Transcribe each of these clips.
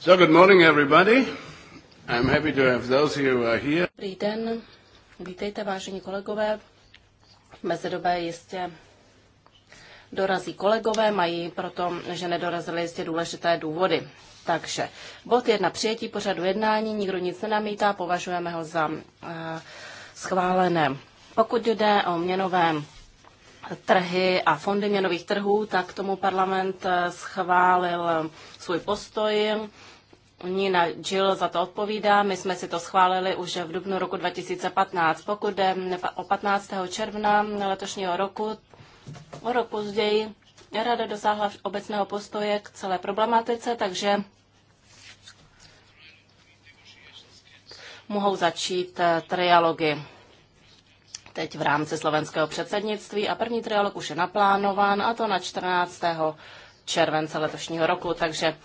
So good morning everybody. I'm happy to have those who are here. Dobrý den, vítejte vážení kolegové. V mezidobě jistě dorazí kolegové, mají proto, že nedorazily jistě důležité důvody. Takže bod jedna Přijetí pořadu jednání, nikdo nic nenamítá, považujeme ho za uh, schválené. Pokud jde o měnové trhy a fondy měnových trhů, tak tomu parlament eh, schválil eh, svůj postoj. Nina Jill za to odpovídá. My jsme si to schválili už v dubnu roku 2015. Pokud jde o 15. června letošního roku, o rok později, Rada dosáhla obecného postoje k celé problematice, takže mohou začít eh, trialogy teď v rámci slovenského předsednictví a první trialog už je naplánován a to na 14. července letošního roku, takže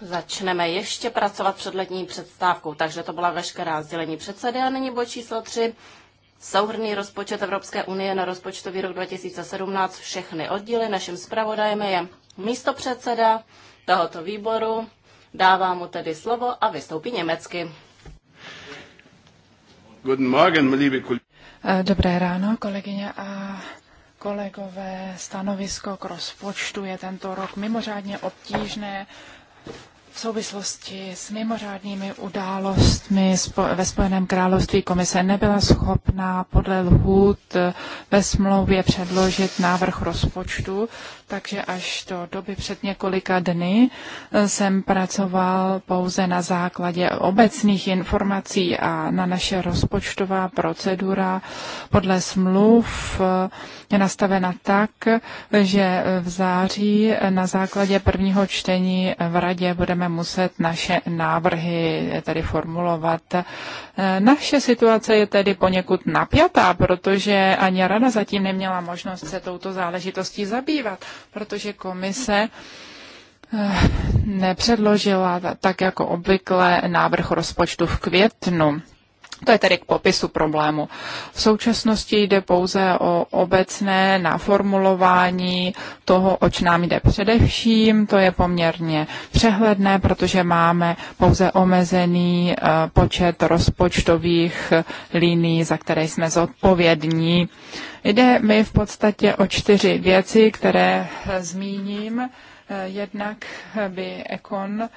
začneme ještě pracovat před letní předstávkou. Takže to byla veškerá sdělení předsedy a nyní bod číslo 3. Souhrný rozpočet Evropské unie na rozpočtový rok 2017 všechny oddíly. Naším zpravodajem je místo předseda tohoto výboru. Dávám mu tedy slovo a vystoupí německy. Eh, dobré ráno, kolegyně a kolegové. Stanovisko k rozpočtu je tento rok mimořádně obtížné v souvislosti s mimořádnými událostmi ve Spojeném království komise nebyla schopná podle lhůt eh, ve smlouvě předložit návrh rozpočtu, takže až do doby před několika dny eh, jsem pracoval pouze na základě obecných informací a na naše rozpočtová procedura podle smluv eh, je nastavena tak, že v září na základě prvního čtení v radě budeme budeme muset naše návrhy tady formulovat. E, naše situace je tedy poněkud napjatá, protože ani rada zatím neměla možnost se touto záležitostí zabývat, protože komise e, nepředložila tak jako obvykle návrh rozpočtu v květnu. To je tedy k popisu problému. V současnosti jde pouze o obecné naformulování toho, oč nám jde především. To je poměrně přehledné, protože máme pouze omezený eh, počet rozpočtových eh, líní, za které jsme zodpovědní. Jde mi v podstatě o čtyři věci, které eh, zmíním. Jednak by Ekon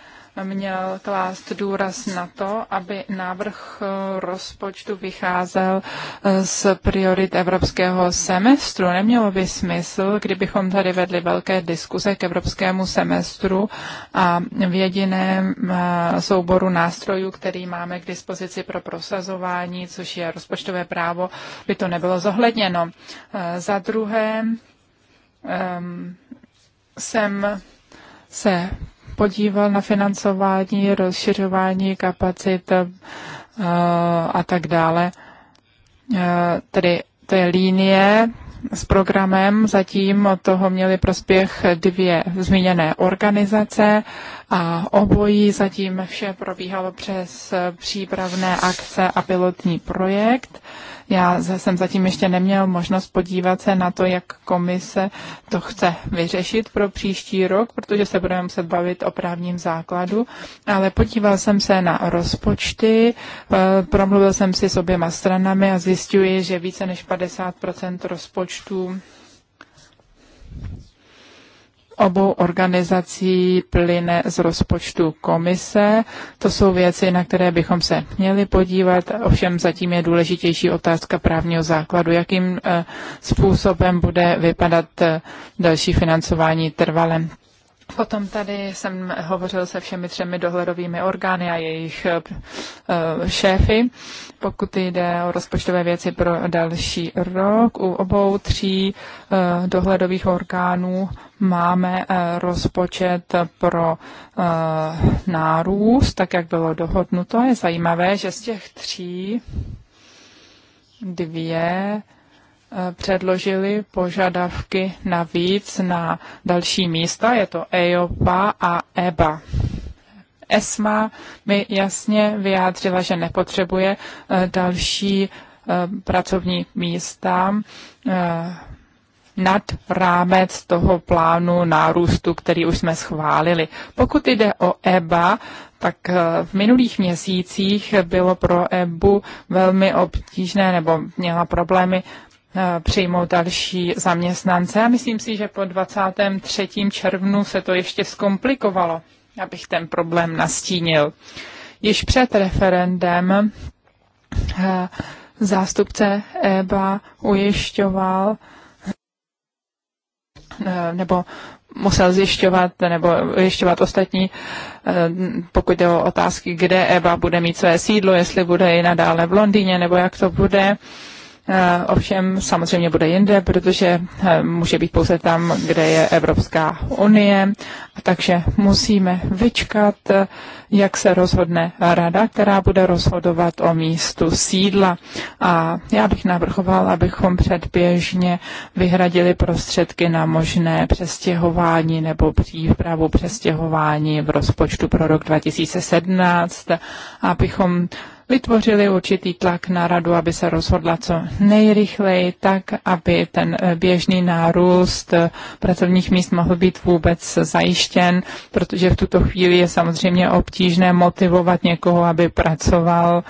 měl klást důraz na to, aby návrh rozpočtu vycházel eh, z priorit evropského semestru. Nemělo by smysl, kdybychom tady vedli velké diskuze k evropskému semestru a v jediném eh, souboru nástrojů, který máme k dispozici pro prosazování, což je rozpočtové právo, by to nebylo zohledněno. Eh, za druhé, ehm, jsem se podíval na financování, rozšiřování kapacit eh, a tak dále. Eh, tedy to je línie s programem. Zatím od toho měli prospěch dvě zmíněné organizace a obojí zatím vše probíhalo přes přípravné akce a pilotní projekt. Uh, já jsem zatím ještě neměl možnost podívat se na to, jak komise to chce vyřešit pro příští rok, protože se budeme muset bavit o právním základu, ale podíval jsem se na rozpočty, eh, promluvil jsem si s oběma stranami a zjistuji, že více než 50% rozpočtů obou organizací plyne z rozpočtu komise. To jsou věci, na které bychom se měli podívat. Ovšem zatím je důležitější otázka právního základu, jakým eh, způsobem bude vypadat eh, další financování trvale Potom tady jsem hovořil se všemi třemi dohledovými orgány a jejich eh, šéfy, pokud jde o rozpočtové věci pro další rok. U obou tří eh, dohledových orgánů máme eh, rozpočet pro nárůst, tak jak bylo dohodnuto. Je zajímavé, že z těch tří dvě předložili požadavky navíc na další místa, je to EOPA a EBA. ESMA mi jasně vyjádřila, že nepotřebuje eh, další eh, pracovní místa eh, nad rámec toho plánu nárůstu, který už jsme schválili. Pokud jde o EBA, tak v minulých měsících bylo pro EBU velmi obtížné nebo měla problémy Eh, přijmout další zaměstnance a myslím si, že po 23. červnu se to ještě zkomplikovalo, abych ten problém nastínil. Již před referendem eh, zástupce EBA ujišťoval, eh, nebo musel zjišťovat nebo ujišťovat ostatní, pokud jde o otázky, kde EBA bude mít své sídlo, jestli bude i nadále v Londýně, nebo jak to bude. Eh, ovšem samozřejmě bude jinde, protože eh, může být pouze tam, kde je Evropská unie, takže musíme vyčkat, jak se rozhodne rada, která bude rozhodovat o místu sídla. A já bych navrhoval, abychom předběžně vyhradili prostředky na možné přestěhování nebo přípravu přestěhování v rozpočtu pro rok 2017, abychom vytvořili určitý tlak na radu, aby se rozhodla co nejrychleji, tak aby ten eh, běžný nárůst eh, pracovních míst mohl být vůbec zajištěn, protože v tuto chvíli je samozřejmě obtížné motivovat někoho, aby pracoval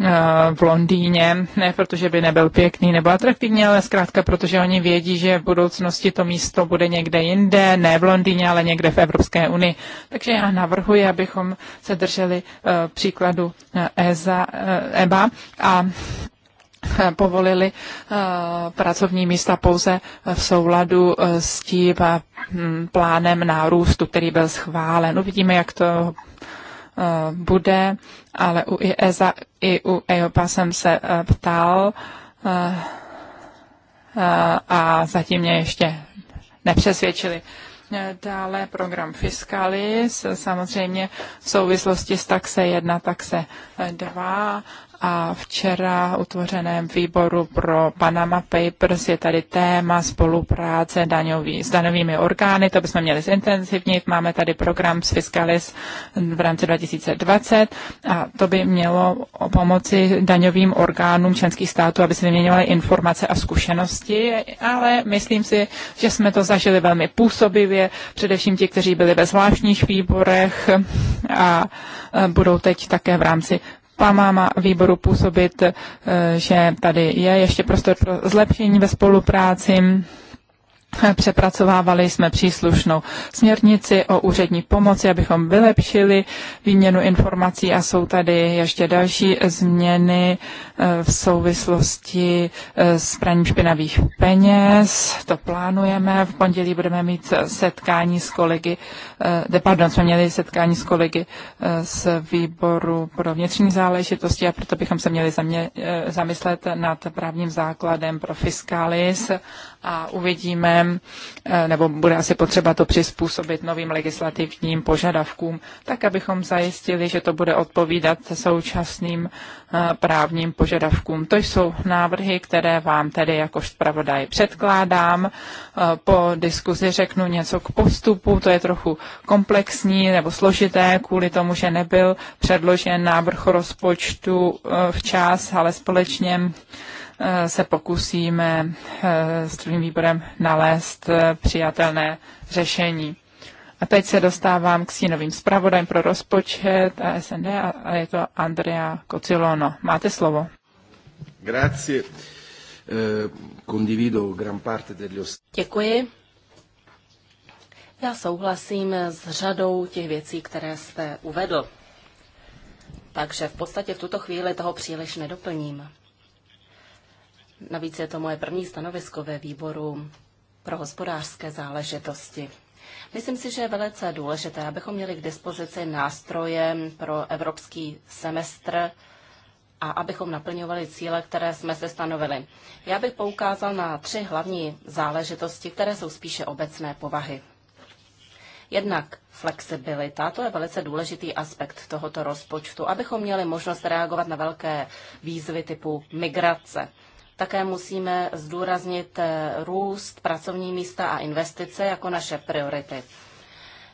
eh, v Londýně, ne protože by nebyl pěkný nebo atraktivní, ale zkrátka protože oni vědí, že v budoucnosti to místo bude někde jinde, ne v Londýně, ale někde v Evropské unii. Takže já navrhuji, abychom se drželi příkladu ESA Eh, EBA, a eh, povolili eh, pracovní místa pouze v souladu s tím hm, plánem nárůstu, který byl schválen. Uvidíme, jak to bude, ale u IESA i u EOPA jsem se ptal a zatím mě ještě nepřesvědčili. Dále program Fiskalis, samozřejmě v souvislosti s taxe 1, taxe 2 a včera utvořeném výboru pro Panama Papers je tady téma spolupráce daňový, s daňovými orgány, to bychom měli zintenzivnit. Máme tady program s Fiscalis v rámci 2020 a to by mělo pomoci daňovým orgánům členských států, aby se vyměňovaly informace a zkušenosti, ale myslím si, že jsme to zažili velmi působivě, především ti, kteří byli ve zvláštních výborech a budou teď také v rámci Pamáma výboru působit, eh, že tady je ještě prostor pro zlepšení ve spolupráci. Přepracovávali jsme příslušnou směrnici o úřední pomoci, abychom vylepšili výměnu informací a jsou tady ještě další změny eh, v souvislosti eh, s praním špinavých peněz. To plánujeme. V pondělí budeme mít eh, setkání s kolegy, pardon, jsme měli setkání s kolegy z výboru pro vnitřní záležitosti a proto bychom se měli zamě, zamyslet nad právním základem pro fiskalis a uvidíme, eh, nebo bude asi potřeba to přizpůsobit novým legislativním požadavkům, tak abychom zajistili, že to bude odpovídat současným eh, právním požadavkům. To jsou návrhy, které vám tedy jako zpravodaj předkládám. Eh, po diskuzi řeknu něco k postupu, to je trochu komplexní nebo složité kvůli tomu, že nebyl předložen návrh rozpočtu včas, ale společně se pokusíme eh, s druhým výborem nalézt eh, přijatelné řešení. A teď se dostávám k sínovým zpravodajům pro rozpočet a SND a je to Andrea Cocilono. Máte slovo. Grazie. Eh, condivido gran parte degli Děkuji. Já souhlasím s řadou těch věcí, které jste uvedl. Takže v podstatě v tuto chvíli toho příliš nedoplním. Navíc je to moje první stanovisko ve výboru pro hospodářské záležitosti. Myslím si, že je velice důležité, abychom měli k dispozici nástroje pro evropský semestr a abychom naplňovali cíle, které jsme se stanovili. Já bych poukázal na tři hlavní záležitosti, které jsou spíše obecné povahy. Jednak flexibilita, to je velice důležitý aspekt tohoto rozpočtu, abychom měli možnost reagovat na velké výzvy typu migrace. Také musíme zdůraznit eh, růst, pracovní místa a investice jako naše priority.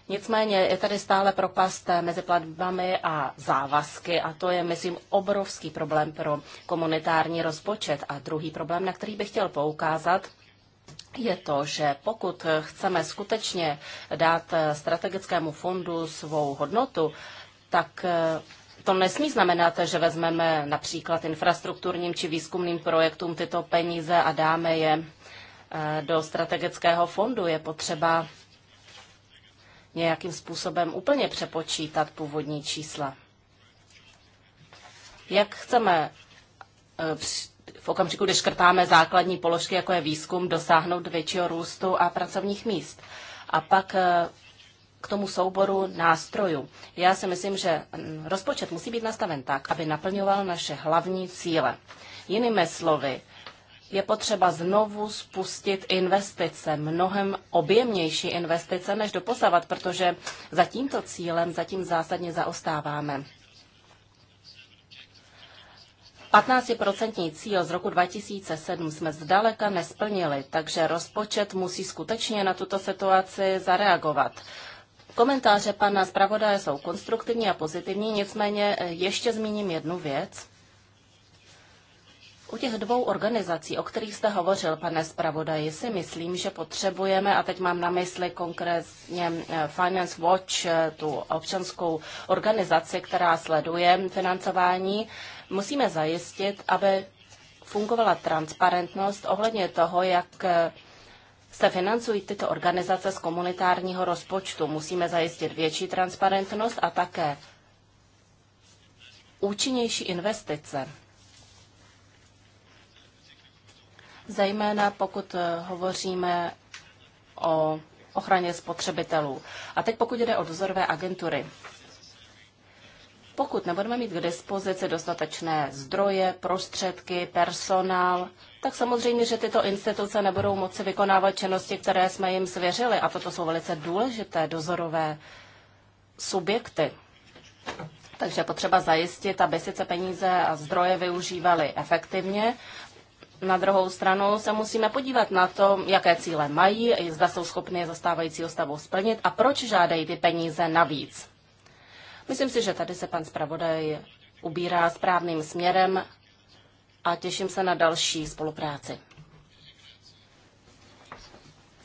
Nicméně je tady stále propast eh, mezi platbami a závazky a to je, myslím, obrovský problém pro komunitární rozpočet. A druhý problém, na který bych chtěl poukázat, je to, že pokud eh, chceme skutečně dát strategickému fondu svou hodnotu, tak to nesmí znamenat, že vezmeme například infrastrukturním či výzkumným projektům tyto peníze a dáme je eh, do strategického fondu. Je potřeba nějakým způsobem úplně přepočítat původní čísla. Jak chceme eh, v okamžiku, kdy škrtáme základní položky, jako je výzkum, dosáhnout většího růstu a pracovních míst? A pak eh, k tomu souboru nástrojů. Já si myslím, že mm, rozpočet musí být nastaven tak, aby naplňoval naše hlavní cíle. Jinými slovy, je potřeba znovu spustit investice, mnohem objemnější investice než doposavat, protože za tímto cílem zatím zásadně zaostáváme. 15% cíl z roku 2007 jsme zdaleka nesplnili, takže rozpočet musí skutečně na tuto situaci zareagovat. Komentáře pana zpravodaje jsou konstruktivní a pozitivní, nicméně eh, ještě zmíním jednu věc. U těch dvou organizací, o kterých jste hovořil, pane zpravodaji, si myslím, že potřebujeme, a teď mám na mysli konkrétně eh, Finance Watch, eh, tu občanskou organizaci, která sleduje financování, musíme zajistit, aby fungovala transparentnost ohledně toho, jak se financují tyto organizace z komunitárního rozpočtu. Musíme zajistit větší transparentnost a také účinnější investice. Zejména pokud eh, hovoříme o ochraně spotřebitelů. A teď pokud jde o dozorové agentury. Pokud nebudeme mít k dispozici dostatečné zdroje, prostředky, personál, tak samozřejmě, že tyto instituce nebudou moci vykonávat činnosti, které jsme jim svěřili. A toto jsou velice důležité dozorové subjekty. Takže potřeba zajistit, aby sice peníze a zdroje využívaly efektivně. Na druhou stranu se musíme podívat na to, jaké cíle mají, zda jsou schopny zastávajícího stavu splnit a proč žádají ty peníze navíc. Myslím si, že tady se pan zpravodaj ubírá správným směrem a těším se na další spolupráci.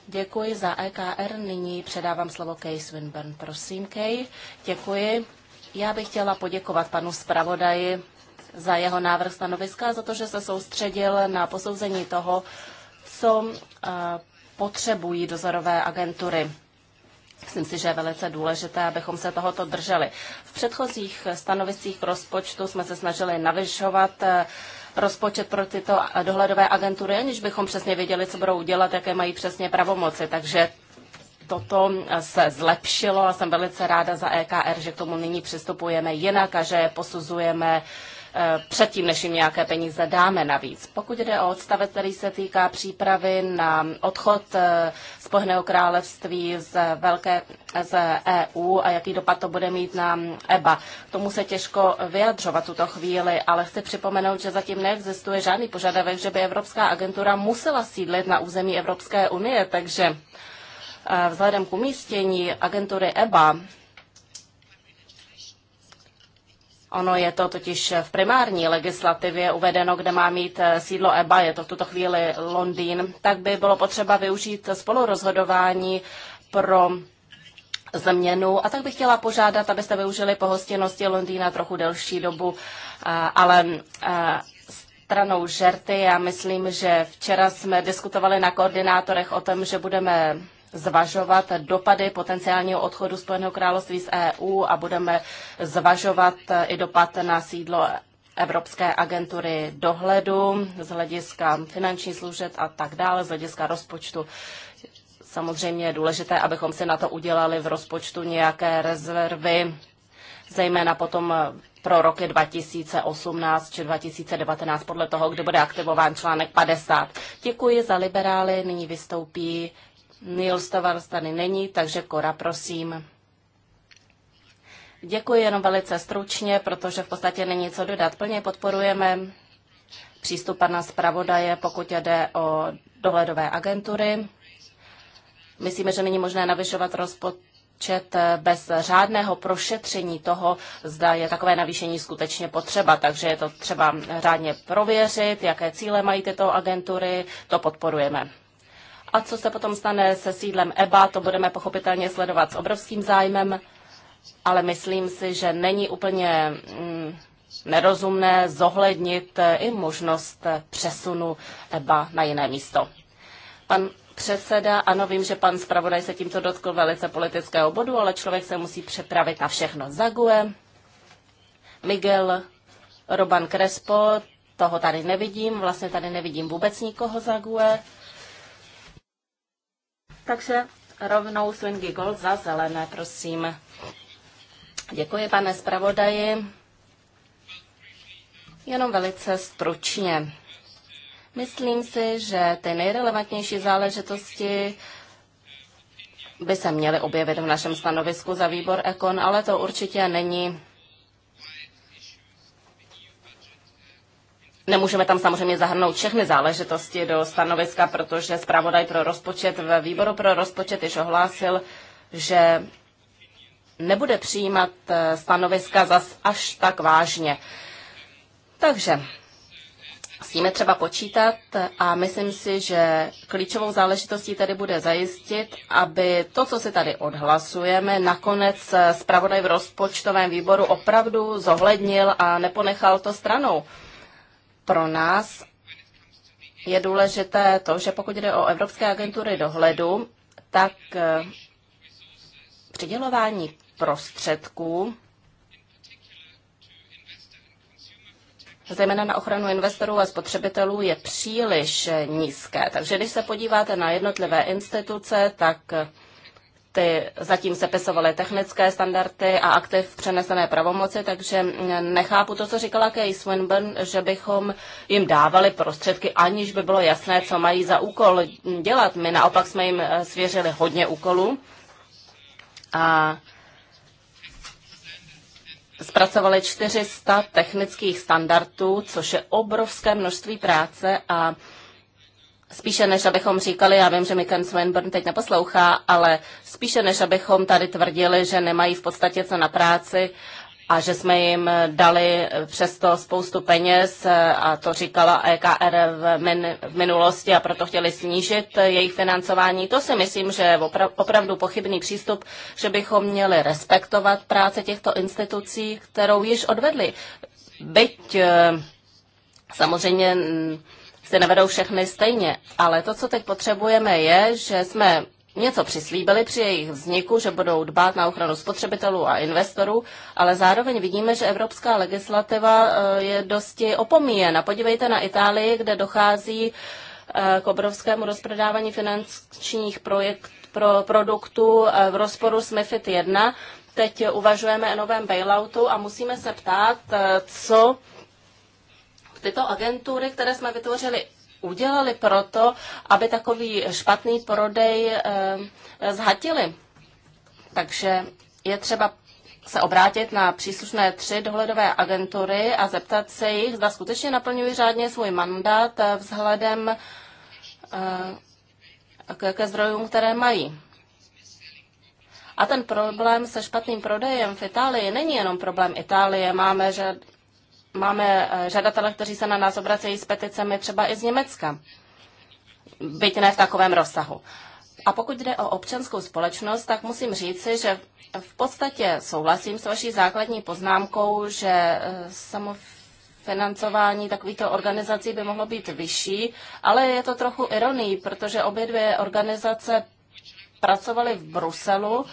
Děkuji za EKR. Nyní předávám slovo Kay Swinburne. Prosím, Kay. Děkuji. Já bych chtěla poděkovat panu zpravodaji za jeho návrh stanoviska, za to, že se soustředil na posouzení toho, co eh, potřebují dozorové agentury. Myslím si, že je velice důležité, abychom se tohoto drželi. V předchozích stanovicích rozpočtu jsme se snažili navyšovat eh, rozpočet pro tyto dohledové agentury, aniž bychom přesně věděli, co budou dělat, jaké mají přesně pravomoci. Takže toto eh, se zlepšilo a jsem velice ráda za EKR, že k tomu nyní přistupujeme jinak a že posuzujeme uh, Eh, předtím, než jim nějaké peníze dáme navíc. Pokud jde o odstavec, který se týká přípravy na odchod eh, Spojeného království z, velké, z EU a jaký dopad to bude mít na EBA, tomu se těžko vyjadřovat tuto chvíli, ale chci připomenout, že zatím neexistuje žádný požadavek, že by Evropská agentura musela sídlit na území Evropské unie, takže eh, vzhledem k umístění agentury EBA Ono je to totiž v primární legislativě uvedeno, kde má mít eh, sídlo EBA, je to v tuto chvíli Londýn, tak by bylo potřeba využít spolurozhodování pro změnu. A tak bych chtěla požádat, abyste využili pohostinnosti Londýna trochu delší dobu, eh, ale eh, stranou žerty. Já myslím, že včera jsme diskutovali na koordinátorech o tom, že budeme zvažovat dopady potenciálního odchodu Spojeného království z EU a budeme zvažovat i dopad na sídlo Evropské agentury dohledu z hlediska finančních služeb a tak dále, z hlediska rozpočtu. Samozřejmě je důležité, abychom si na to udělali v rozpočtu nějaké rezervy, zejména potom pro roky 2018 či 2019, podle toho, kdy bude aktivován článek 50. Děkuji za liberály, nyní vystoupí Neil Tavars tady není, takže Kora, prosím. Děkuji jenom velice stručně, protože v podstatě není co dodat. Plně podporujeme přístup pana zpravodaje, pokud jde o dohledové agentury. Myslíme, že není možné navyšovat rozpočet bez řádného prošetření toho, zda je takové navýšení skutečně potřeba. Takže je to třeba řádně prověřit, jaké cíle mají tyto agentury, to podporujeme. A co se potom stane se sídlem EBA, to budeme pochopitelně sledovat s obrovským zájmem, ale myslím si, že není úplně mm, nerozumné zohlednit eh, i možnost eh, přesunu EBA na jiné místo. Pan předseda, ano, vím, že pan zpravodaj se tímto dotkl velice politického bodu, ale člověk se musí přepravit na všechno. Zague, Miguel, Roban Crespo, toho tady nevidím, vlastně tady nevidím vůbec nikoho Zague. Takže rovnou swingy gold za zelené, prosím. Děkuji, pane zpravodaji. Jenom velice stručně. Myslím si, že ty nejrelevantnější záležitosti by se měly objevit v našem stanovisku za výbor Ekon, ale to určitě není Nemůžeme tam samozřejmě zahrnout všechny záležitosti do stanoviska, protože zpravodaj pro rozpočet ve výboru pro rozpočet již ohlásil, že nebude přijímat eh, stanoviska zas až tak vážně. Takže s tím je třeba počítat a myslím si, že klíčovou záležitostí tady bude zajistit, aby to, co si tady odhlasujeme, nakonec eh, zpravodaj v rozpočtovém výboru opravdu zohlednil a neponechal to stranou pro nás je důležité to, že pokud jde o evropské agentury dohledu, tak eh, přidělování prostředků, zejména na ochranu investorů a spotřebitelů, je příliš nízké. Takže když se podíváte na jednotlivé instituce, tak eh, ty zatím sepisovaly technické standardy a aktiv přenesené pravomoci, takže mm, nechápu to, co říkala Kay Swinburne, že bychom jim dávali prostředky, aniž by bylo jasné, co mají za úkol dělat. My naopak jsme jim eh, svěřili hodně úkolů a zpracovali 400 technických standardů, což je obrovské množství práce a spíše než abychom říkali, já vím, že mi Ken Swinburne teď neposlouchá, ale spíše než abychom tady tvrdili, že nemají v podstatě co na práci a že jsme jim dali přesto spoustu peněz eh, a to říkala EKR v, min, v minulosti a proto chtěli snížit jejich financování. To si myslím, že je opra- opravdu pochybný přístup, že bychom měli respektovat práce těchto institucí, kterou již odvedli. Byť eh, samozřejmě se nevedou všechny stejně, ale to, co teď potřebujeme, je, že jsme něco přislíbili při jejich vzniku, že budou dbát na ochranu spotřebitelů a investorů, ale zároveň vidíme, že evropská legislativa eh, je dosti opomíjena. Podívejte na Itálii, kde dochází eh, k obrovskému rozprodávání finančních projekt, pro produktů eh, v rozporu s MIFID 1. Teď uvažujeme o novém bailoutu a musíme se ptát, co tyto agentury, které jsme vytvořili, udělali proto, aby takový špatný prodej eh, zhatili. Takže je třeba se obrátit na příslušné tři dohledové agentury a zeptat se jich, zda skutečně naplňují řádně svůj mandát eh, vzhledem eh, ke zdrojům, které mají. A ten problém se špatným prodejem v Itálii není jenom problém Itálie. Máme že máme eh, žadatele, kteří se na nás obracejí s peticemi třeba i z Německa, byť ne v takovém rozsahu. A pokud jde o občanskou společnost, tak musím říci, že v podstatě souhlasím s vaší základní poznámkou, že eh, samofinancování takovýchto organizací by mohlo být vyšší, ale je to trochu ironí, protože obě dvě organizace pracovaly v Bruselu,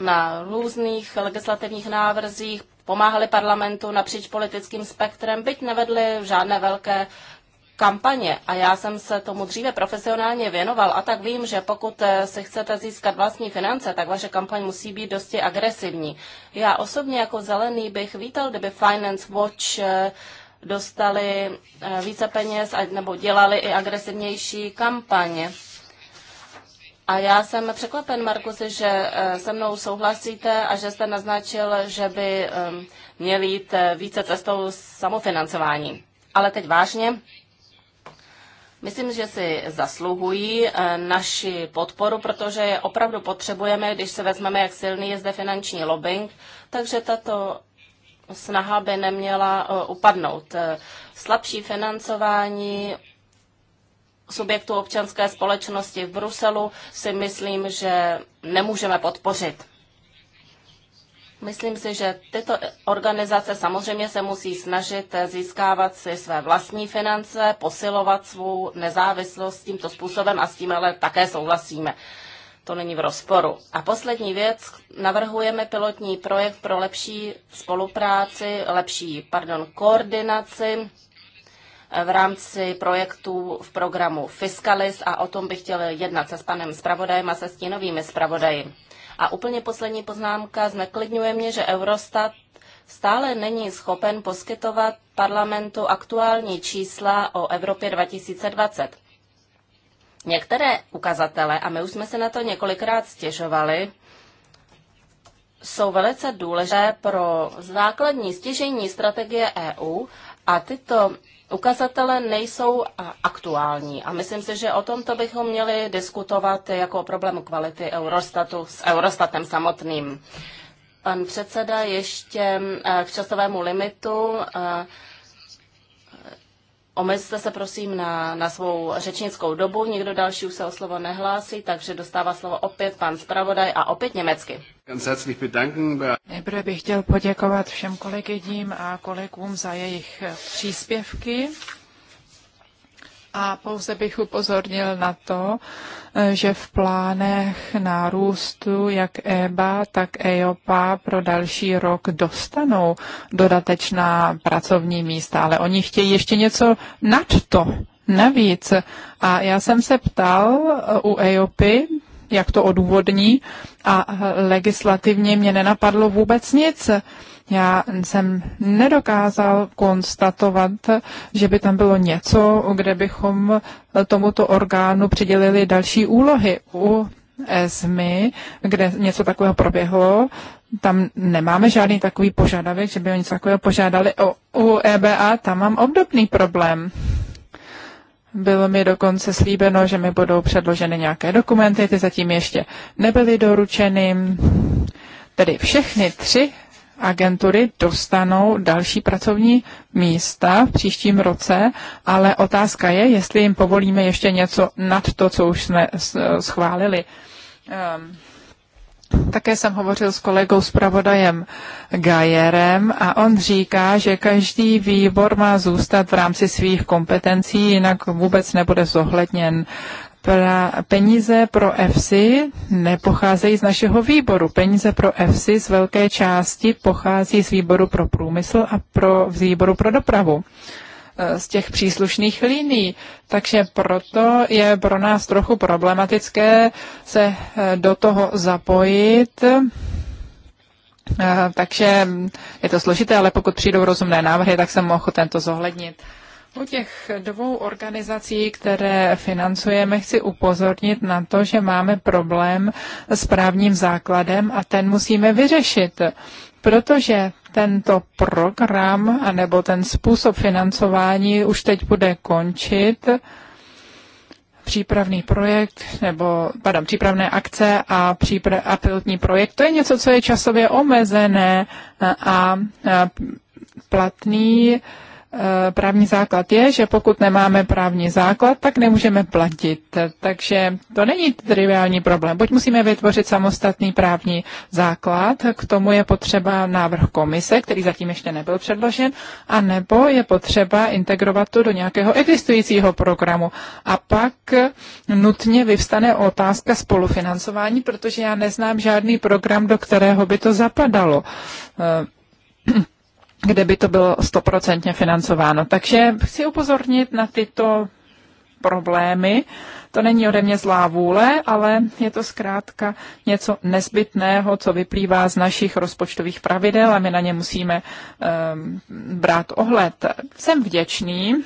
na různých legislativních návrzích, pomáhali parlamentu napříč politickým spektrem, byť nevedli žádné velké kampaně a já jsem se tomu dříve profesionálně věnoval a tak vím, že pokud eh, se chcete získat vlastní finance, tak vaše kampaň musí být dosti agresivní. Já osobně jako zelený bych vítal, kdyby Finance Watch eh, dostali eh, více peněz nebo dělali i agresivnější kampaně. A já jsem překvapen, Markusi, že eh, se mnou souhlasíte a že jste naznačil, že by ehm, měl jít eh, více cestou samofinancování. Ale teď vážně, Myslím, že si zasluhují eh, naši podporu, protože je opravdu potřebujeme, když se vezmeme, jak silný je zde finanční lobbying, takže tato snaha by neměla upadnout. Slabší financování subjektů občanské společnosti v Bruselu si myslím, že nemůžeme podpořit. Myslím si, že tyto organizace samozřejmě se musí snažit získávat si své vlastní finance, posilovat svou nezávislost tímto způsobem a s tím ale také souhlasíme. To není v rozporu. A poslední věc, navrhujeme pilotní projekt pro lepší spolupráci, lepší, pardon, koordinaci v rámci projektů v programu Fiscalis a o tom bych chtěl jednat se s panem zpravodajem a se stínovými zpravodaji. A úplně poslední poznámka zneklidňuje mě, že Eurostat stále není schopen poskytovat parlamentu aktuální čísla o Evropě 2020. Některé ukazatele, a my už jsme se na to několikrát stěžovali, jsou velice důležité pro základní stěžení strategie EU a tyto ukazatele nejsou aktuální a myslím si, že o tomto bychom měli diskutovat jako o problému kvality Eurostatu s Eurostatem samotným. Pan předseda ještě eh, k časovému limitu. Eh, Omezte se prosím na, na svou řečnickou dobu, někdo další už se o slovo nehlásí, takže dostává slovo opět pan zpravodaj a opět německy. Nejprve bych chtěl poděkovat všem kolegyním a kolegům za jejich příspěvky. A pouze bych upozornil na to, že v plánech nárůstu jak EBA, tak EOPA pro další rok dostanou dodatečná pracovní místa, ale oni chtějí ještě něco nad to, navíc. A já jsem se ptal u EOPy, jak to odůvodní, a legislativně mě nenapadlo vůbec nic. Já jsem nedokázal konstatovat, že by tam bylo něco, kde bychom tomuto orgánu přidělili další úlohy. U ESMI, kde něco takového proběhlo, tam nemáme žádný takový požadavek, že by oni něco takového požádali. O, u EBA tam mám obdobný problém. Bylo mi dokonce slíbeno, že mi budou předloženy nějaké dokumenty, ty zatím ještě nebyly doručeny. Tedy všechny tři agentury dostanou další pracovní místa v příštím roce, ale otázka je, jestli jim povolíme ještě něco nad to, co už jsme schválili. Ehm, také jsem hovořil s kolegou zpravodajem Gajerem a on říká, že každý výbor má zůstat v rámci svých kompetencí, jinak vůbec nebude zohledněn pra, peníze pro EFSI nepocházejí z našeho výboru. Peníze pro EFSI z velké části pochází z výboru pro průmysl a pro, z výboru pro dopravu e, z těch příslušných líní. Takže proto je pro nás trochu problematické se e, do toho zapojit. E, takže je to složité, ale pokud přijdou rozumné návrhy, tak jsem mohl tento zohlednit. U těch dvou organizací, které financujeme, chci upozornit na to, že máme problém s právním základem a ten musíme vyřešit, protože tento program anebo ten způsob financování už teď bude končit přípravný projekt, nebo, pardon, přípravné akce a, přípra- a pilotní projekt. To je něco, co je časově omezené a, a platný Eh, právní základ je, že pokud nemáme právní základ, tak nemůžeme platit. Takže to není triviální problém. Buď musíme vytvořit samostatný právní základ, k tomu je potřeba návrh komise, který zatím ještě nebyl předložen, a nebo je potřeba integrovat to do nějakého existujícího programu. A pak nutně vyvstane otázka spolufinancování, protože já neznám žádný program, do kterého by to zapadalo. Eh, kde by to bylo stoprocentně financováno. Takže chci upozornit na tyto problémy. To není ode mě zlá vůle, ale je to zkrátka něco nezbytného, co vyplývá z našich rozpočtových pravidel a my na ně musíme um, brát ohled. Jsem vděčný,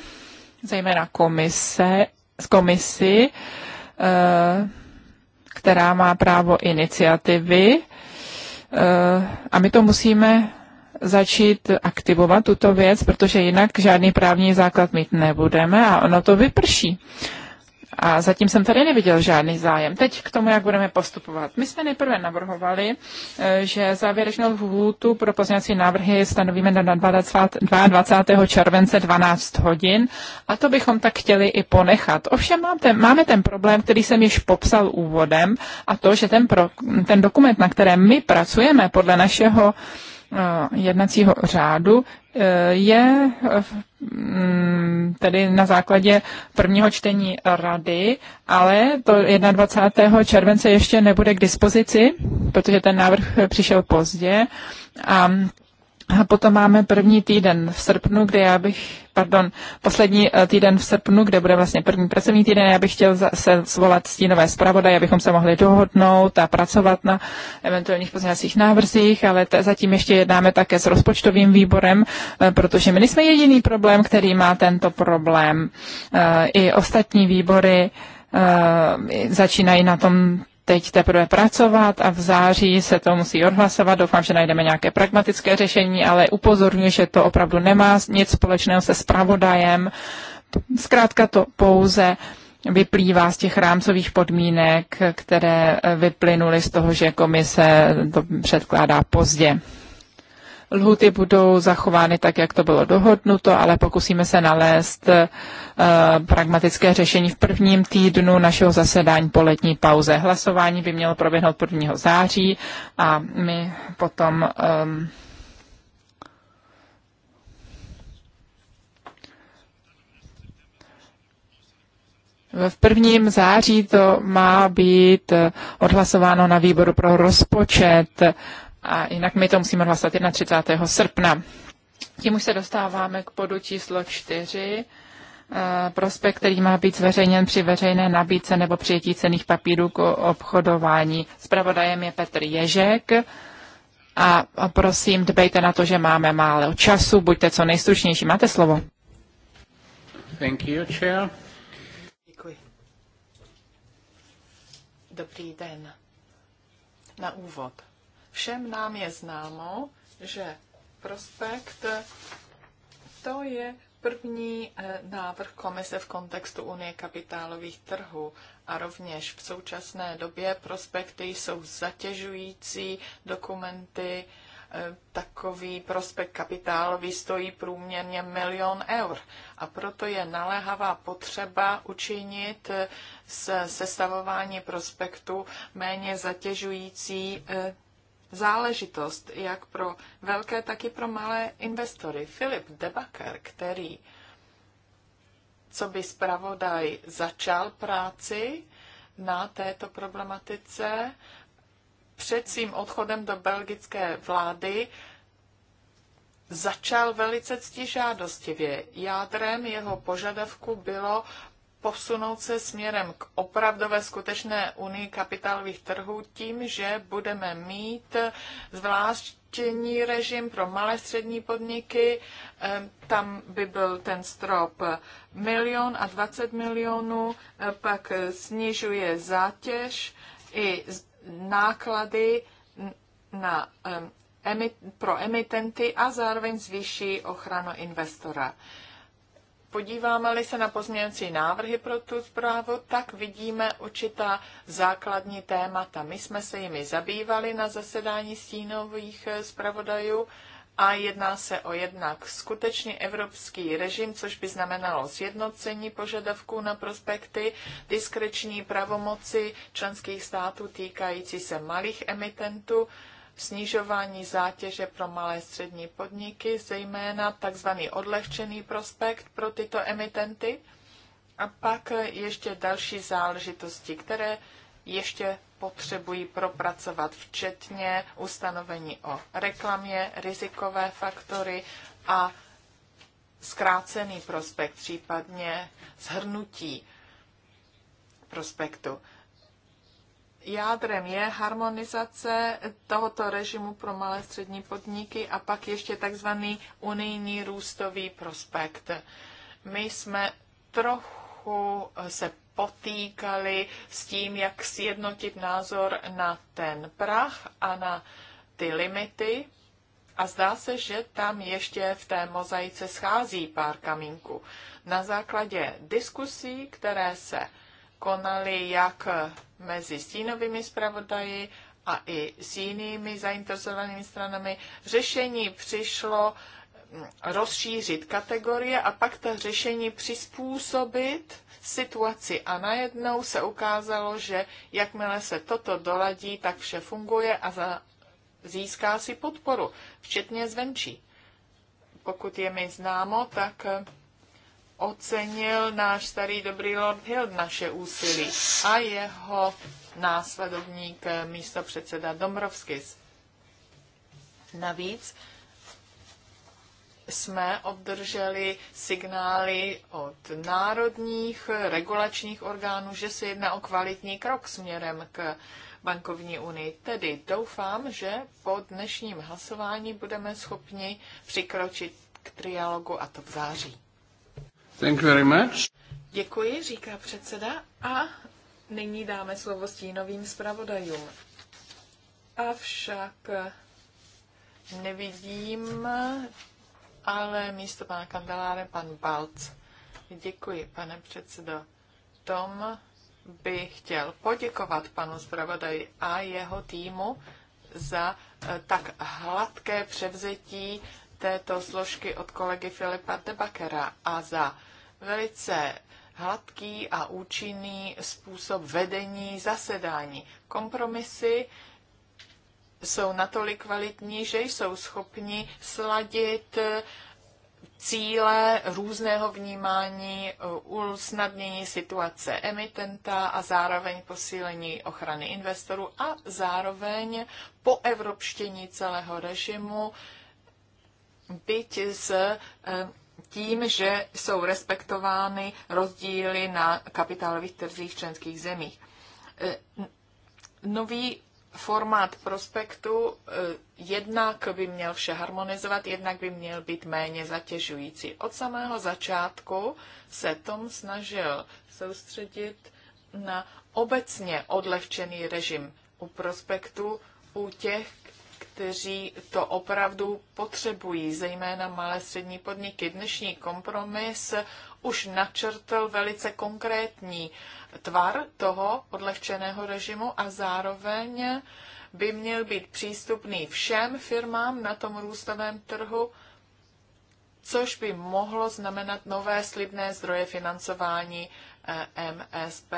zejména komise, komisi, uh, která má právo iniciativy uh, a my to musíme začít aktivovat tuto věc, protože jinak žádný právní základ mít nebudeme a ono to vyprší. A zatím jsem tady neviděl žádný zájem. Teď k tomu, jak budeme postupovat. My jsme nejprve navrhovali, eh, že závěrečnou lhůtu pro pozměňovací návrhy stanovíme na 22. července 12 hodin a to bychom tak chtěli i ponechat. Ovšem mám ten, máme ten problém, který jsem již popsal úvodem a to, že ten, pro, ten dokument, na kterém my pracujeme podle našeho uh, Eh, jednacího řádu eh, je mm, tedy na základě prvního čtení rady, ale to 21. července ještě nebude k dispozici, protože ten návrh přišel pozdě. A potom máme první týden v srpnu, kde já bych pardon, poslední eh, týden v srpnu, kde bude vlastně první pracovní týden. Já bych chtěl se zvolat stínové zpravodaj, abychom se mohli dohodnout a pracovat na eventuálních pozměňovacích návrzích, ale zatím ještě jednáme také s rozpočtovým výborem, eh, protože my nejsme jediný problém, který má tento problém. Eh, I ostatní výbory začínají na tom teď teprve pracovat a v září se to musí odhlasovat. Doufám, že najdeme nějaké pragmatické řešení, ale upozorňuji, že to opravdu nemá nic společného se spravodajem. Zkrátka to pouze vyplývá z těch rámcových podmínek, které vyplynuly z toho, že komise to předkládá pozdě. Lhuty budou zachovány tak, jak to bylo dohodnuto, ale pokusíme se nalézt uh, pragmatické řešení v prvním týdnu našeho zasedání po letní pauze. Hlasování by mělo proběhnout 1. září a my potom um, V prvním září to má být eh, odhlasováno na výboru pro rozpočet a jinak my to musíme hlasovat 31. srpna. Tím už se dostáváme k bodu číslo 4. Eh, prospekt, který má být zveřejněn při veřejné nabídce nebo přijetí cených papírů k obchodování. Spravodajem je Petr Ježek. A prosím, dbejte na to, že máme málo času, buďte co nejstručnější. Máte slovo. Thank you, chair. Děkuji. Dobrý den. Na úvod Všem nám je známo, že prospekt to je první eh, návrh komise v kontextu Unie kapitálových trhů a rovněž v současné době prospekty jsou zatěžující dokumenty. Eh, takový prospekt kapitálový stojí průměrně milion eur a proto je naléhavá potřeba učinit eh, se sestavování prospektu méně zatěžující záležitost jak pro velké, tak i pro malé investory. Filip Debaker, který co by zpravodaj začal práci na této problematice, před svým odchodem do belgické vlády začal velice ctižádostivě. Jádrem jeho požadavku bylo posunout se směrem k opravdové skutečné unii kapitálových trhů tím, že budeme mít zvláštní režim pro malé střední podniky. Tam by byl ten strop milion a 20 milionů, e, pak snižuje zátěž i náklady na, pro emitenty a zároveň zvýší ochranu investora. Podíváme-li se na pozměňovací návrhy pro tu zprávu, tak vidíme určitá základní témata. My jsme se jimi zabývali na zasedání stínových eh, zpravodajů a jedná se o jednak skutečný evropský režim, což by znamenalo sjednocení požadavků na prospekty, diskreční pravomoci členských států týkající se malých emitentů, snižování zátěže pro malé střední podniky, zejména tzv. odlehčený prospekt pro tyto emitenty a pak ještě další záležitosti, které ještě potřebují propracovat, včetně ustanovení o reklamě, rizikové faktory a zkrácený prospekt, případně zhrnutí prospektu jádrem je harmonizace tohoto režimu pro malé střední podniky a pak ještě takzvaný unijní růstový prospekt. My jsme trochu se potýkali s tím, jak sjednotit názor na ten prach a na ty limity. A zdá se, že tam ještě v té mozaice schází pár kamínků. Na základě diskusí, které se konali jak mezi stínovými zpravodaji a i s jinými zainteresovanými stranami. Řešení přišlo mm, rozšířit kategorie a pak ta řešení přizpůsobit situaci. A najednou se ukázalo, že jakmile se toto doladí, tak vše funguje a za, získá si podporu, včetně zvenčí. Pokud je mi známo, tak ocenil náš starý dobrý Lord Hild naše úsilí a jeho následovník eh, místo předseda Dombrovskis. Navíc jsme obdrželi signály od národních regulačních orgánů, že se jedná o kvalitní krok směrem k bankovní unii. Tedy doufám, že po dnešním hlasování budeme schopni přikročit k trialogu a to v září. Thank you very much. Děkuji, říká předseda a nyní dáme slovo stínovým zpravodajům. Avšak nevidím, ale místo pana kandeláre pan Balc. Děkuji, pane předsedo. Tom by chtěl poděkovat panu zpravodaji a jeho týmu za eh, tak hladké převzetí této složky od kolegy Filipa Debakera a za velice hladký a účinný způsob vedení zasedání. Kompromisy jsou natolik kvalitní, že jsou schopni sladit cíle různého vnímání, usnadnění situace emitenta a zároveň posílení ochrany investorů a zároveň po evropštění celého režimu byť s eh, tím, že jsou respektovány rozdíly na kapitálových trzích členských zemích. Eh, nový formát prospektu eh, jednak by měl vše harmonizovat, jednak by měl být méně zatěžující. Od samého začátku se Tom snažil soustředit na obecně odlehčený režim u prospektu u těch, kteří to opravdu potřebují, zejména malé střední podniky. Dnešní kompromis už načrtl velice konkrétní tvar toho odlehčeného režimu a zároveň by měl být přístupný všem firmám na tom růstovém trhu, což by mohlo znamenat nové slibné zdroje financování eh, MSP.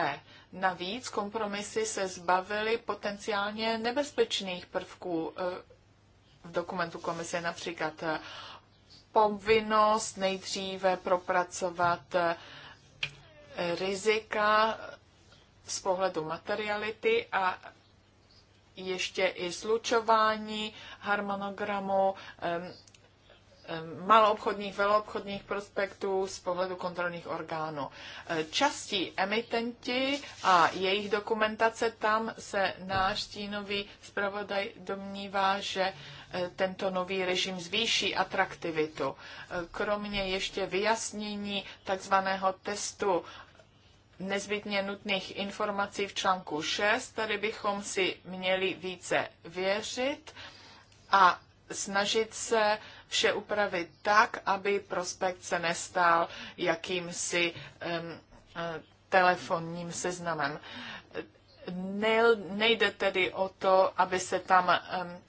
Navíc kompromisy se zbavily potenciálně nebezpečných prvků eh, v dokumentu komise, například eh, povinnost nejdříve propracovat eh, rizika z pohledu materiality a ještě i slučování harmonogramu Eh, maloobchodních, veloobchodních prospektů z pohledu kontrolních orgánů. Eh, častí emitenti a jejich dokumentace, tam se náš stínový zpravodaj domnívá, že eh, tento nový režim zvýší atraktivitu. Kromě ještě vyjasnění takzvaného testu nezbytně nutných informací v článku 6, tady bychom si měli více věřit a snažit se vše upravit tak, aby prospekt se nestal jakýmsi um, telefonním seznamem. Ne, nejde tedy o to, aby se tam um,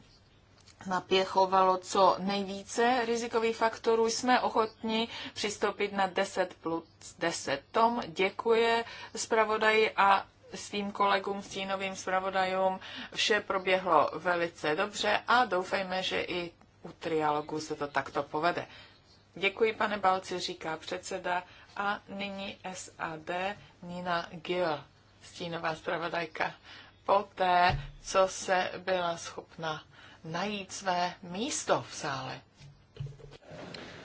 napěchovalo co nejvíce rizikových faktorů. Jsme ochotni přistoupit na 10 plus 10. Tom děkuje zpravodaji a svým kolegům, stínovým zpravodajům. Vše proběhlo velice dobře a doufejme, že i u trialogu se to takto povede. Děkuji, pane Balci, říká předseda. A nyní SAD Nina Gill, stínová zpravodajka. Poté, co se byla schopna najít své místo v sále.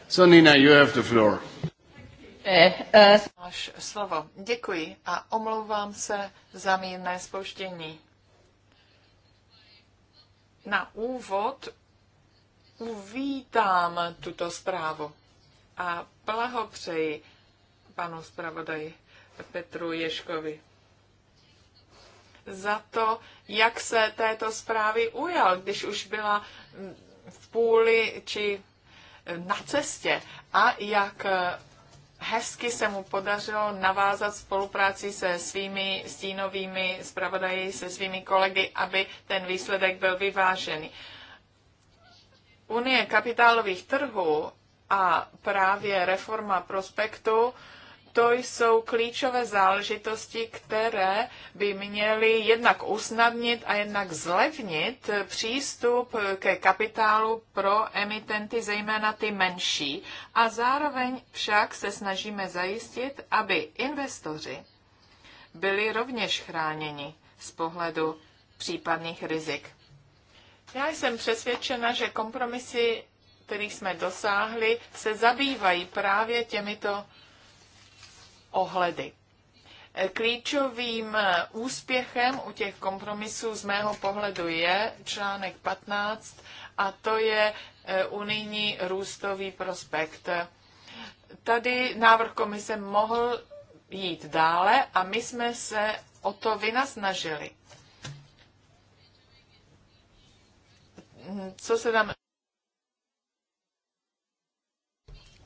So Nina, you have the floor. Eh, eh, Máš slovo. Děkuji a omlouvám se za mírné spouštění. Na úvod uvítám tuto zprávu a blahopřeji panu zpravodaji Petru Ješkovi za to, jak se této zprávy ujal, když už byla v půli či na cestě a jak hezky se mu podařilo navázat spolupráci se svými stínovými zpravodaji, se svými kolegy, aby ten výsledek byl vyvážený. Unie kapitálových trhů a právě reforma prospektu to jsou klíčové záležitosti, které by měly jednak usnadnit a jednak zlevnit přístup ke kapitálu pro emitenty, zejména ty menší. A zároveň však se snažíme zajistit, aby investoři byli rovněž chráněni z pohledu případných rizik. Já jsem přesvědčena, že kompromisy, kterých jsme dosáhli, se zabývají právě těmito ohledy. Klíčovým úspěchem u těch kompromisů z mého pohledu je článek 15 a to je e, unijní růstový prospekt. Tady návrh komise mohl jít dále a my jsme se o to vynasnažili. Co se tam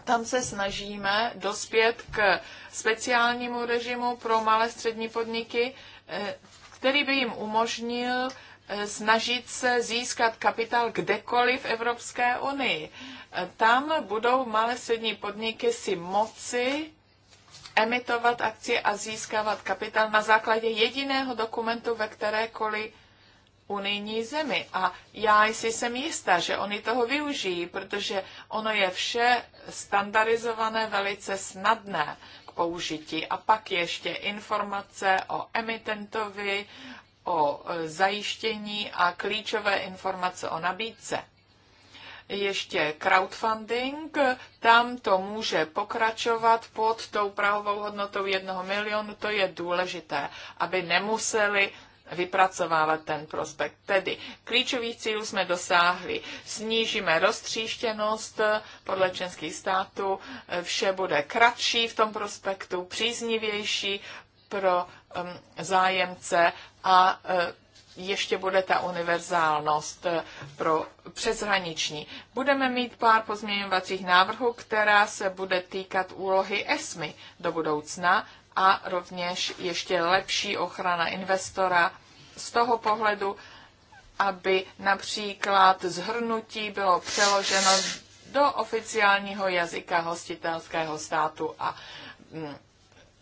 tam se snažíme dospět k speciálnímu režimu pro malé střední podniky, eh, který by jim umožnil eh, snažit se získat kapitál kdekoliv v Evropské unii. Eh, tam budou malé střední podniky si moci emitovat akcie a získávat kapitál na základě jediného dokumentu ve kterékoliv unijní zemi. A já si jsem jistá, že oni toho využijí, protože ono je vše standardizované velice snadné k použití. A pak ještě informace o emitentovi, o e, zajištění a klíčové informace o nabídce. Ještě crowdfunding, tam to může pokračovat pod tou prahovou hodnotou jednoho milionu, to je důležité, aby nemuseli vypracovávat ten prospekt. Tedy klíčových cílů jsme dosáhli. Snížíme roztříštěnost eh, podle členských států, eh, vše bude kratší v tom prospektu, příznivější pro um, zájemce a eh, ještě bude ta univerzálnost pro přeshraniční. Budeme mít pár pozměňovacích návrhů, která se bude týkat úlohy ESMI do budoucna a rovněž ještě lepší ochrana investora z toho pohledu, aby například zhrnutí bylo přeloženo do oficiálního jazyka hostitelského státu a mm,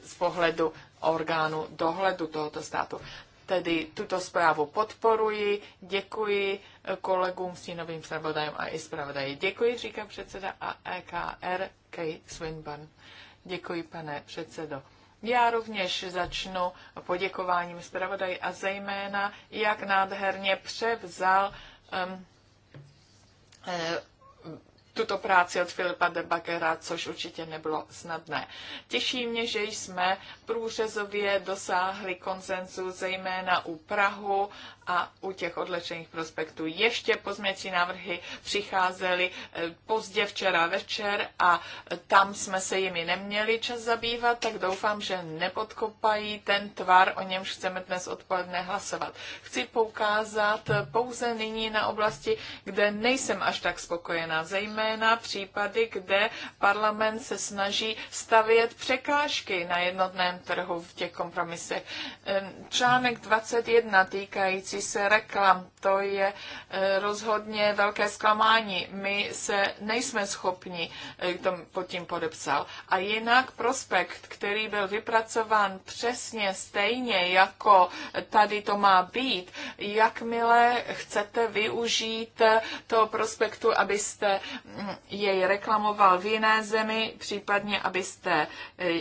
z pohledu orgánu dohledu tohoto státu. Tedy tuto zprávu podporuji, děkuji kolegům, stínovým zpravodajem a i zpravodaji. Děkuji, říká předseda a EKR Swinburne. Děkuji, pane předsedo. Já rovněž začnu poděkováním zpravodaji a zejména, jak nádherně převzal um, e, tuto práci od Filipa de Bakera, což určitě nebylo snadné. Těší mě, že jsme průřezově dosáhli konsenzu zejména u Prahu a u těch odlečených prospektů ještě pozměcí návrhy přicházely eh, pozdě včera večer a eh, tam jsme se jimi neměli čas zabývat, tak doufám, že nepodkopají ten tvar, o němž chceme dnes odpoledne hlasovat. Chci poukázat eh, pouze nyní na oblasti, kde nejsem až tak spokojená, zejména případy, kde parlament se snaží stavět překážky na jednotném trhu v těch kompromisech. Ehm, článek 21 týkající týkající se reklam. To je eh, rozhodně velké zklamání. My se nejsme schopni, eh, to pod tím podepsal. A jinak prospekt, který byl vypracován přesně stejně, jako tady to má být, jakmile chcete využít eh, toho prospektu, abyste mm, jej reklamoval v jiné zemi, případně abyste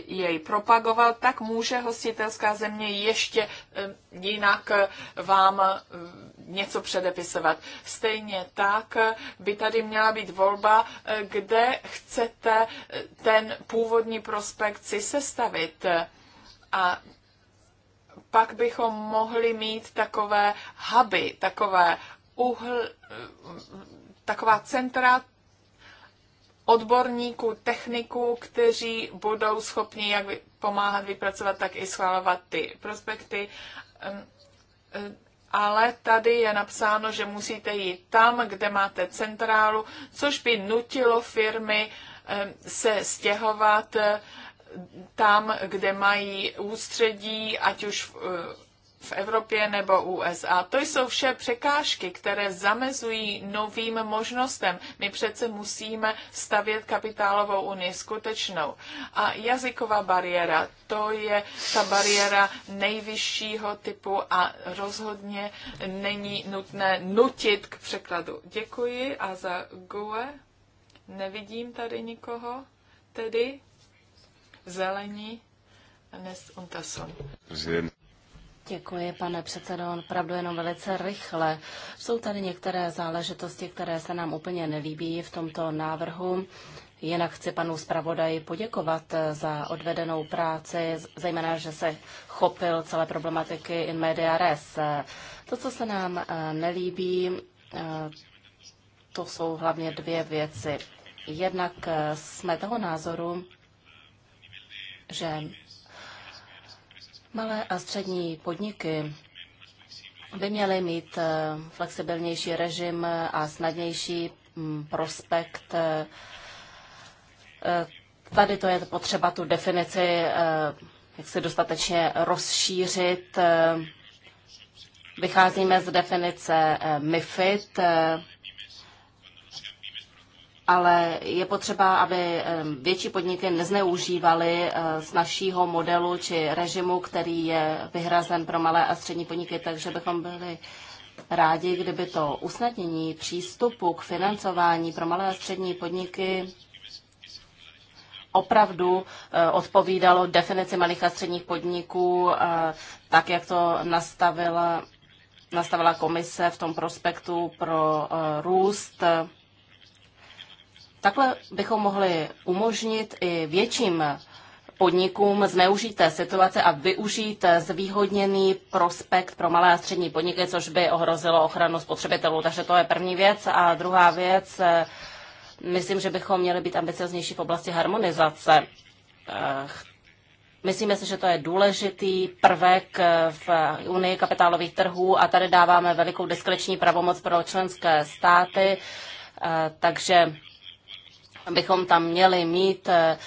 jej propagoval, tak může hostitelská země ještě jinak vám Eh, něco předepisovat. Stejně tak by tady měla být volba, eh, kde chcete eh, ten původní prospekt si sestavit. A pak bychom mohli mít takové huby, takové uhl, taková centra odborníků, techniků, kteří budou schopni jak pomáhat vypracovat, tak i schvalovat ty prospekty ale tady je napsáno, že musíte jít tam, kde máte centrálu, což by nutilo firmy se stěhovat tam, kde mají ústředí, ať už v Evropě nebo USA. To jsou vše překážky, které zamezují novým možnostem. My přece musíme stavět kapitálovou unii skutečnou. A jazyková bariéra, to je ta bariéra nejvyššího typu a rozhodně není nutné nutit k překladu. Děkuji a za GUE. Nevidím tady nikoho, tedy zelení. Dnes Untason. Děkuji, pane předsedo. Opravdu jenom velice rychle. Jsou tady některé záležitosti, které se nám úplně nelíbí v tomto návrhu. Jinak chci panu zpravodaji poděkovat eh, za odvedenou práci, zejména, že se chopil celé problematiky in media res. Eh, to, co se nám eh, nelíbí, to jsou hlavně dvě věci. Jednak jsme toho názoru, že Malé a střední podniky by měly mít eh, flexibilnější režim a snadnější mm, prospekt. Eh, eh, tady to je potřeba tu definici jak se dostatečně rozšířit. Vycházíme z definice MIFID, ale je potřeba, aby větší podniky nezneužívaly eh, z našího modelu či režimu, který je vyhrazen pro malé a střední podniky, takže bychom byli rádi, kdyby to usnadnění přístupu k financování pro malé a střední podniky opravdu eh, odpovídalo definici malých a středních podniků, eh, tak jak to nastavila, nastavila komise v tom prospektu pro růst Takhle bychom mohli umožnit i větším podnikům zneužít té situace a využít zvýhodněný prospekt pro malé a střední podniky, což by ohrozilo ochranu spotřebitelů. Takže to je první věc. A druhá věc, eh, myslím, že bychom měli být ambicioznější v oblasti harmonizace. Eh, myslíme si, že to je důležitý prvek eh, v Unii kapitálových trhů a tady dáváme velikou diskreční pravomoc pro členské státy, takže bychom tam měli mít eh,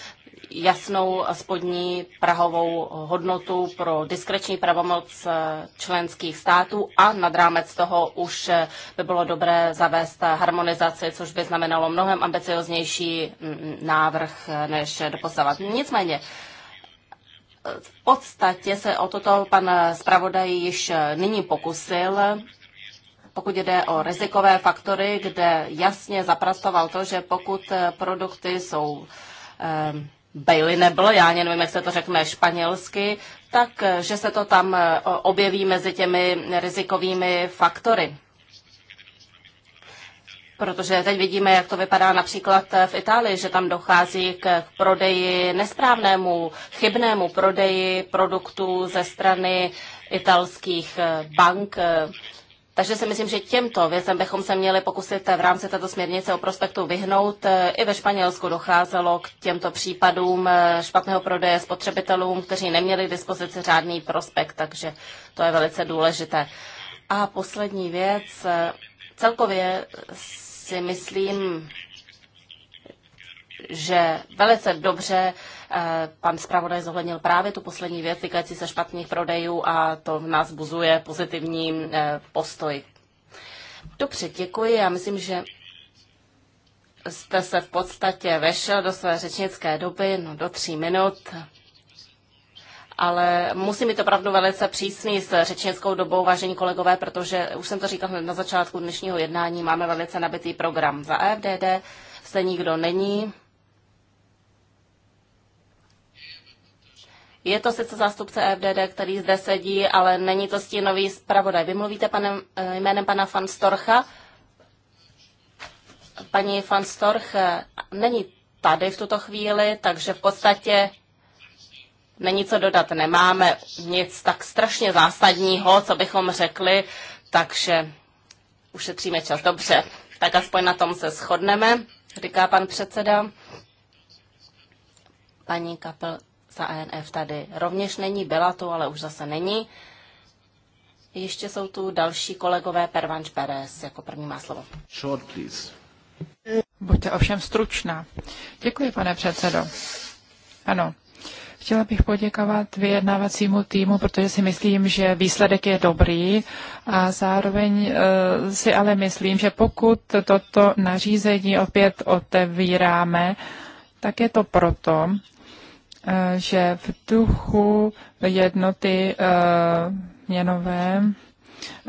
jasnou spodní prahovou hodnotu pro diskreční pravomoc eh, členských států a nad rámec toho už eh, by bylo dobré zavést harmonizaci, což by znamenalo mnohem ambicioznější mm, mm, návrh než doposavat. Nicméně, v podstatě se o toto pan zpravodaj již nyní pokusil pokud jde o rizikové faktory, kde jasně zapracoval to, že pokud eh, produkty jsou eh, nebyl, já ani nevím, jak se to řekne španělsky, tak eh, že se to tam objeví mezi těmi rizikovými faktory. Protože teď vidíme, jak to vypadá například v Itálii, že tam dochází k prodeji nesprávnému, chybnému prodeji produktů ze strany italských bank takže si myslím, že těmto věcem bychom se měli pokusit v rámci této směrnice o prospektu vyhnout. I ve Španělsku docházelo k těmto případům eh, špatného prodeje spotřebitelům, kteří neměli k dispozici řádný prospekt, takže to je velice důležité. A poslední věc, eh, celkově si myslím, že velice dobře Eh, pan zpravodaj zohlednil právě tu poslední věc týkající se špatných prodejů a to v nás buzuje pozitivní eh, postoj. Dobře, děkuji. Já myslím, že jste se v podstatě vešel do své řečnické doby, no do tří minut ale musím být opravdu velice přísný s řečnickou dobou, vážení kolegové, protože už jsem to říkal hned na začátku dnešního jednání, máme velice nabitý program za EFDD, zde nikdo není, Je to sice zástupce FDD, který zde sedí, ale není to stínový zpravodaj. Vy mluvíte panem, eh, jménem pana Van Storcha? Paní Van Storch eh, není tady v tuto chvíli, takže v podstatě není co dodat. Nemáme nic tak strašně zásadního, co bychom řekli, takže ušetříme čas. Dobře, tak aspoň na tom se shodneme, říká pan předseda. Paní Kapel za ANF tady rovněž není, byla tu, ale už zase není. Ještě jsou tu další kolegové, Pervanč Perez jako první má slovo. Short, please. Buďte ovšem stručná. Děkuji, pane předsedo. Ano, Chtěla bych poděkovat vyjednávacímu týmu, protože si myslím, že výsledek je dobrý a zároveň uh, si ale myslím, že pokud toto nařízení opět otevíráme, tak je to proto, Eh, že v duchu jednoty eh, měnové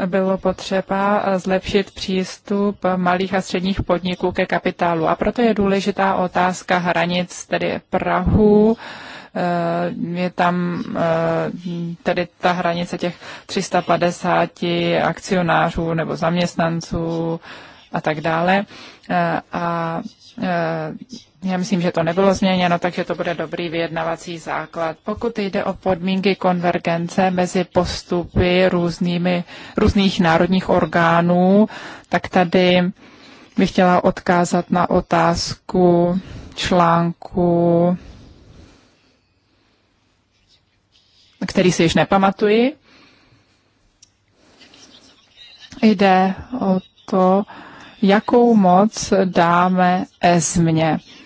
bylo potřeba eh, zlepšit přístup malých a středních podniků ke kapitálu. A proto je důležitá otázka hranic, tedy Prahu. Je tam tedy ta hranice těch 350 akcionářů nebo zaměstnanců a tak dále. A já myslím, že to nebylo změněno, takže to bude dobrý vyjednavací základ. Pokud jde o podmínky konvergence mezi postupy různými, různých národních orgánů, tak tady bych chtěla odkázat na otázku článku, který si již nepamatuji. Jde o to, jakou moc dáme změně. E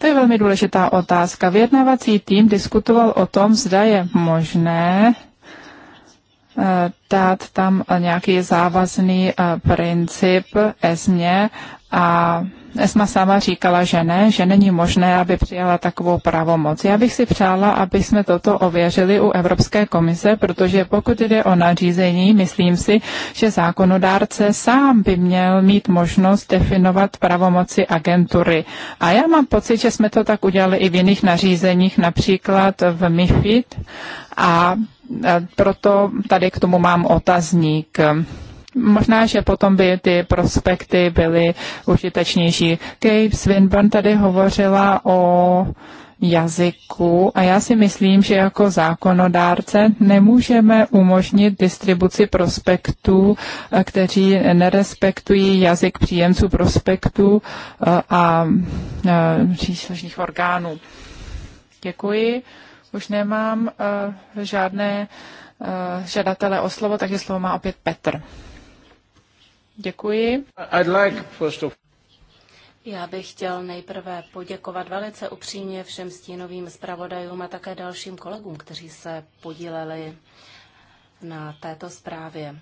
to je velmi důležitá otázka. Vyjednávací tým diskutoval o tom, zda je možné eh, dát tam nějaký závazný eh, princip ESNě a ESMA sama říkala, že ne, že není možné, aby přijala takovou pravomoc. Já bych si přála, aby jsme toto ověřili u Evropské komise, protože pokud jde o nařízení, myslím si, že zákonodárce sám by měl mít možnost definovat pravomoci agentury. A já mám pocit, že jsme to tak udělali i v jiných nařízeních, například v MIFID a proto tady k tomu mám otazník. Možná, že potom by ty prospekty byly užitečnější. Kate Swinburne tady hovořila o jazyku a já si myslím, že jako zákonodárce nemůžeme umožnit distribuci prospektů, kteří nerespektují jazyk příjemců prospektů eh, a eh, příslušných orgánů. Děkuji. Už nemám eh, žádné žadatele o slovo, takže slovo má opět Petr. Děkuji. I'd like first of... Já bych chtěl nejprve poděkovat velice upřímně všem stínovým zpravodajům a také dalším kolegům, kteří se podíleli na této zprávě.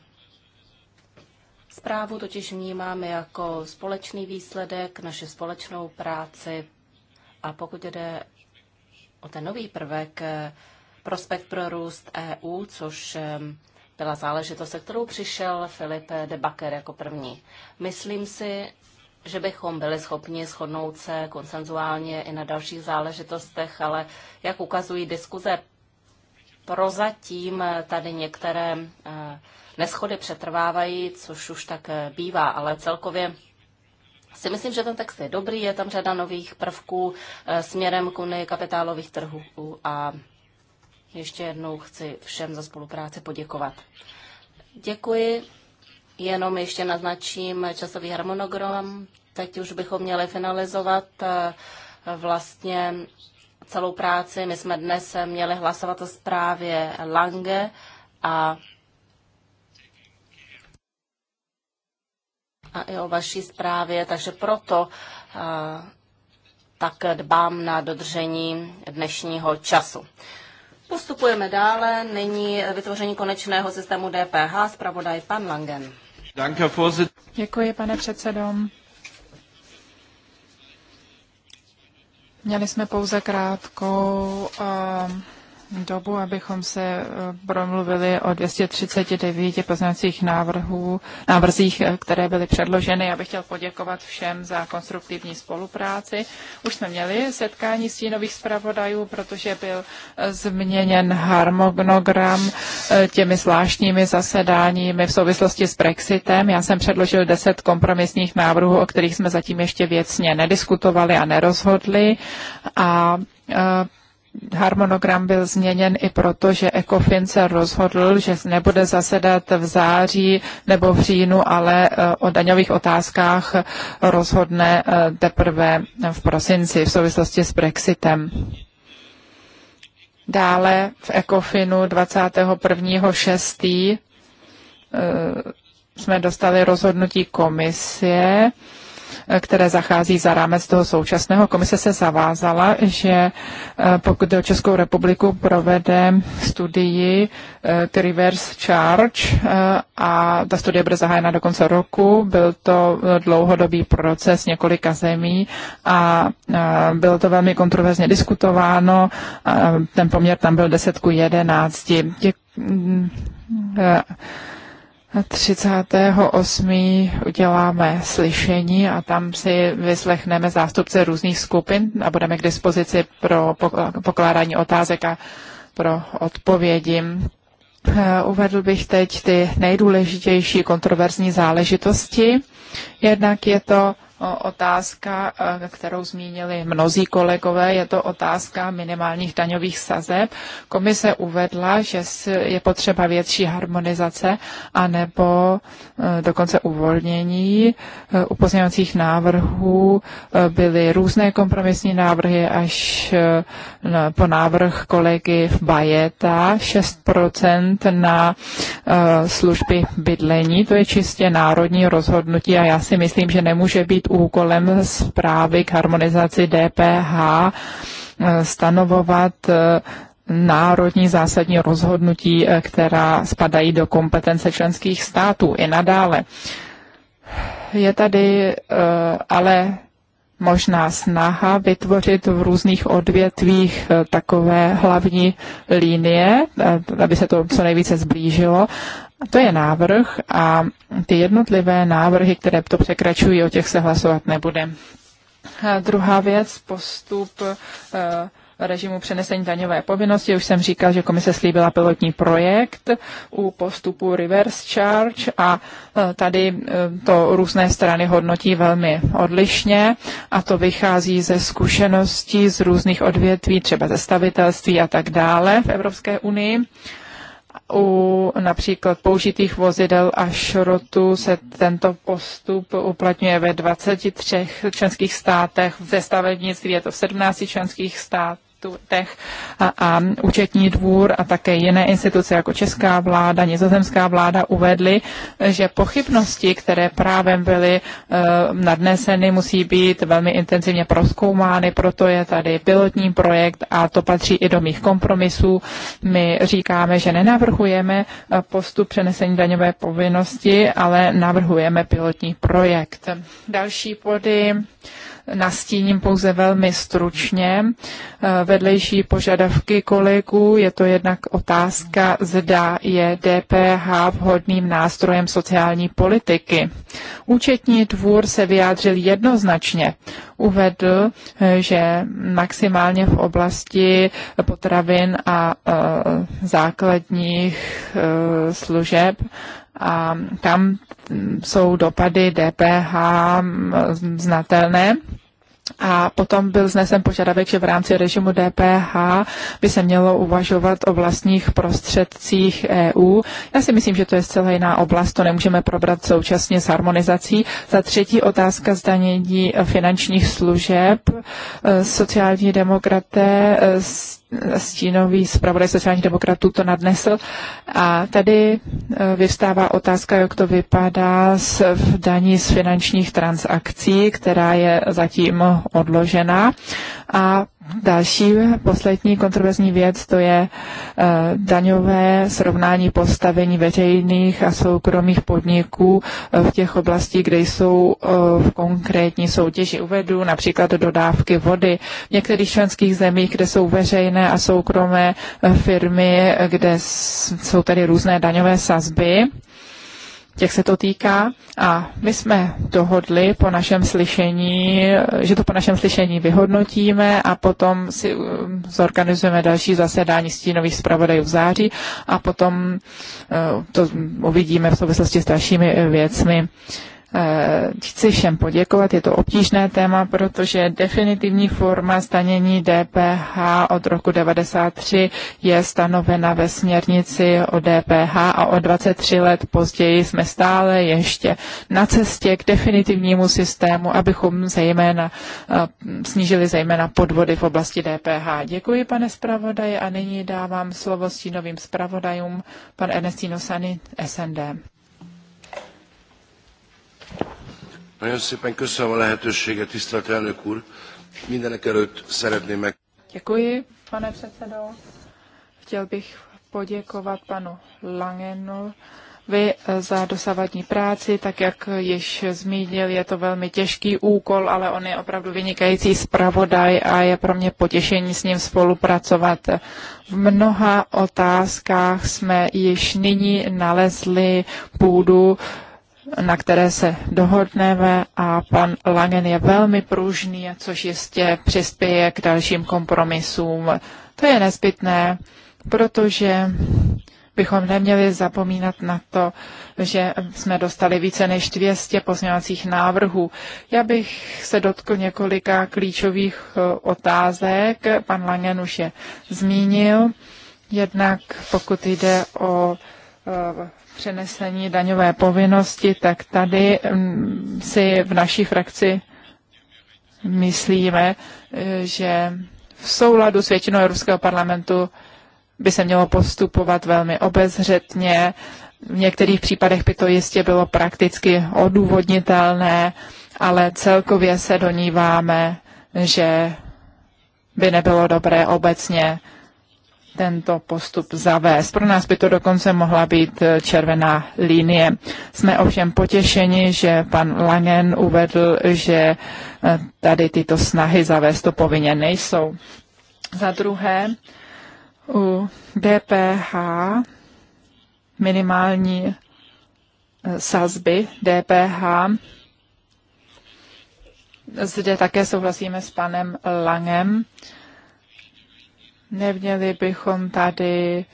Zprávu totiž vnímám jako společný výsledek, naše společnou práci a pokud jde o ten nový prvek, eh, prospekt pro růst EU, což eh, byla záležitost, se kterou přišel Filip de Baker jako první. Myslím si, že bychom byli schopni shodnout se konsenzuálně i na dalších záležitostech, ale jak ukazují diskuze, prozatím tady některé eh, neschody přetrvávají, což už tak eh, bývá, ale celkově si myslím, že ten text je dobrý, je tam řada nových prvků eh, směrem k unii kapitálových trhů a ještě jednou chci všem za spolupráci poděkovat. Děkuji. Jenom ještě naznačím časový harmonogram. Teď už bychom měli finalizovat eh, vlastně celou práci. My jsme dnes měli hlasovat o zprávě Lange a a i o vaší zprávě, takže proto eh, tak dbám na dodržení dnešního času. Postupujeme dále. Nyní vytvoření konečného systému DPH. Zpravodaj pan Langen. Děkuji, pane předsedo. Měli jsme pouze krátkou uh, dobu, abychom se eh, promluvili o 239 poznacích návrhů, návrzích, eh, které byly předloženy. Já bych chtěl poděkovat všem za konstruktivní spolupráci. Už jsme měli setkání stínových zpravodajů, protože byl eh, změněn harmonogram těmi zvláštními zasedáními v souvislosti s Brexitem. Já jsem předložil 10 kompromisních návrhů, o kterých jsme zatím ještě věcně nediskutovali a nerozhodli. A harmonogram byl změněn i proto, že ECOFIN se rozhodl, že nebude zasedat v září nebo v říjnu, ale eh, o daňových otázkách rozhodne eh, teprve v prosinci v souvislosti s Brexitem. Dále v ECOFINu 21.6. Eh, jsme dostali rozhodnutí komisie, které zachází za rámec toho současného. Komise se zavázala, že eh, pokud do Českou republiku provede studii k eh, reverse charge eh, a ta studie bude zahájena do konce roku, byl to dlouhodobý proces několika zemí a bylo to velmi kontroverzně diskutováno. Ten poměr tam byl 10 ku 11. Děkuji. 8. uděláme slyšení a tam si vyslechneme zástupce různých skupin a budeme k dispozici pro pokládání otázek a pro odpovědi. Eh, uvedl bych teď ty nejdůležitější kontroverzní záležitosti. Jednak je to otázka, eh, kterou zmínili mnozí kolegové, je to otázka minimálních daňových sazeb. Komise uvedla, že je potřeba větší harmonizace anebo eh, dokonce uvolnění. Eh, u pozměňovacích návrhů byly různé kompromisní návrhy až po návrh kolegy v Bajeta 6% na služby bydlení. To je čistě národní rozhodnutí a já si myslím, že nemůže být úkolem zprávy k harmonizaci DPH eh, stanovovat eh, národní zásadní rozhodnutí, eh, která spadají do kompetence členských států i nadále. Je tady ale možná snaha vytvořit v různých odvětvích takové hlavní linie, aby se to co nejvíce zblížilo to je návrh a ty jednotlivé návrhy, které to překračují, o těch se hlasovat nebude. A druhá věc, postup eh, režimu přenesení daňové povinnosti. Už jsem říkal, že komise slíbila pilotní projekt u postupu reverse charge a eh, tady eh, to různé strany hodnotí velmi odlišně a to vychází ze zkušeností z různých odvětví, třeba ze stavitelství a tak dále v Evropské unii u například použitých vozidel a šrotu se tento postup uplatňuje ve 23 členských státech, ve stavebnictví je to v 17 členských státech institutech a, a účetní dvůr a také jiné instituce jako česká vláda, nizozemská vláda uvedly, že pochybnosti, které právem byly e, nadneseny, musí být velmi intenzivně proskoumány, proto je tady pilotní projekt a to patří i do mých kompromisů. My říkáme, že nenavrhujeme eh, postup přenesení daňové povinnosti, ale navrhujeme pilotní projekt. Další body nastíním pouze velmi stručně. Eh, vedlejší požadavky kolegů je to jednak otázka, zda je DPH vhodným nástrojem sociální politiky. Účetní dvůr se vyjádřil jednoznačně. Uvedl, eh, že maximálně v oblasti potravin a eh, základních služeb a tam jsou dopady DPH znatelné. A potom byl znesen požadavek, že v rámci režimu DPH by se mělo uvažovat o vlastních prostředcích EU. Já si myslím, že to je zcela jiná oblast, to nemůžeme probrat současně s harmonizací. Za třetí otázka zdanění finančních služeb. E, sociální demokraté e, s stínový zpravodaj sociálních demokratů to nadnesl. A tady e, vyvstává otázka, jak to vypadá s daní z finančních transakcí, která je zatím odložena. A další poslední kontroverzní věc, to je eh, daňové srovnání postavení veřejných a soukromých podniků eh, v těch oblastí, kde jsou eh, v konkrétní soutěži. Uvedu například dodávky vody. V některých členských zemích, kde jsou veřejné a soukromé firmy, kde jsou tady různé daňové sazby, těch se to týká a my jsme dohodli po našem slyšení, že to po našem slyšení vyhodnotíme a potom si um, zorganizujeme další zasedání stínových zpravodajů v září a potom uh, to uvidíme v souvislosti s dalšími věcmi. Eh, chci všem poděkovat, je to obtížné téma, protože definitivní forma stanění DPH od roku 93 je stanovena ve směrnici o DPH a o 23 let později jsme stále ještě na cestě k definitivnímu systému, abychom zejména eh, snížili zejména podvody v oblasti DPH. Děkuji, pane zpravodaji, a nyní dávám slovo novým zpravodajům, pan Ernestino Sani, SND. Nagyon szépen köszönöm a lehetőséget, tisztelt elnök úr. Mindenek előtt szeretném meg... Děkuji, pane předsedo. Chtěl bych poděkovat panu Langenu vy eh, za dosavadní práci, tak jak již zmínil, je to velmi těžký úkol, ale on je opravdu vynikající zpravodaj a je pro mě potěšení s ním spolupracovat. V mnoha otázkách jsme již nyní nalezli půdu na které se dohodneme a pan Langen je velmi pružný, což jistě přispěje k dalším kompromisům. To je nezbytné, protože bychom neměli zapomínat na to, že jsme dostali více než 200 pozměňovacích návrhů. Já bych se dotkl několika klíčových eh, otázek. Pan Langen už je zmínil. Jednak pokud jde o eh, přenesení daňové povinnosti, tak tady mm, si v naší frakci myslíme, e, že v souladu s většinou Evropského parlamentu by se mělo postupovat velmi obezřetně. V některých případech by to jistě bylo prakticky odůvodnitelné, ale celkově se doníváme, že by nebylo dobré obecně tento postup zavést. Pro nás by to dokonce mohla být eh, červená linie. Jsme ovšem potěšeni, že pan Langen uvedl, že eh, tady tyto snahy zavést to povinně nejsou. Za druhé, u DPH minimální eh, sazby DPH. Zde také souhlasíme s panem Langem. Neměli bychom tady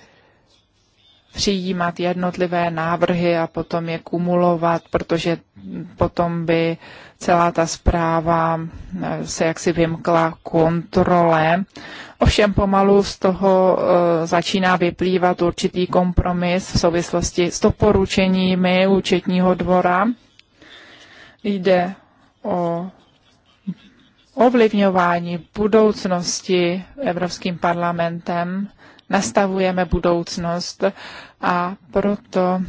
přijímat jednotlivé návrhy a potom je kumulovat, protože potom by celá ta zpráva eh, se jaksi vymkla kontrole. Ovšem pomalu z toho eh, začíná vyplývat určitý kompromis v souvislosti s doporučeními účetního dvora. Jde o ovlivňování budoucnosti Evropským parlamentem, nastavujeme budoucnost a proto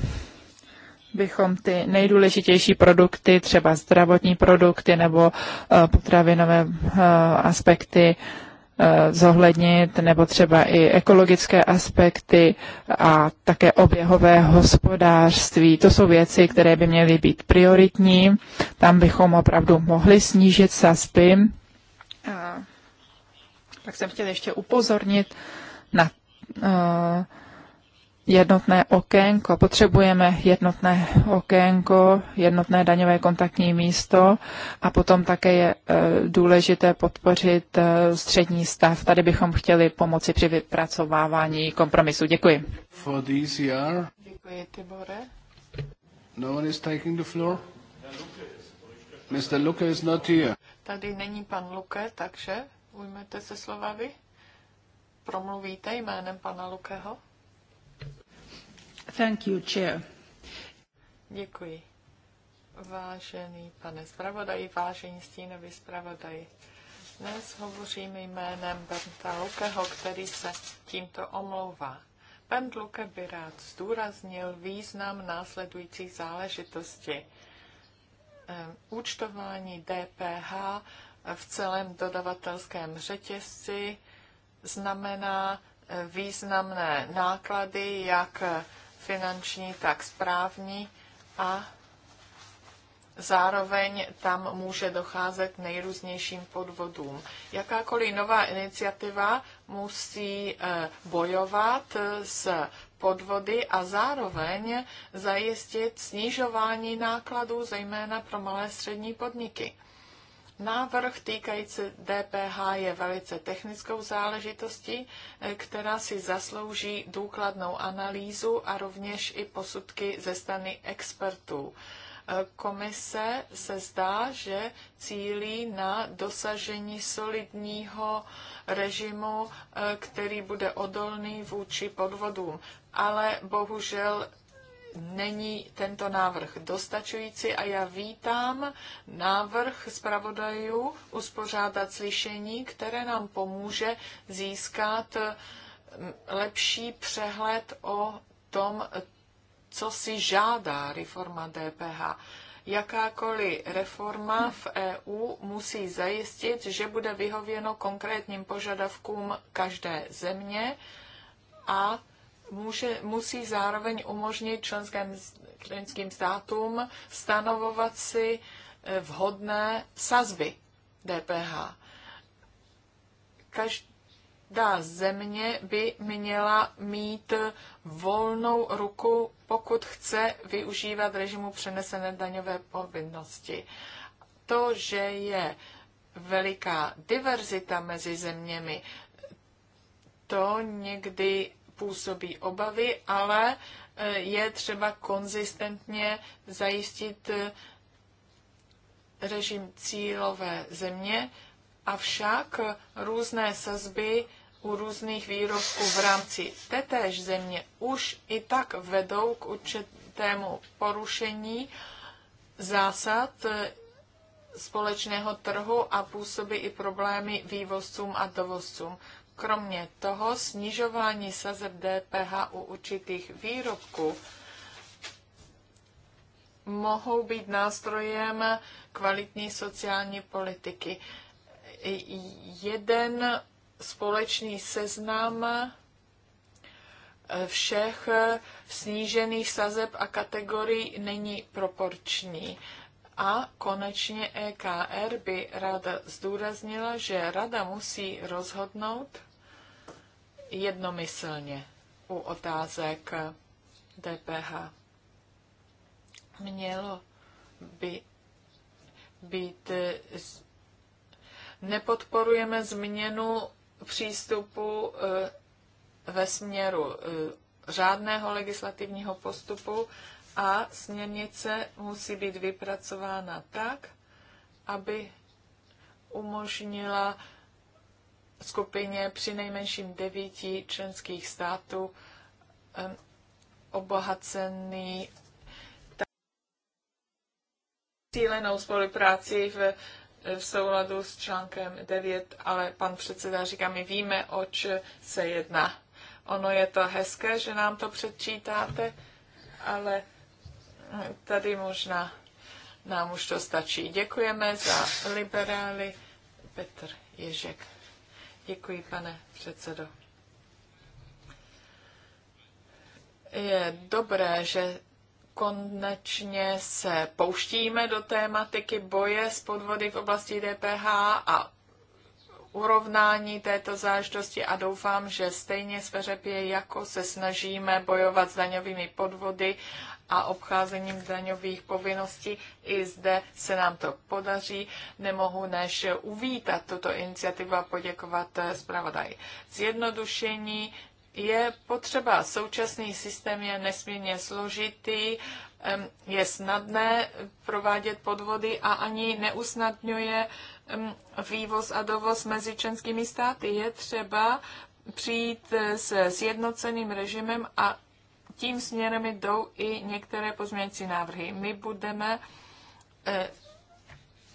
bychom ty nejdůležitější produkty, třeba zdravotní produkty nebo eh, potravinové eh, aspekty, Eh, zohlednit, nebo třeba i ekologické aspekty a také oběhové hospodářství. To jsou věci, které by měly být prioritní. Tam bychom opravdu mohli snížit sazby. Tak jsem chtěla ještě upozornit na eh, jednotné okénko, potřebujeme jednotné okénko, jednotné daňové kontaktní místo a potom také je e, důležité podpořit e, střední stav. Tady bychom chtěli pomoci při vypracovávání kompromisu. Děkuji. For e Děkuji, Tibore. No one is taking the floor? Mr. Luke is not here. Tady není pan Luke, takže ujmete se slova vy. Promluvíte jménem pana Lukeho? Thank you, chair. Děkuji. Vážený pane zpravodaj, vážení stínoví zpravodaj, dnes hovořím jménem Benta Lukeho, který se tímto omlouvá. Bent Luke by rád zdůraznil význam následující záležitosti. Ehm, účtování DPH v celém dodavatelském řetězci znamená eh, významné náklady, jak finanční, tak správní a Zároveň tam může docházet k nejrůznějším podvodům. Jakákoliv nová iniciativa musí eh, bojovat eh, s podvody a zároveň zajistit snižování nákladů, zejména pro malé střední podniky. Návrh týkající DPH je velice technickou záležitostí, eh, která si zaslouží důkladnou analýzu a rovněž i posudky ze strany expertů. Eh, komise se zdá, že cílí na dosažení solidního režimu, eh, který bude odolný vůči podvodům. Ale bohužel není tento návrh dostačující a já vítám návrh zpravodajů uspořádat slyšení, které nám pomůže získat mm, lepší přehled o tom, co si žádá reforma DPH. Jakákoliv reforma v EU musí zajistit, že bude vyhověno konkrétním požadavkům každé země a může, musí zároveň umožnit členským, členským státům stanovovat si eh, vhodné sazby DPH. Každá země by měla mít volnou ruku, pokud chce využívat režimu přenesené daňové povinnosti. To, že je veliká diverzita mezi zeměmi, to někdy působí obavy, ale eh, je třeba konzistentně zajistit eh, režim cílové země, avšak různé sazby u různých výrobků v rámci tétéž země už i tak vedou k určitému porušení zásad eh, společného trhu a působí i problémy vývozcům a dovozcům. Kromě toho snižování sazeb DPH u určitých výrobků mohou být nástrojem kvalitní sociální politiky. Jeden společný seznam eh, všech snížených sazeb a kategorií není proporční. A konečně EKR by rada zdůraznila, že rada musí rozhodnout jednomyslně u otázek DPH. Mělo by být. Nepodporujeme změnu přístupu e, ve směru e, řádného legislativního postupu a směrnice musí být vypracována tak, aby umožnila skupině při nejmenším devíti členských států obohacený cílenou spolupráci v, v souladu s článkem 9, ale pan předseda říká, my víme, oč se jedná. Ono je to hezké, že nám to předčítáte, ale Tady možná nám už to stačí. Děkujeme za liberály. Petr Ježek. Děkuji, pane předsedo. Je dobré, že konečně se pouštíme do tématiky boje s podvody v oblasti DPH a urovnání této záležitosti a doufám, že stejně sveřepě, jako se snažíme bojovat s daňovými podvody a obcházením daňových povinností. I zde se nám to podaří. Nemohu než uvítat tuto iniciativu a poděkovat eh, zpravodaji. Zjednodušení je potřeba. Současný systém je nesmírně složitý, je snadné provádět podvody a ani neusnadňuje vývoz a dovoz mezi členskými státy. Je třeba přijít eh, s sjednoceným režimem a tím směrem jdou i některé pozměňující návrhy. My budeme eh,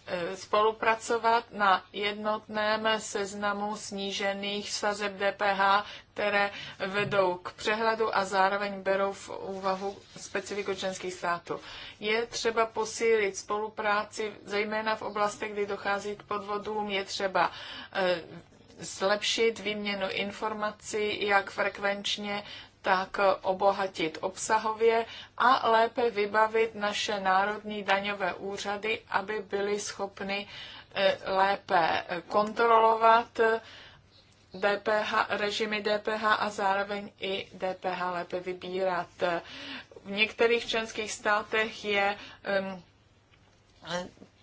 eh, spolupracovat na jednotném seznamu snížených sazeb DPH, které vedou k přehledu a zároveň berou v úvahu specifiku členských států. Je třeba posílit spolupráci, zejména v oblastech, kdy dochází k podvodům, je třeba eh, zlepšit výměnu informací, jak frekvenčně, tak obohatit obsahově a lépe vybavit naše národní daňové úřady, aby byly schopny eh, lépe eh, kontrolovat DPH, eh, režimy DPH a zároveň i DPH lépe vybírat. V některých členských státech je ehm,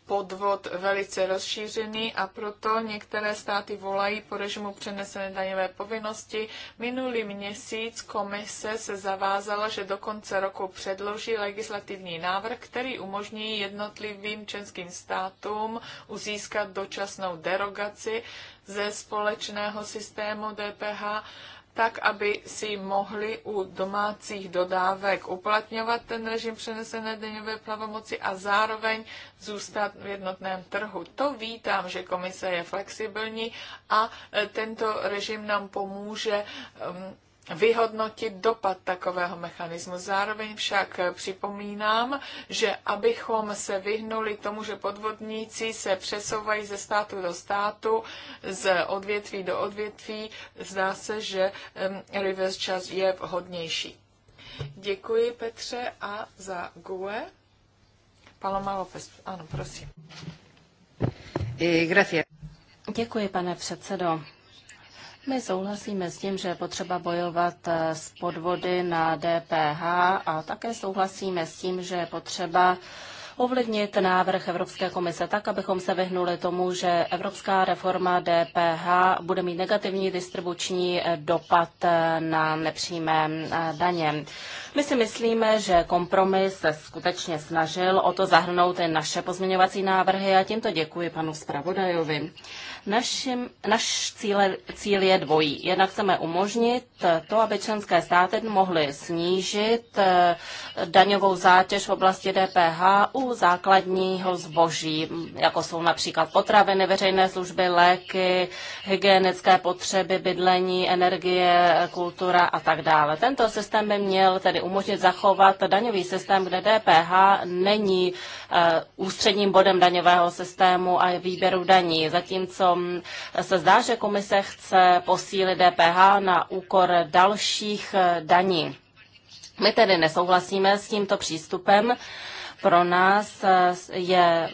podvod velice rozšířený a proto některé státy volají po režimu přenesené daňové povinnosti. Minulý měsíc komise se zavázala, že do konce roku předloží legislativní návrh, který umožní jednotlivým členským státům uzískat dočasnou derogaci ze společného systému DPH tak aby si mohli u domácích dodávek uplatňovat ten režim přenesené denové plavomoci a zároveň zůstat v jednotném trhu. To vítám, že komise je flexibilní a e, tento režim nám pomůže vyhodnotit dopad takového mechanismu. Zároveň však připomínám, že abychom se vyhnuli tomu, že podvodníci se přesouvají ze státu do státu, z odvětví do odvětví, zdá se, že reverse čas je vhodnější. Děkuji Petře a za GUE. Paloma López, ano, prosím. Eh, Děkuji, pane předsedo. My souhlasíme s tím, že je potřeba bojovat eh, s podvody na DPH a také souhlasíme s tím, že je potřeba ovlivnit návrh Evropské komise tak, abychom se vyhnuli tomu, že evropská reforma DPH bude mít negativní distribuční eh, dopad eh, na nepřímé daně. My si myslíme, že kompromis se skutečně snažil o to zahrnout i naše pozměňovací návrhy a tímto děkuji panu zpravodajovi. Našim, naš cíle, cíl je dvojí. Jednak chceme umožnit to, aby členské státy mohly snížit eh, daňovou zátěž v oblasti DPH u základního zboží, jako jsou například potraviny, veřejné služby, léky, hygienické potřeby, bydlení, energie, kultura a tak dále. Tento systém by měl tedy umožnit zachovat daňový systém, kde DPH není eh, ústředním bodem daňového systému a výběru daní, zatímco se zdá, že komise chce posílit DPH na úkor dalších eh, daní. My tedy nesouhlasíme s tímto přístupem. Pro nás eh, je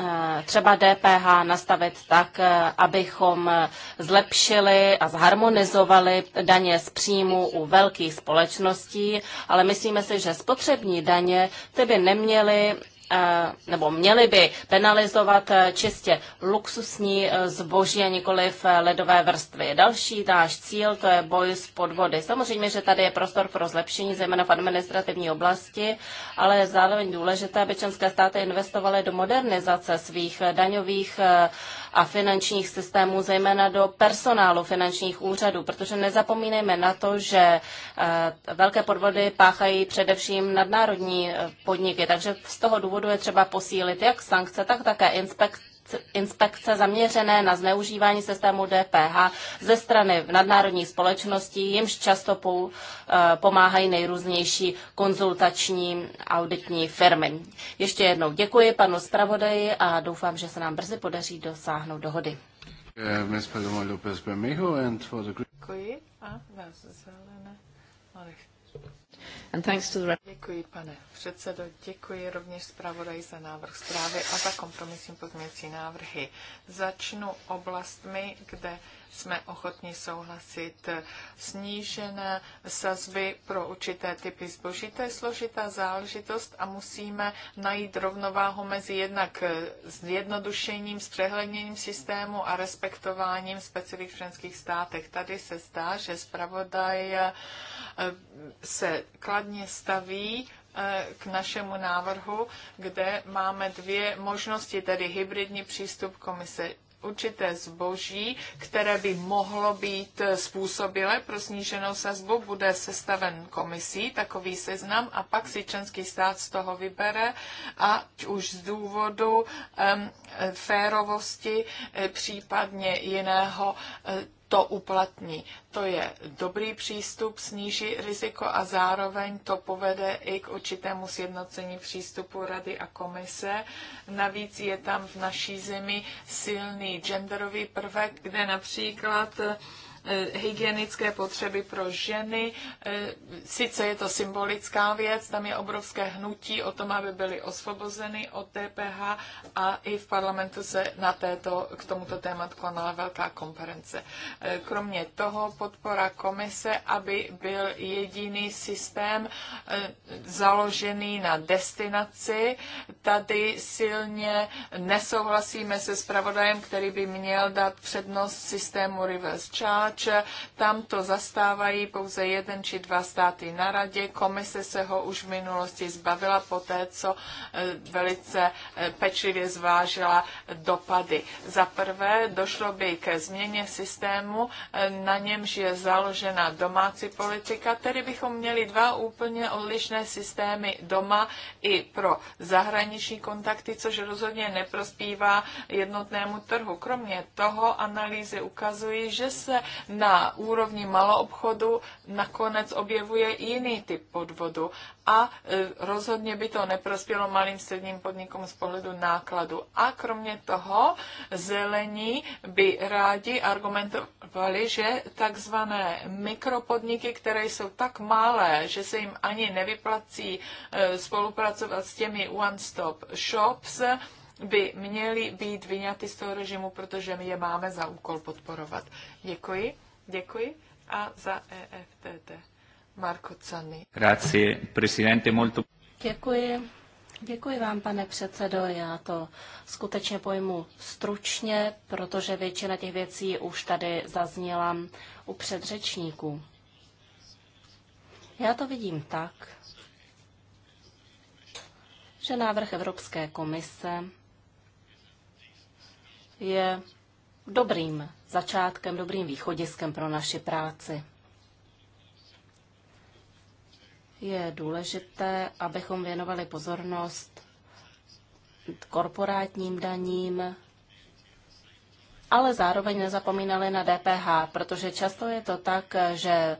eh, třeba DPH nastavit tak, abychom zlepšili a zharmonizovali daně z příjmu u velkých společností, ale myslíme si, že spotřební daně ty by neměly Eh, nebo měli by penalizovat eh, čistě luxusní eh, zboží a nikoliv ledové vrstvy. Další náš cíl to je boj s podvody. Samozřejmě, že tady je prostor pro zlepšení, zejména v administrativní oblasti, ale je zároveň důležité, aby členské státy investovaly do modernizace svých daňových uh, a finančních systémů, zejména do personálu finančních úřadů, protože nezapomínejme na to, že eh, velké podvody páchají především nadnárodní eh, podniky, takže z toho důvodu je třeba posílit jak sankce, tak také inspekce inspekce zaměřené na zneužívání systému DPH ze strany nadnárodních společností, jimž často eh, pomáhají nejrůznější konzultační auditní firmy. Ještě jednou děkuji panu zpravodaji a doufám, že se nám brzy podaří dosáhnout dohody. Eh, děkuji a vás zelené. And thanks to the... Děkuji, pane předsedo, děkuji rovněž zpravodaj za návrh zprávy a za kompromisní pozměnící návrhy. Začnu oblastmi, kde jsme ochotni souhlasit. Snížené sazby pro určité typy zboží, to je složitá záležitost a musíme najít rovnováhu mezi jednak zjednodušením, zpřehledněním systému a respektováním specifik v členských státech. Tady se zdá, že zpravodaj eh, se kladně staví eh, k našemu návrhu, kde máme dvě možnosti, tedy hybridní přístup komise určité zboží, které by mohlo být způsobile pro sníženou sazbu, bude sestaven komisí takový seznam a pak si členský stát z toho vybere, ať už z důvodu um, férovosti, eh, případně jiného eh, to uplatní. To je dobrý přístup, sníží riziko a zároveň to povede i k určitému sjednocení přístupu Rady a komise. Navíc je tam v naší zemi silný genderový prvek, kde například Eh, hygienické potřeby pro ženy. Eh, sice je to symbolická věc, tam je obrovské hnutí o tom, aby byly osvobozeny od DPH a i v parlamentu se na této, k tomuto tématu konala velká konference. Eh, kromě toho podpora komise, aby byl jediný systém založený na destinaci. Tady silně nesouhlasíme se spravodajem, který by měl dát přednost systému reverse charge, poněvadž tam to zastávají pouze jeden či dva státy na radě. Komise se ho už v minulosti zbavila té, co e, velice e, pečlivě zvážila dopady. Za prvé došlo by ke změně systému, e, na němž je založena domácí politika, tedy bychom měli dva úplně odlišné systémy doma i pro zahraniční kontakty, což rozhodně neprospívá jednotnému trhu. Kromě toho analýzy ukazují, že se na úrovni maloobchodu nakonec objevuje jiný typ podvodu a e, rozhodně by to neprospělo malým středním podnikům z pohledu nákladu. A kromě toho zelení by rádi argumentovali, že takzvané mikropodniky, které jsou tak malé, že se jim ani nevyplací e, spolupracovat s těmi one-stop shops, by měly být vyňaty z toho režimu, protože my je máme za úkol podporovat. Děkuji, děkuji a za EFTT. Marko Cany. Grazie, presidente, molto... Děkuji. Děkuji vám, pane předsedo. Já to skutečně pojmu stručně, protože většina těch věcí už tady zazněla u předřečníků. Já to vidím tak, že návrh Evropské komise je dobrým začátkem, dobrým východiskem pro naši práci. Je důležité, abychom věnovali pozornost korporátním daním, ale zároveň nezapomínali na DPH, protože často je to tak, že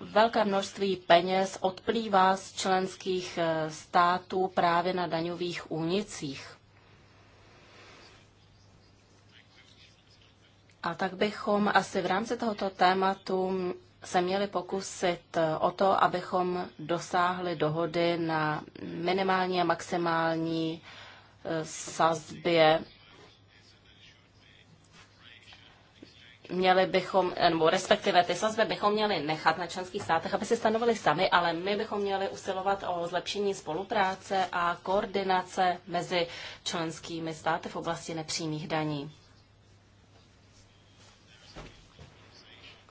velké množství peněz odplývá z členských států právě na daňových únicích. A tak bychom asi v rámci tohoto tématu se měli pokusit o to, abychom dosáhli dohody na minimální a maximální e, sazbě. Měli bychom, e, nebo respektive ty sazby bychom měli nechat na členských státech, aby se stanovili sami, ale my bychom měli usilovat o zlepšení spolupráce a koordinace mezi členskými státy v oblasti nepřímých daní.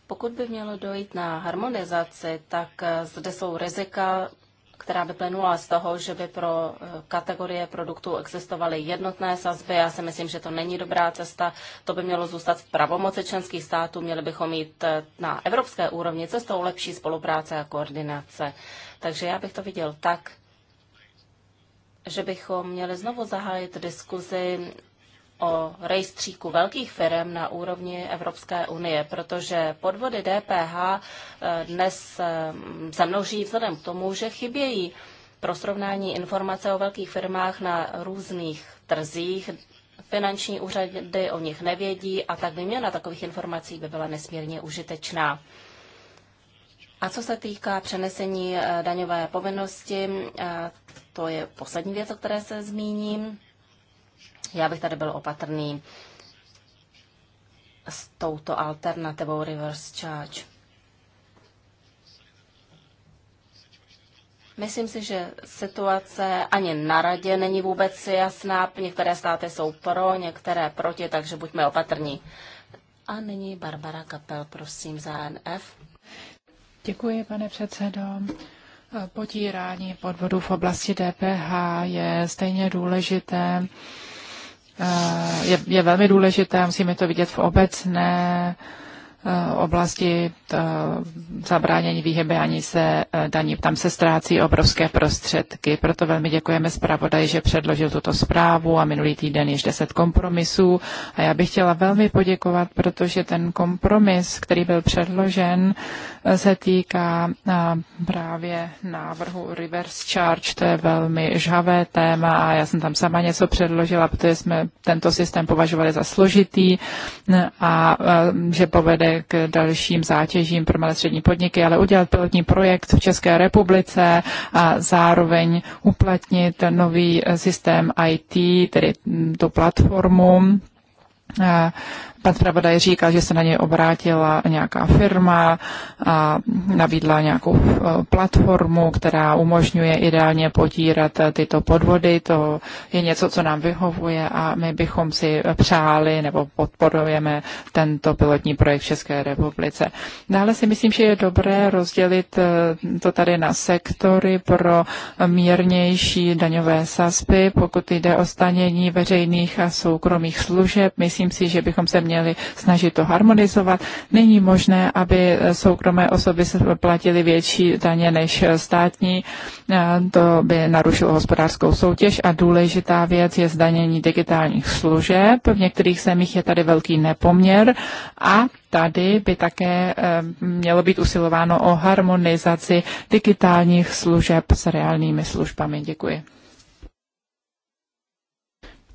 Pokud by mělo dojít na harmonizaci, tak eh, zde jsou rizika, která by plynula z toho, že by pro eh, kategorie produktů existovaly jednotné sazby. Já si myslím, že to není dobrá cesta. To by mělo zůstat v pravomoci členských států. Měli bychom mít eh, na evropské úrovni cestou lepší spolupráce a koordinace. Takže já bych to viděl tak, že bychom měli znovu zahájit diskuzi o rejstříku velkých firm na úrovni Evropské unie, protože podvody DPH eh, dnes eh, žijí vzhledem k tomu, že chybějí pro srovnání informace o velkých firmách na různých trzích, finanční úřady o nich nevědí a tak výměna takových informací by byla nesmírně užitečná. A co se týká přenesení eh, daňové povinnosti, to je poslední věc, o které se zmíním. Já bych tady byl opatrný s touto alternativou reverse charge. Myslím si, že situace ani na radě není vůbec jasná. Některé státy jsou pro, některé proti, takže buďme opatrní. A nyní Barbara Kapel, prosím, za NF. Děkuji, pane předsedo. Potírání podvodů v oblasti DPH je stejně důležité Eh, je, je velmi důležité, musíme to vidět v obecné eh, oblasti zabránění vyhybání se eh, daní. Tam se ztrácí obrovské prostředky. Proto velmi děkujeme zpravodaji, že předložil tuto zprávu a minulý týden již 10 kompromisů. A já bych chtěla velmi poděkovat, protože ten kompromis, který byl předložen, se týká právě návrhu reverse charge. To je velmi žhavé téma a já jsem tam sama něco předložila, protože jsme tento systém považovali za složitý a že povede k dalším zátěžím pro malé střední podniky, ale udělat pilotní projekt v České republice a zároveň uplatnit nový e, systém IT, tedy tu platformu, pan zpravodaj říkal, že se na něj obrátila nějaká firma a nabídla nějakou eh, platformu, která umožňuje ideálně potírat eh, tyto podvody. To je něco, co nám vyhovuje a my bychom si přáli nebo podporujeme tento pilotní projekt v České republice. Dále si myslím, že je dobré rozdělit eh, to tady na sektory pro mírnější daňové sazby, pokud jde o stanění veřejných a soukromých služeb. Myslím si, že bychom se měli měli snažit to harmonizovat. Není možné, aby soukromé osoby platily větší daně než státní. To by narušilo hospodářskou soutěž a důležitá věc je zdanění digitálních služeb. V některých zemích je tady velký nepoměr a tady by také eh, mělo být usilováno o harmonizaci digitálních služeb s reálnými službami. Děkuji.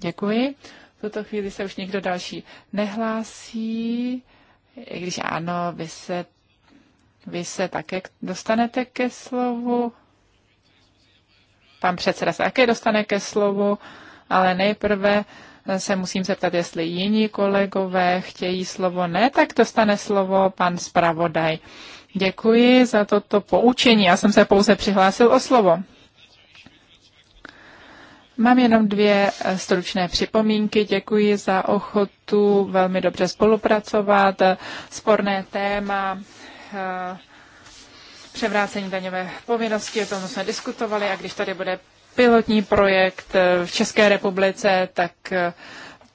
Děkuji tuto chvíli se už někdo další nehlásí. I když ano, vy se, vy se také dostanete ke slovu. Pan předseda se také dostane ke slovu, ale nejprve se musím zeptat, jestli jiní kolegové chtějí slovo. Ne, tak dostane slovo pan zpravodaj. Děkuji za toto poučení. Já jsem se pouze přihlásil o slovo. Mám jenom dvě eh, stručné připomínky. Děkuji za ochotu velmi dobře spolupracovat. Sporné téma eh, převrácení daňové povinnosti, o tom jsme diskutovali a když tady bude pilotní projekt eh, v České republice, tak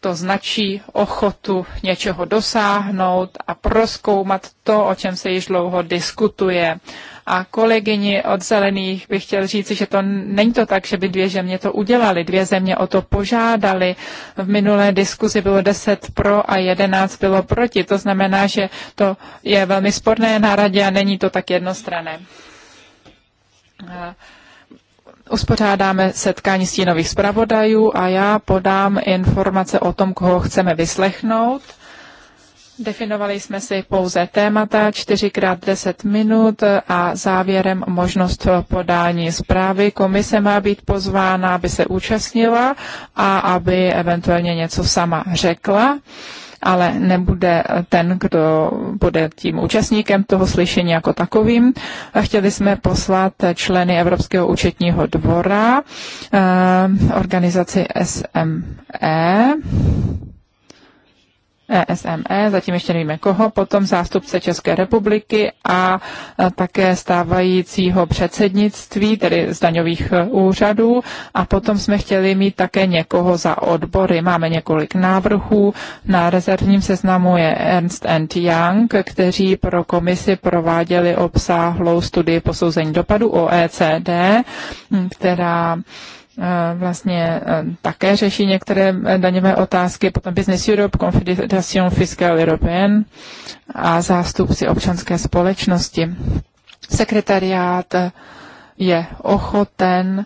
to značí ochotu něčeho dosáhnout a proskoumat to, o čem se již dlouho diskutuje. A kolegyni od Zelených bych chtěl říct, že to není to tak, že by dvě země to udělali. Dvě země o to požádali. V minulé diskuzi bylo 10 pro a 11 bylo proti. To znamená, že to je velmi sporné na radě a není to tak jednostrané. A uspořádáme setkání stínových zpravodajů a já podám informace o tom, koho chceme vyslechnout. Definovali jsme si pouze témata 4x10 minut a závěrem možnost podání zprávy. Komise má být pozvána, aby se účastnila a aby eventuálně něco sama řekla ale nebude ten, kdo bude tím účastníkem toho slyšení jako takovým. Chtěli jsme poslat členy Evropského účetního dvora, eh, organizaci SME, ESME, e, zatím ještě nevíme koho, potom zástupce České republiky a také stávajícího předsednictví, tedy z daňových e, úřadů. A potom jsme chtěli mít také někoho za odbory. Máme několik návrhů. Na rezervním seznamu je Ernst and Young, kteří pro komisi prováděli obsáhlou studii posouzení dopadu OECD, která Eh, vlastně eh, také řeší některé eh, daňové otázky, potom Business Europe, Confederation Fiscal European a zástupci občanské společnosti. Sekretariát je ochoten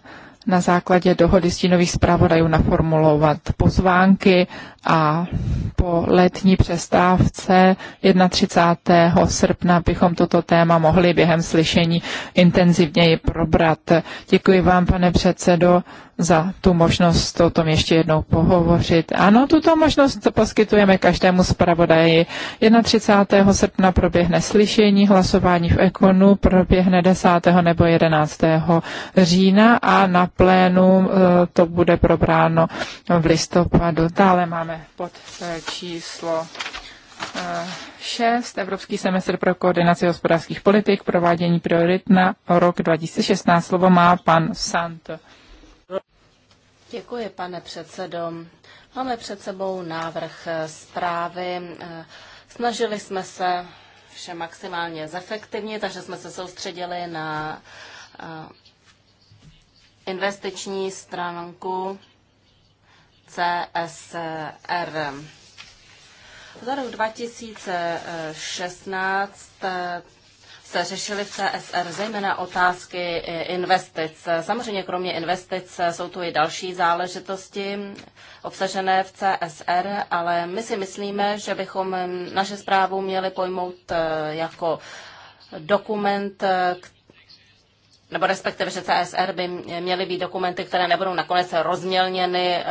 na základě dohody stínových zpravodajů naformulovat pozvánky a po letní přestávce 31. srpna bychom toto téma mohli během slyšení intenzivněji probrat. Děkuji vám, pane předsedo za tu možnost o tom ještě jednou pohovořit. Ano, tuto možnost poskytujeme každému zpravodaji. 31. srpna proběhne slyšení, hlasování v Ekonu proběhne 10. nebo 11. října a na plénu e, to bude probráno v listopadu. Dále máme pod e, číslo 6. E, Evropský semestr pro koordinaci hospodářských politik, provádění priorit na rok 2016. Slovo má pan Sant. Děkuji, pane předsedo. Máme před sebou návrh zprávy. Snažili jsme se vše maximálně zefektivnit, takže jsme se soustředili na eh, investiční stránku CSR. Za rok 2016 se řešily v CSR zejména otázky eh, investic. Samozřejmě kromě investic eh, jsou tu i další záležitosti obsažené v CSR, ale my si myslíme, že bychom eh, naše zprávu měli pojmout jako dokument, nebo respektive, že CSR by měly být dokumenty, které nebudou nakonec rozmělněny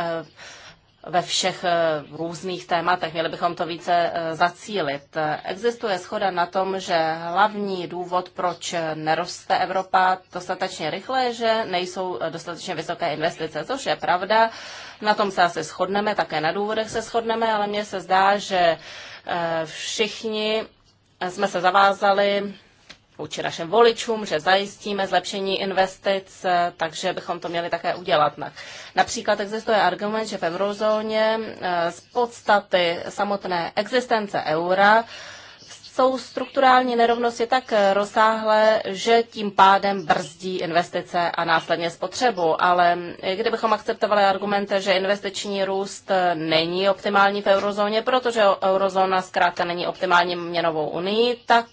ve všech eh, různých tématech. Měli bychom to více eh, zacílit. Existuje schoda na tom, že hlavní důvod, proč neroste Evropa dostatečně rychle, že nejsou eh, dostatečně vysoké investice, což je pravda. Na tom se asi shodneme, také na důvodech se shodneme, ale mně se zdá, že všichni jsme se zavázali vůči našim voličům, že zajistíme zlepšení investic, eh, takže bychom to měli také udělat. Například existuje argument, že v eurozóně eh, z podstaty samotné existence eura jsou strukturální nerovnosti tak eh, rozsáhlé, že tím pádem brzdí investice a následně spotřebu. Ale mm, kdybychom akceptovali argument, že investiční růst není optimální v eurozóně, protože eurozóna zkrátka není optimální měnovou unii, tak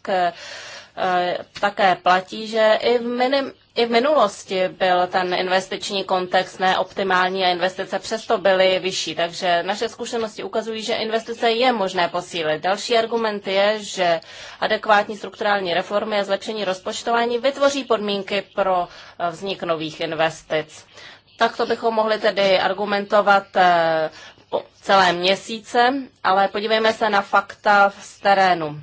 Eh, také platí, že i v, minim, i v minulosti byl ten investiční kontext neoptimální a investice přesto byly vyšší. Takže naše zkušenosti ukazují, že investice je možné posílit. Další argument je, že adekvátní strukturální reformy a zlepšení rozpočtování vytvoří podmínky pro eh, vznik nových investic. Takto bychom mohli tedy argumentovat eh, celé měsíce, ale podívejme se na fakta z terénu.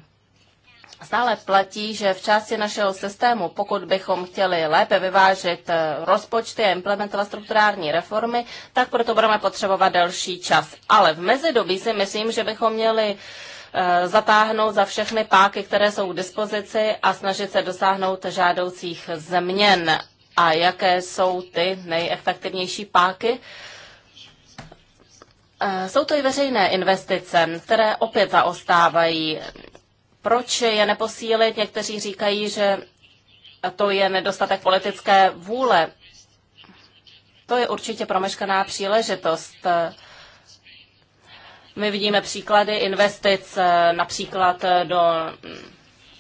Stále platí, že v části našeho systému, pokud bychom chtěli lépe vyvážit eh, rozpočty a implementovat strukturální reformy, tak proto budeme potřebovat delší čas. Ale v mezidobí si myslím, že bychom měli eh, zatáhnout za všechny páky, které jsou k dispozici a snažit se dosáhnout žádoucích změn. A jaké jsou ty nejefektivnější páky? Eh, jsou to i veřejné investice, které opět zaostávají. Proč je neposílit? Někteří říkají, že to je nedostatek politické vůle. To je určitě promeškaná příležitost. My vidíme příklady investic například do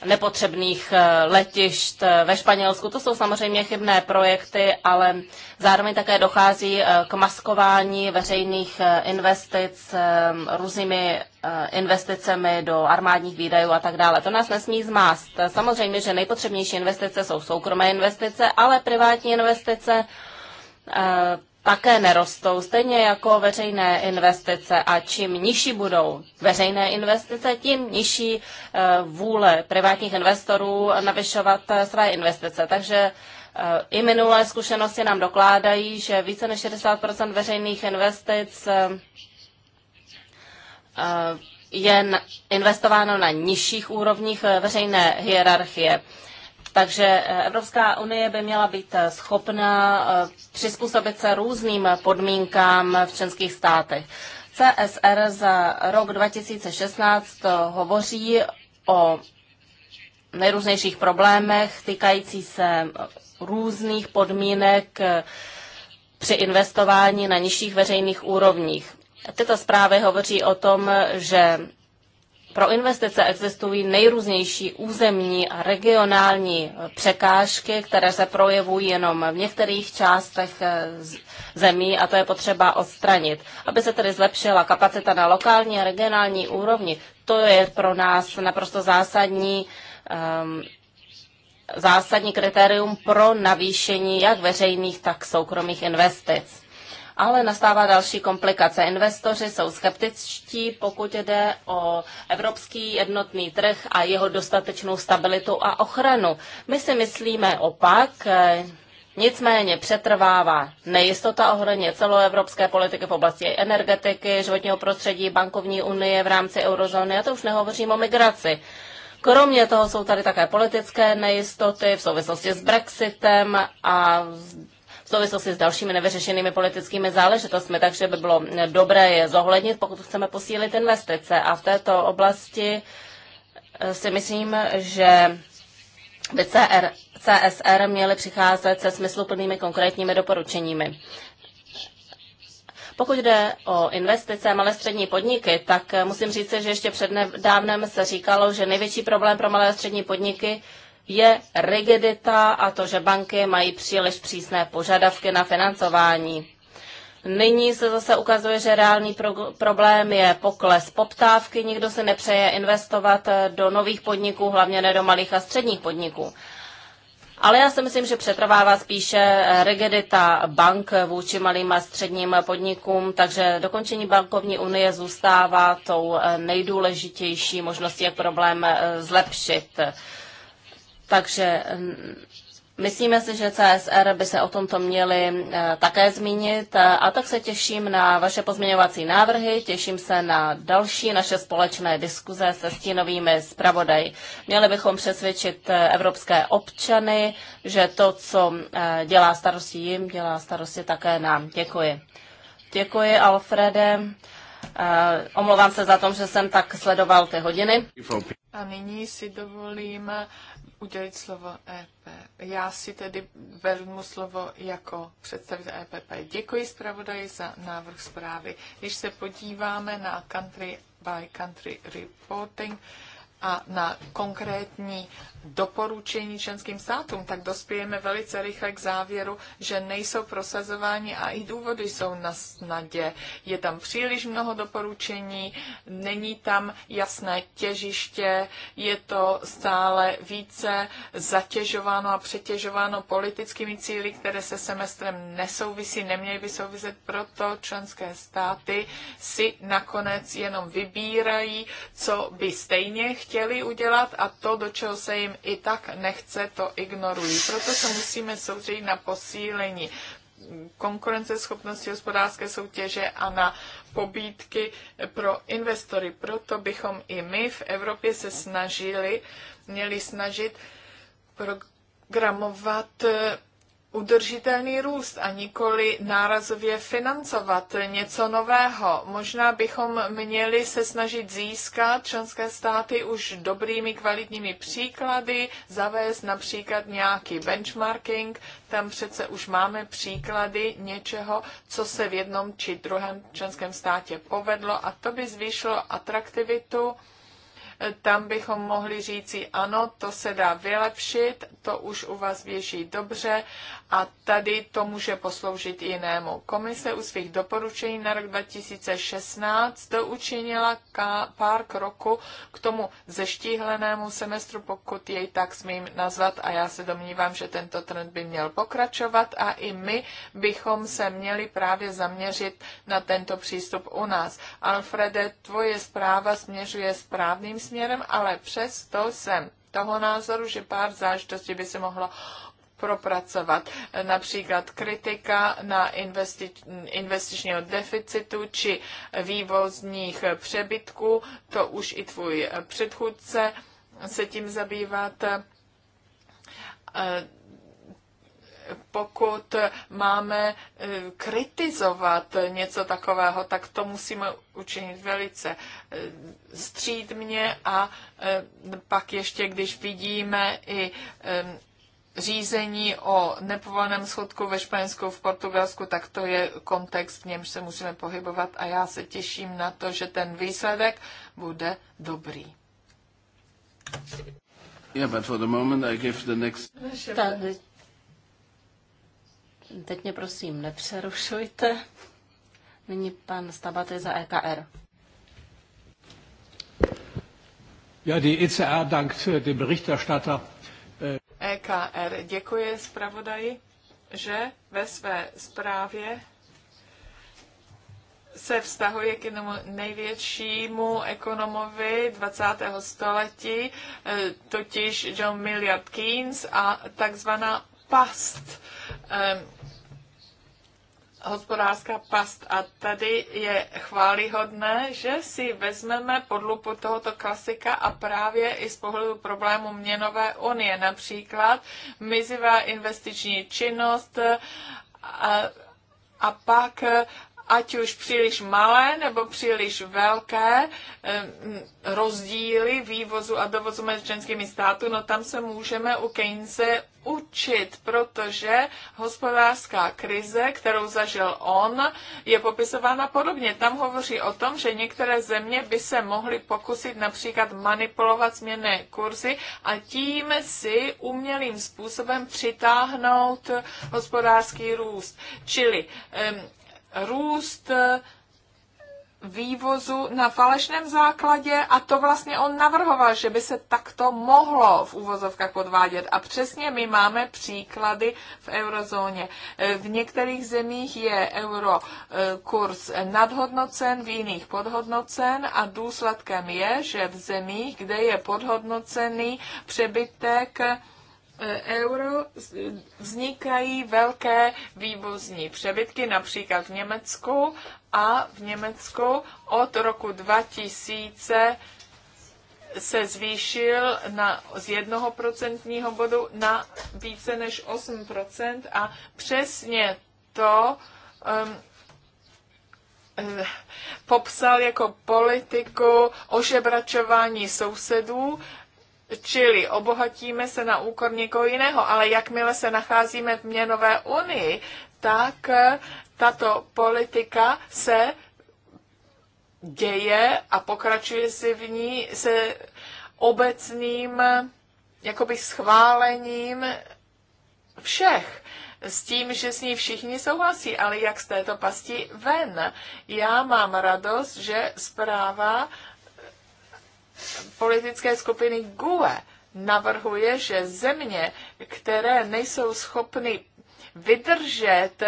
nepotřebných eh, letišť eh, ve Španělsku. To jsou samozřejmě chybné projekty, ale zároveň také dochází eh, k maskování veřejných investic různými investicemi do armádních výdajů a tak dále. To nás nesmí zmást. Samozřejmě, že nejpotřebnější investice jsou soukromé investice, ale privátní investice také nerostou, stejně jako veřejné investice. A čím nižší budou veřejné investice, tím nižší eh, vůle privátních investorů navyšovat eh, své investice. Takže eh, i minulé zkušenosti nám dokládají, že více než 60 veřejných investic je investováno na nižších úrovních veřejné hierarchie. Takže eh, Evropská unie by měla být eh, schopna eh, přizpůsobit se různým podmínkám v členských státech. CSR za rok 2016 hovoří o nejrůznějších problémech týkající se různých podmínek při investování na nižších veřejných úrovních. Tyto zprávy hovoří o tom, že pro investice existují nejrůznější územní a regionální eh, překážky, které se projevují jenom v některých částech eh, zemí a to je potřeba odstranit. Aby se tedy zlepšila kapacita na lokální a regionální úrovni, to je pro nás naprosto zásadní um, zásadní kritérium pro navýšení jak veřejných, tak soukromých investic ale nastává další komplikace. Investoři jsou skeptičtí, pokud jde o evropský jednotný trh a jeho dostatečnou stabilitu a ochranu. My si myslíme opak, eh, Nicméně přetrvává nejistota ohledně celoevropské politiky v oblasti energetiky, životního prostředí, bankovní unie v rámci eurozóny a to už nehovořím o migraci. Kromě toho jsou tady také politické nejistoty v souvislosti s Brexitem a souvislosti s dalšími nevyřešenými politickými záležitostmi, takže by bylo eh, dobré je zohlednit, pokud chceme posílit investice. A v této oblasti eh, si myslím, že by CR, CSR měly přicházet se smysluplnými konkrétními doporučeními. Pokud jde o investice a malé střední podniky, tak eh, musím říct, že ještě před nedávnem se říkalo, že největší problém pro malé a střední podniky je rigidita a to, že banky mají příliš přísné požadavky na financování. Nyní se zase ukazuje, že reálný pro- problém je pokles poptávky. Nikdo se nepřeje investovat eh, do nových podniků, hlavně ne do malých a středních podniků. Ale já si myslím, že přetrvává spíše eh, rigidita bank vůči malým a středním podnikům, takže dokončení bankovní unie zůstává tou eh, nejdůležitější možností, jak problém zlepšit. Takže mm, Myslíme si, že CSR by se o tomto měli eh, také zmínit eh, a tak se těším na vaše pozměňovací návrhy, těším se na další naše společné diskuze se stínovými zpravodaj. Měli bychom přesvědčit eh, evropské občany, že to, co dělá starosti jim, dělá starosti také nám. Děkuji. Děkuji, Alfrede. Omlouvám se za to, že jsem tak sledoval ty hodiny. A nyní si dovolím udělit slovo EP. Já si tedy vezmu slovo jako představit EPP. Děkuji zpravodaji za návrh zprávy. Když se podíváme na country by country reporting, a na konkrétní doporučení členským státům, tak dospějeme velice rychle k závěru, že nejsou prosazováni a i důvody jsou na snadě. Je tam příliš mnoho doporučení, není tam jasné těžiště, je to stále více zatěžováno a přetěžováno politickými cíly, které se semestrem nesouvisí, neměly by souviset, proto členské státy si nakonec jenom vybírají, co by stejně chtěli chtěli udělat a to, do čeho se jim i tak nechce, to ignorují. Proto se musíme soustředit na posílení konkurenceschopnosti hospodářské soutěže a na pobídky pro investory. Proto bychom i my v Evropě se snažili, měli snažit programovat udržitelný růst a nikoli nárazově financovat něco nového. Možná bychom měli se snažit získat členské státy už dobrými kvalitními příklady, zavést například nějaký benchmarking, tam přece už máme příklady něčeho, co se v jednom či druhém členském státě povedlo a to by zvýšilo atraktivitu tam bychom mohli říci, ano, to se dá vylepšit, to už u vás běží dobře a tady to může posloužit jinému. Komise u svých doporučení na rok 2016 učinila pár kroků k tomu zeštíhlenému semestru, pokud jej tak smím nazvat a já se domnívám, že tento trend by měl pokračovat a i my bychom se měli právě zaměřit na tento přístup u nás. Alfrede, tvoje zpráva směřuje správným směrem, ale přesto jsem toho názoru, že pár záležitostí by se mohlo propracovat. Například kritika na investi- investičního deficitu či vývozních přebytků, to už i tvůj předchůdce se tím zabývat eh, pokud máme eh, kritizovat něco takového, tak to musíme učinit velice eh, střídmě a pak ještě, když vidíme i řízení o nepovoleném schodku ve Španělsku, v Portugalsku, tak to je kontext, v němž se musíme pohybovat a já se těším na to, že ten výsledek bude dobrý. Yeah, but for the moment I give the next... Ta, teď mě prosím nepřerušujte. Nyní pan Stabate za EKR. Ja, die ECR dankt äh, dem Berichterstatter EKR děkuje zpravodaji, že ve své zprávě se vztahuje k jednomu největšímu ekonomovi 20. století, eh, totiž John Milliard Keynes a takzvaná past eh, hospodářská past. A tady je chválihodné, že si vezmeme podlupu tohoto klasika a právě i z pohledu problému měnové unie, například mizivá investiční činnost a, a pak ať už příliš malé nebo příliš velké rozdíly vývozu a dovozu mezi členskými státy, no tam se můžeme u Keynese učit, protože hospodářská krize, kterou zažil on, je popisována podobně. Tam hovoří o tom, že některé země by se mohly pokusit například manipulovat směrné kurzy a tím si umělým způsobem přitáhnout hospodářský růst. Čili růst vývozu na falešném základě a to vlastně on navrhoval, že by se takto mohlo v úvozovkách podvádět. A přesně my máme příklady v eurozóně. V některých zemích je euro eh, kurz nadhodnocen, v jiných podhodnocen a důsledkem je, že v zemích, kde je podhodnocený přebytek E, euro vznikají velké vývozní přebytky, například v Německu a v Německu od roku 2000 se zvýšil na, z jednoho procentního bodu na více než 8% a přesně to um, popsal jako politiku ožebračování sousedů Čili obohatíme se na úkor někoho jiného, ale jakmile se nacházíme v měnové unii, tak eh, tato politika se děje a pokračuje si v ní se obecným eh, jakoby schválením všech s tím, že s ní všichni souhlasí, ale jak z této pasti ven. Já mám radost, že zpráva politické skupiny GUE navrhuje, že země, které nejsou schopny vydržet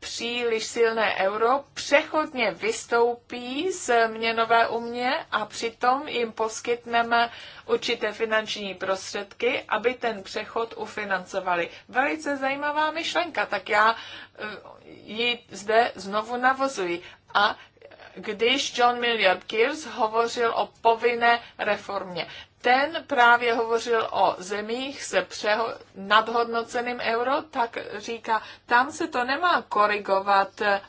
příliš silné euro, přechodně vystoupí z měnové umě a přitom jim poskytneme určité finanční prostředky, aby ten přechod ufinancovali. Velice zajímavá myšlenka, tak já eh, ji zde znovu navozuji. A když John Milliard Gibbs hovořil o povinné reformě. Ten právě hovořil o zemích se přeho- nadhodnoceným euro, tak říká, tam se to nemá korigovat e,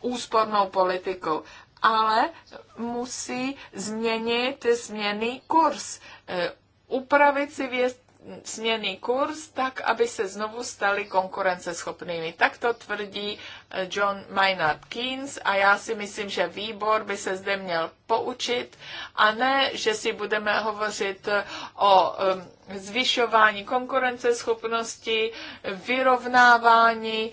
úspornou politikou, ale musí změnit změný kurz, e, upravit si věc směný kurz, tak aby se znovu stali konkurenceschopnými. Tak to tvrdí eh, John Maynard Keynes a já si myslím, že výbor by se zde měl poučit a ne, že si budeme hovořit eh, o eh, zvyšování konkurenceschopnosti, vyrovnávání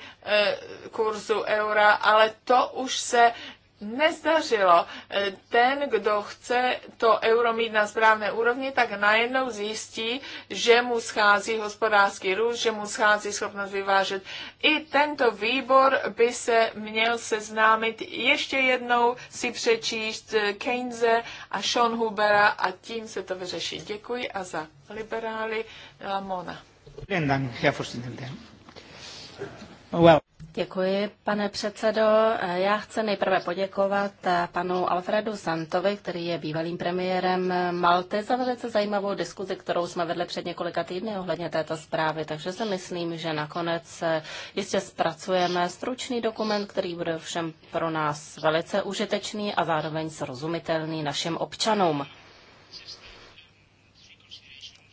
kurzu eura, ale to už se nezdařilo. E, ten, kdo chce to euro mít na správné úrovni, tak najednou zjistí, že mu schází hospodářský růst, že mu schází schopnost vyvážet. I tento výbor by se měl seznámit ještě jednou, si přečíst Keynese a Sean Hubera a tím se to vyřeší. Děkuji a za liberály Lamona. Well. Děkuji, pane předsedo. Já chci nejprve poděkovat panu Alfredu Santovi, který je bývalým premiérem Malty, za velice zajímavou diskuzi, kterou jsme vedli před několika týdny ohledně této zprávy. Takže si myslím, že nakonec jistě zpracujeme stručný dokument, který bude všem pro nás velice užitečný a zároveň srozumitelný našim občanům.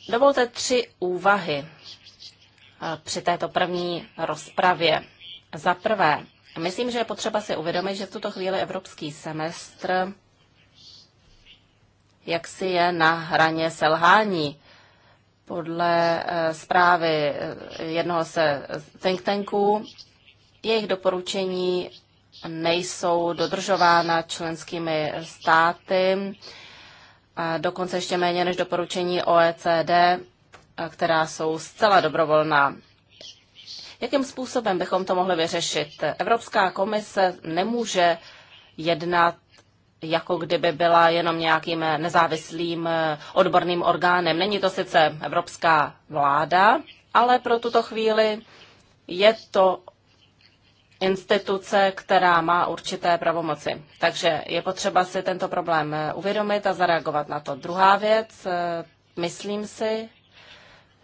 Dovolte tři úvahy eh, při této první rozpravě. Za prvé, myslím, že je potřeba si uvědomit, že v tuto chvíli evropský semestr jak si je na hraně selhání. Podle eh, zprávy eh, jednoho se think tanků, jejich doporučení nejsou dodržována členskými státy, a dokonce ještě méně než doporučení OECD, eh, která jsou zcela dobrovolná. Jakým způsobem bychom to mohli vyřešit? Evropská komise nemůže jednat jako kdyby byla jenom nějakým nezávislým eh, odborným orgánem. Není to sice evropská vláda, ale pro tuto chvíli je to instituce, která má určité pravomoci. Takže je potřeba si tento problém eh, uvědomit a zareagovat na to. Druhá věc, eh, myslím si,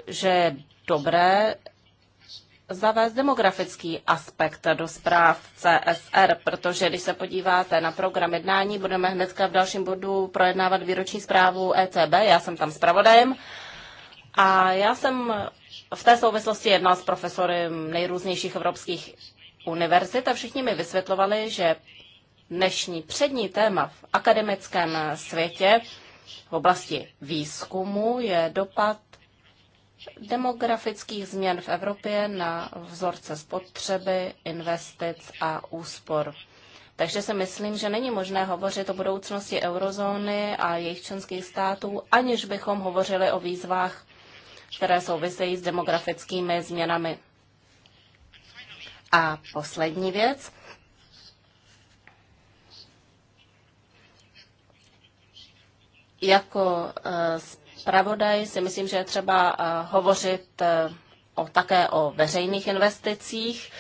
že je dobré, zavést demografický aspekt do zpráv CSR, protože když se podíváte na program jednání, budeme hnedka v dalším bodu projednávat výroční zprávu ECB, já jsem tam zpravodajem. A já jsem v té souvislosti jednal s profesory nejrůznějších evropských univerzit a všichni mi vysvětlovali, že dnešní přední téma v akademickém světě v oblasti výzkumu je dopad demografických změn v Evropě na vzorce spotřeby, investic a úspor. Takže si myslím, že není možné hovořit o budoucnosti eurozóny a jejich členských států, aniž bychom hovořili o výzvách, které souvisejí s demografickými změnami. A poslední věc. Jako eh, zpravodaj si myslím, že je třeba eh, hovořit eh, o, také o veřejných investicích.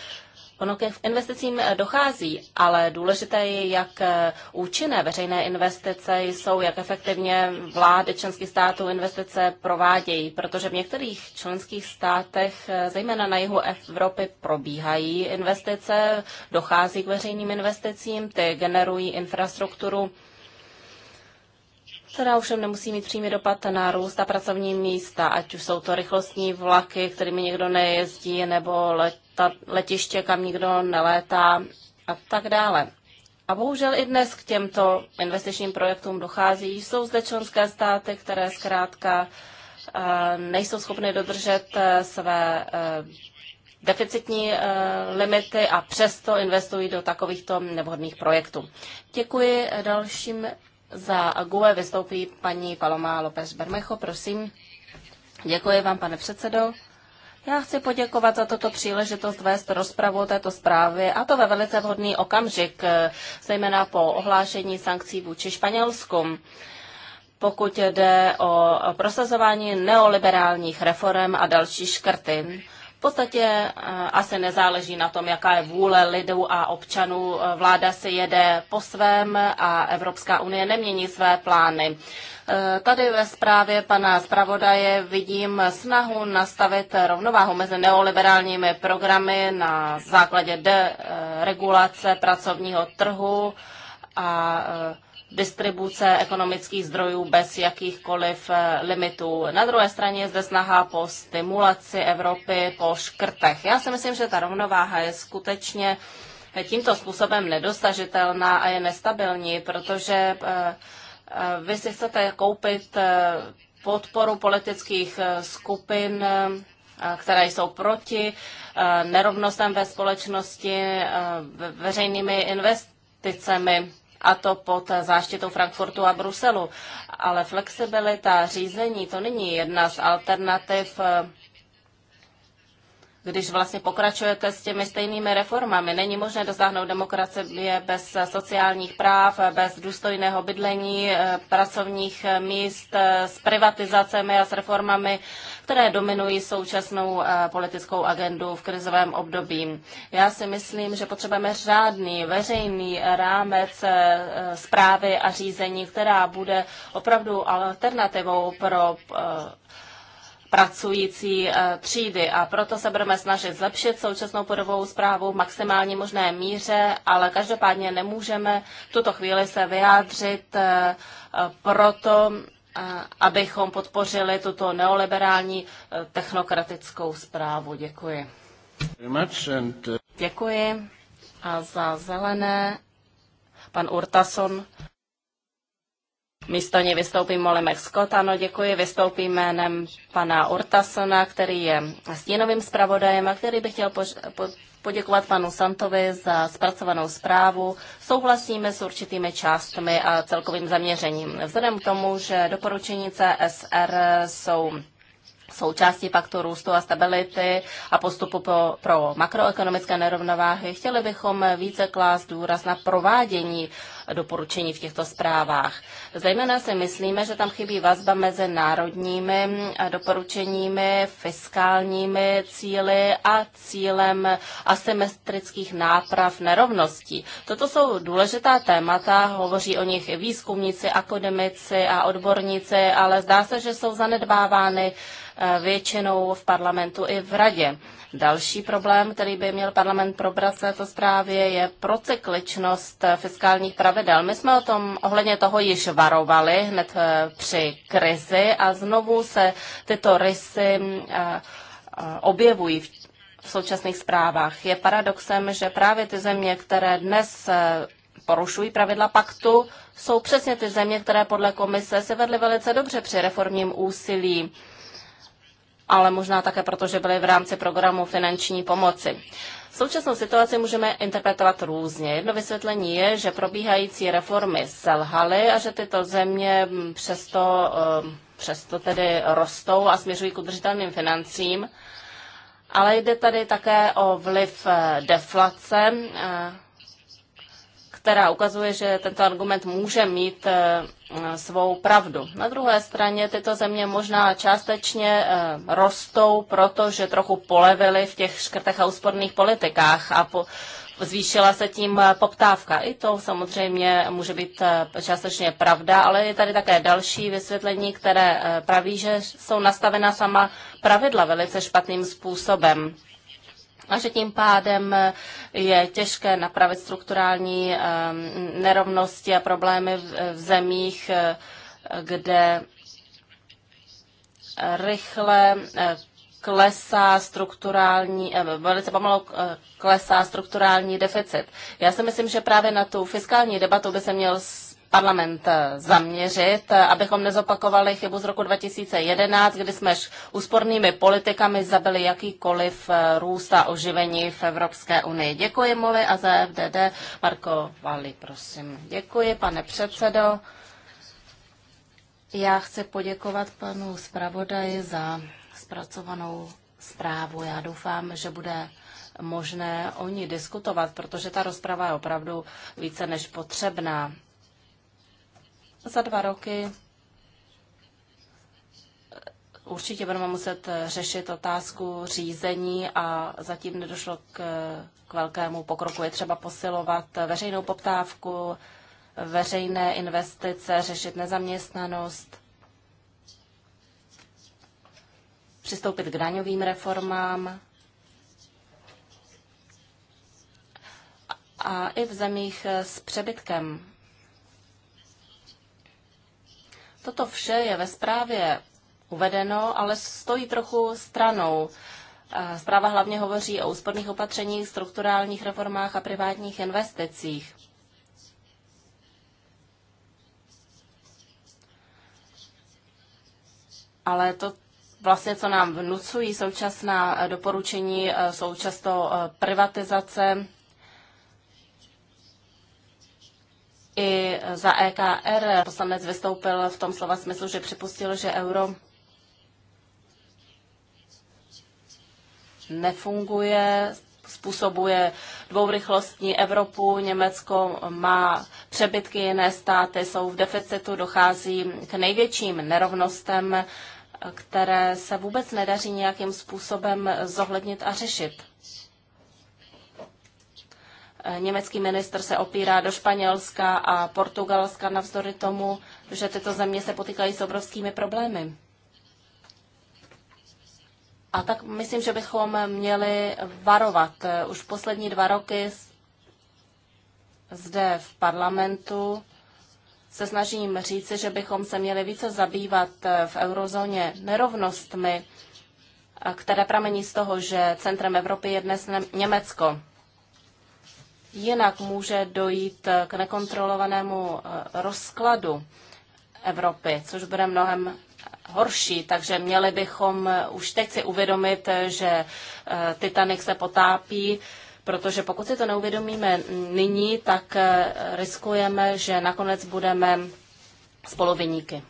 Ono k investicím eh, dochází, ale důležité je, jak účinné veřejné investice jsou, jak efektivně vlády členských států investice provádějí, protože v některých členských státech, zejména na jihu Evropy, probíhají investice, dochází k veřejným investicím, ty generují infrastrukturu která ovšem nemusí mít přímý dopad na růst a pracovní místa, ať už jsou to rychlostní vlaky, kterými nikdo nejezdí, nebo leta, letiště, kam nikdo nelétá a tak dále. A bohužel i dnes k těmto investičním projektům dochází. Jsou zde členské státy, které zkrátka eh, nejsou schopny dodržet eh, své eh, deficitní limity a přesto investují do takovýchto nevhodných projektů. Děkuji dalším za GUE vystoupí paní Paloma López Bermecho, prosím. Děkuji vám, pane předsedo. Já chci poděkovat za toto příležitost vést rozpravu o této zprávě, a to ve velice vhodný okamžik, eh, zejména po ohlášení sankcí vůči Španělsku pokud jde o prosazování neoliberálních reform a další škrty podstatě eh, asi nezáleží na tom, jaká je vůle lidů a občanů. Eh, vláda si jede po svém a Evropská unie nemění své plány. Eh, tady ve zprávě pana zpravodaje vidím snahu nastavit rovnováhu mezi neoliberálními programy na základě deregulace pracovního trhu a distribuce ekonomických zdrojů bez jakýchkoliv eh, limitů. Na druhé straně je zde snaha po stimulaci Evropy po škrtech. Já si myslím, že ta rovnováha je skutečně eh, tímto způsobem nedostažitelná a je nestabilní, protože eh, vy si chcete koupit podporu politických skupin, které jsou proti nerovnostem ve společnosti, veřejnými investicemi a to pod záštitou Frankfurtu a Bruselu. Ale flexibilita řízení to není jedna z alternativ když vlastně pokračujete s těmi stejnými reformami. Není možné dosáhnout demokracie bez sociálních práv, bez důstojného bydlení, pracovních míst, s privatizacemi a s reformami které dominují současnou eh, politickou agendu v krizovém období. Já si myslím, že potřebujeme řádný veřejný rámec eh, eh, zprávy a řízení, která bude opravdu alternativou pro pracující třídy a proto se budeme snažit zlepšit současnou podobou zprávu v maximální možné míře, ale každopádně nemůžeme v tuto chvíli se vyjádřit proto, Eh, abychom podpořili tuto neoliberální eh, technokratickou zprávu. Děkuji. Eh, děkuji. A za zelené pan Urtason. Místo ní vystoupí Molimek Scott. Ano, děkuji. Vystoupí jménem pana Urtasona, který je stínovým zpravodajem a který by chtěl pož- po- poděkovat panu Santovi za zpracovanou zprávu. Souhlasíme s určitými částmi a celkovým zaměřením. Vzhledem k tomu, že doporučení CSR jsou součástí paktu růstu a stability a postupu pro, pro makroekonomické nerovnováhy. Chtěli bychom více klást důraz na provádění doporučení v těchto zprávách. Zejména si myslíme, že tam chybí vazba mezi národními doporučeními, fiskálními cíly a cílem asymetrických náprav nerovností. Toto jsou důležitá témata, hovoří o nich i výzkumníci, akademici a odborníci, ale zdá se, že jsou zanedbávány Eh, většinou v parlamentu i v radě. Další problém, který by měl parlament probrat v této zprávě, je procykličnost eh, fiskálních pravidel. My jsme o tom ohledně toho již varovali hned eh, při krizi a znovu se tyto rysy mm, objevují v současných zprávách. Je paradoxem, že právě ty země, které dnes porušují pravidla paktu, jsou přesně ty země, které podle komise se vedly velice dobře při reformním úsilí ale možná také proto, že byly v rámci programu finanční pomoci. Současnou situaci můžeme interpretovat různě. Jedno vysvětlení je, že probíhající reformy selhaly a že tyto země mm, přesto, ehm, přesto tedy rostou a směřují k udržitelným financím. Ale jde tady také o vliv eh, deflace, eh, která ukazuje, že tento argument může mít eh, svou pravdu. Na druhé straně tyto země možná částečně eh, rostou, protože trochu polevily v těch škrtech a úsporných politikách a po, zvýšila se tím eh, poptávka. I to samozřejmě může být eh, částečně pravda, ale je tady také další vysvětlení, které praví, že jsou nastavena sama pravidla velice špatným způsobem a že tím pádem eh, je těžké napravit strukturální eh, nerovnosti a problémy v eh, zemích, kde rychle klesá strukturální, velice pomalu klesá strukturální deficit. Já si myslím, že právě na tu fiskální debatu by se měl parlament eh, zaměřit, eh, abychom nezopakovali chybu z roku 2011, kdy jsme úspornými politikami zabili jakýkoliv eh, růst a oživení v Evropské unii. Děkuji Moli a za FDD. Marko Vali, prosím. Děkuji, pane předsedo. Já chci poděkovat panu zpravodaji za zpracovanou zprávu. Já doufám, že bude možné o ní diskutovat, protože ta rozprava je opravdu více než potřebná za dva roky určitě budeme muset řešit otázku řízení a zatím nedošlo k, k velkému pokroku. Je třeba posilovat veřejnou poptávku, veřejné investice, řešit nezaměstnanost, přistoupit k daňovým reformám. A i v zemích s přebytkem Toto vše je ve zprávě uvedeno, ale stojí trochu stranou. Zpráva hlavně hovoří o úsporných opatřeních, strukturálních reformách a privátních investicích. Ale to vlastně, co nám vnucují současná doporučení, e, jsou často e, privatizace I za EKR poslanec vystoupil v tom slova smyslu, že připustil, že euro nefunguje, způsobuje dvourychlostní Evropu. Německo má přebytky, jiné státy jsou v deficitu, dochází k největším nerovnostem, které se vůbec nedaří nějakým způsobem zohlednit a řešit. Německý minister se opírá do Španělska a Portugalska navzdory tomu, že tyto země se potýkají s obrovskými problémy. A tak myslím, že bychom měli varovat. Už poslední dva roky zde v parlamentu se snažím říci, že bychom se měli více zabývat v eurozóně nerovnostmi, které pramení z toho, že centrem Evropy je dnes Německo. Jinak může dojít k nekontrolovanému eh, rozkladu Evropy, což bude mnohem horší, takže měli bychom eh, už teď si uvědomit, eh, že Titanic se potápí, protože pokud si to neuvědomíme nyní, tak riskujeme, že nakonec budeme spoluviníky.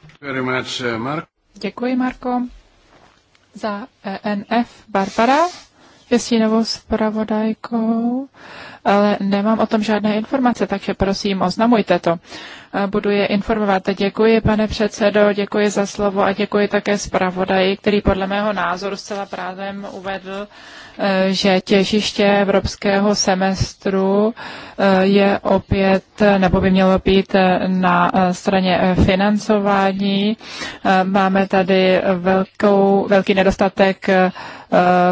Děkuji, Marko. Za ENF Barbara je novou zpravodajkou ale nemám o tom žádné informace, takže prosím, oznamujte to. Eh, budu je informovat. Děkuji, pane předsedo, děkuji za slovo a děkuji také zpravodaji, který podle mého názoru zcela právem uvedl, eh, že těžiště evropského semestru eh, je opět, nebo by mělo být na straně financování. Máme tady velkou, velký nedostatek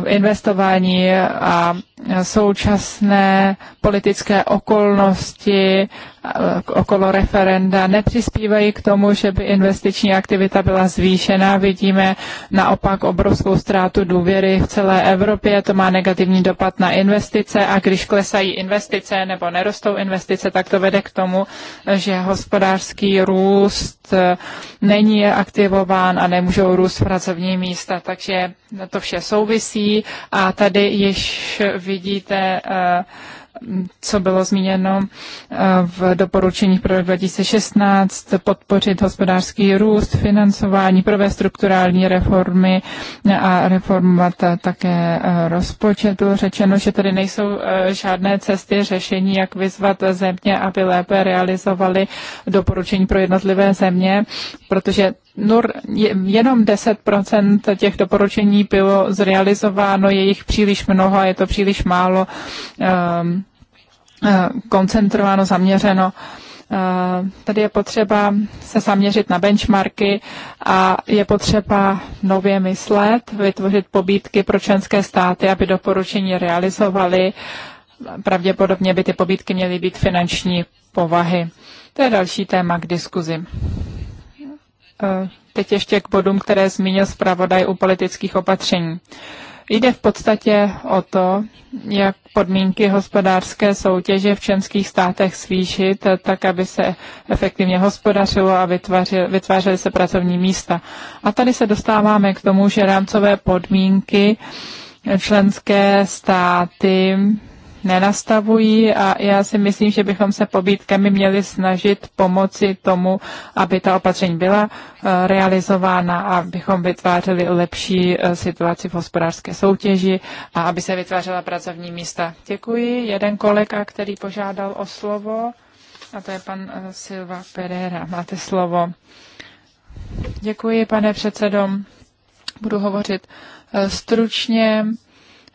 investování a současné politické okolnosti Eh, okolo referenda nepřispívají k tomu, že by investiční aktivita byla zvýšena. Vidíme naopak obrovskou ztrátu důvěry v celé Evropě. To má negativní dopad na investice a když klesají investice nebo nerostou investice, tak to vede k tomu, že hospodářský růst eh, není aktivován a nemůžou růst pracovní místa. Takže to vše souvisí a tady již vidíte eh, co bylo zmíněno v doporučení pro 2016 podpořit hospodářský růst, financování, prvé strukturální reformy a reformovat také eh, rozpočet. řečeno, že tady nejsou eh, žádné cesty řešení, jak vyzvat země, aby lépe realizovali doporučení pro jednotlivé země, protože NUR, jenom 10% těch doporučení bylo zrealizováno, je jich příliš mnoho a je to příliš málo. Um, Eh, koncentrováno, zaměřeno. Eh, tady je potřeba se zaměřit na benchmarky a je potřeba nově myslet, vytvořit pobídky pro členské státy, aby doporučení realizovaly. Pravděpodobně by ty pobídky měly být finanční povahy. To je další téma k diskuzi. Eh, teď ještě k bodům, které zmínil zpravodaj u politických opatření. Jde v podstatě o to, jak podmínky hospodářské soutěže v členských státech svýšit, eh, tak aby se efektivně hospodařilo a vytvářely se pracovní místa. A tady se dostáváme k tomu, že rámcové podmínky členské státy nenastavují a já si myslím, že bychom se pobídkami měli snažit pomoci tomu, aby ta opatření byla eh, realizována a abychom vytvářeli lepší eh, situaci v hospodářské soutěži a aby se vytvářela pracovní místa. Děkuji. Jeden kolega, který požádal o slovo, a to je pan eh, Silva Pereira. Máte slovo. Děkuji, pane předsedom. Budu hovořit stručně.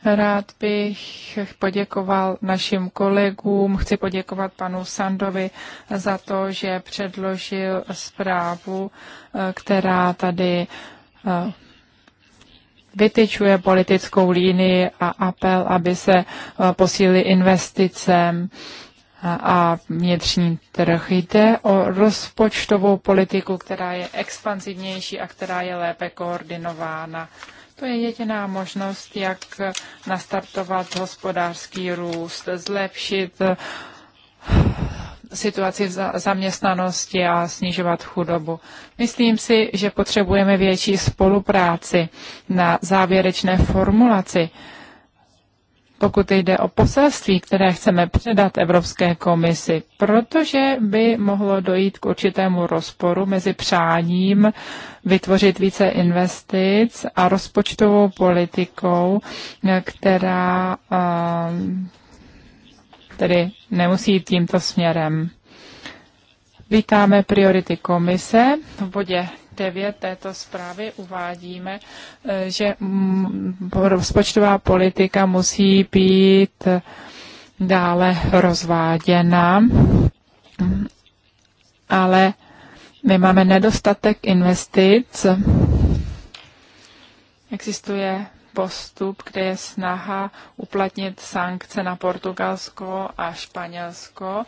Rád bych poděkoval našim kolegům, chci poděkovat panu Sandovi za to, že předložil zprávu, eh, která tady eh, vytyčuje politickou línii a apel, aby se eh, posílily investicem a vnitřní trh. Jde o rozpočtovou politiku, která je expanzivnější a která je lépe koordinována. To je jediná možnost, jak nastartovat hospodářský růst, zlepšit eh, situaci v zaměstnanosti a snižovat chudobu. Myslím si, že potřebujeme větší spolupráci na závěrečné formulaci pokud jde o poselství, které chceme předat Evropské komisi, protože by mohlo dojít k určitému rozporu mezi přáním vytvořit více investic a rozpočtovou politikou, která ehm, tedy nemusí jít tímto směrem. Vítáme priority komise v bodě 9 této zprávy uvádíme, eh, že mm, rozpočtová politika musí být dále rozváděna, ale my máme nedostatek investic. Existuje postup, kde je snaha uplatnit sankce na Portugalsko a Španělsko,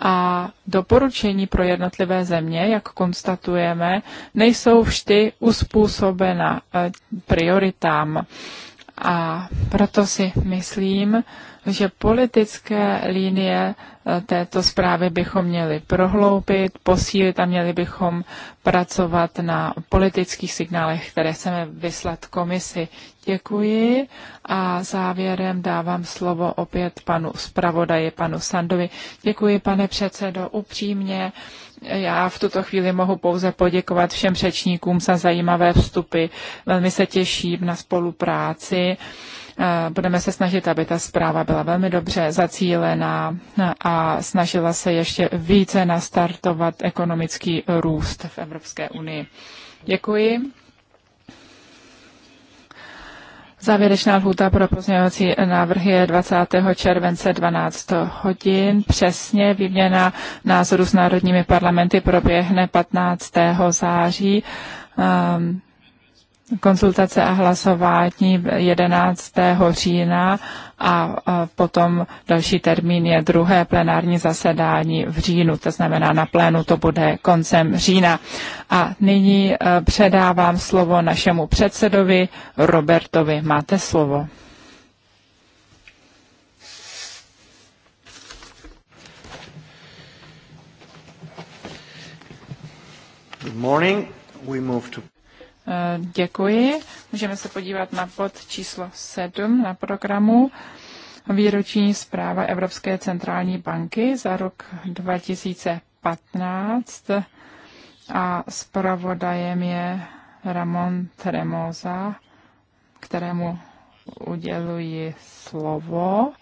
a doporučení pro jednotlivé země, jak konstatujeme, nejsou vždy uspůsobena eh, prioritám. A proto si myslím, že politické linie eh, této zprávy bychom měli prohloubit, posílit a měli bychom pracovat na politických signálech, které chceme vyslat komisi. Děkuji a závěrem dávám slovo opět panu zpravodaji, panu Sandovi. Děkuji, pane předsedo, upřímně. Já v tuto chvíli mohu pouze poděkovat všem řečníkům za zajímavé vstupy. Velmi se těším na spolupráci Eh, budeme se snažit, aby ta zpráva byla velmi dobře zacílená eh, a snažila se ještě více nastartovat ekonomický růst v Evropské unii. Děkuji. Závěrečná lhůta pro pozměňovací návrhy je 20. července 12 hodin. Přesně výměna názoru s národními parlamenty proběhne 15. září. Um, konzultace a hlasování 11. října a potom další termín je druhé plenární zasedání v říjnu, to znamená na plénu to bude koncem října. A nyní e, předávám slovo našemu předsedovi Robertovi. Máte slovo. Good morning. We move to Eh, děkuji. Můžeme se podívat na bod číslo 7 na programu. Výroční zpráva Evropské centrální banky za rok 2015 a zpravodajem je Ramon Tremosa, kterému uděluji slovo.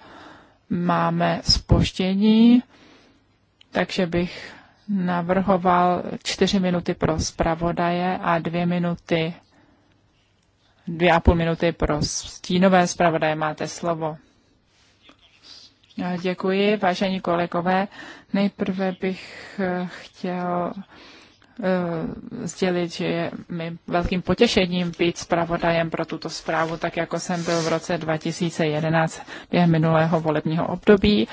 Máme spoštění, takže bych navrhoval čtyři minuty pro zpravodaje a dvě minuty, dvě a půl minuty pro stínové zpravodaje. Máte slovo. Děkuji, vážení kolegové. Nejprve bych eh, chtěl Eh, sdělit, že je mi velkým potěšením být zpravodajem pro tuto zprávu, tak jako jsem byl v roce 2011 během minulého volebního období.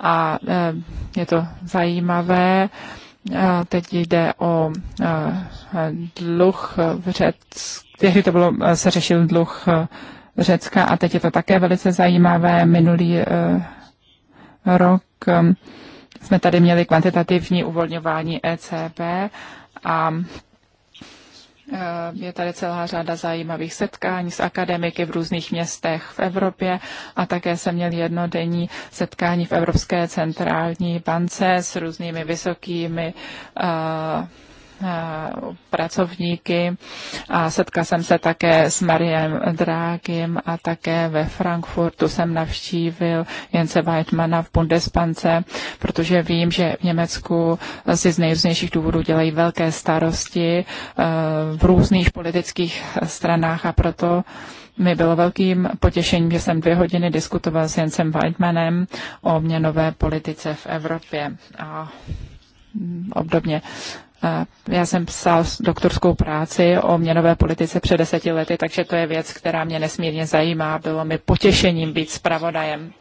A eh, je to zajímavé. Teď jde o eh, dluh v Řecku, tehdy to bylo, se řešil dluh Řecka a teď je to také velice zajímavé. Minulý rok jsme tady měli kvantitativní uvolňování ECB a eh, je tady celá řada zajímavých setkání s akademiky v různých městech v Evropě a také jsem měl jednodenní setkání v Evropské centrální bance s různými vysokými uh, pracovníky a setkal jsem se také s Mariem Drákem a také ve Frankfurtu jsem navštívil Jence Weidmana v Bundespance, protože vím, že v Německu si z nejrůznějších důvodů dělají velké starosti eh, v různých politických stranách a proto mi bylo velkým potěšením, že jsem dvě hodiny diskutoval s Jensem Weidmanem o měnové politice v Evropě a obdobně. Eh, já jsem psal doktorskou práci o měnové politice před deseti lety, takže to je věc, která mě nesmírně zajímá. Bylo mi potěšením být zpravodajem.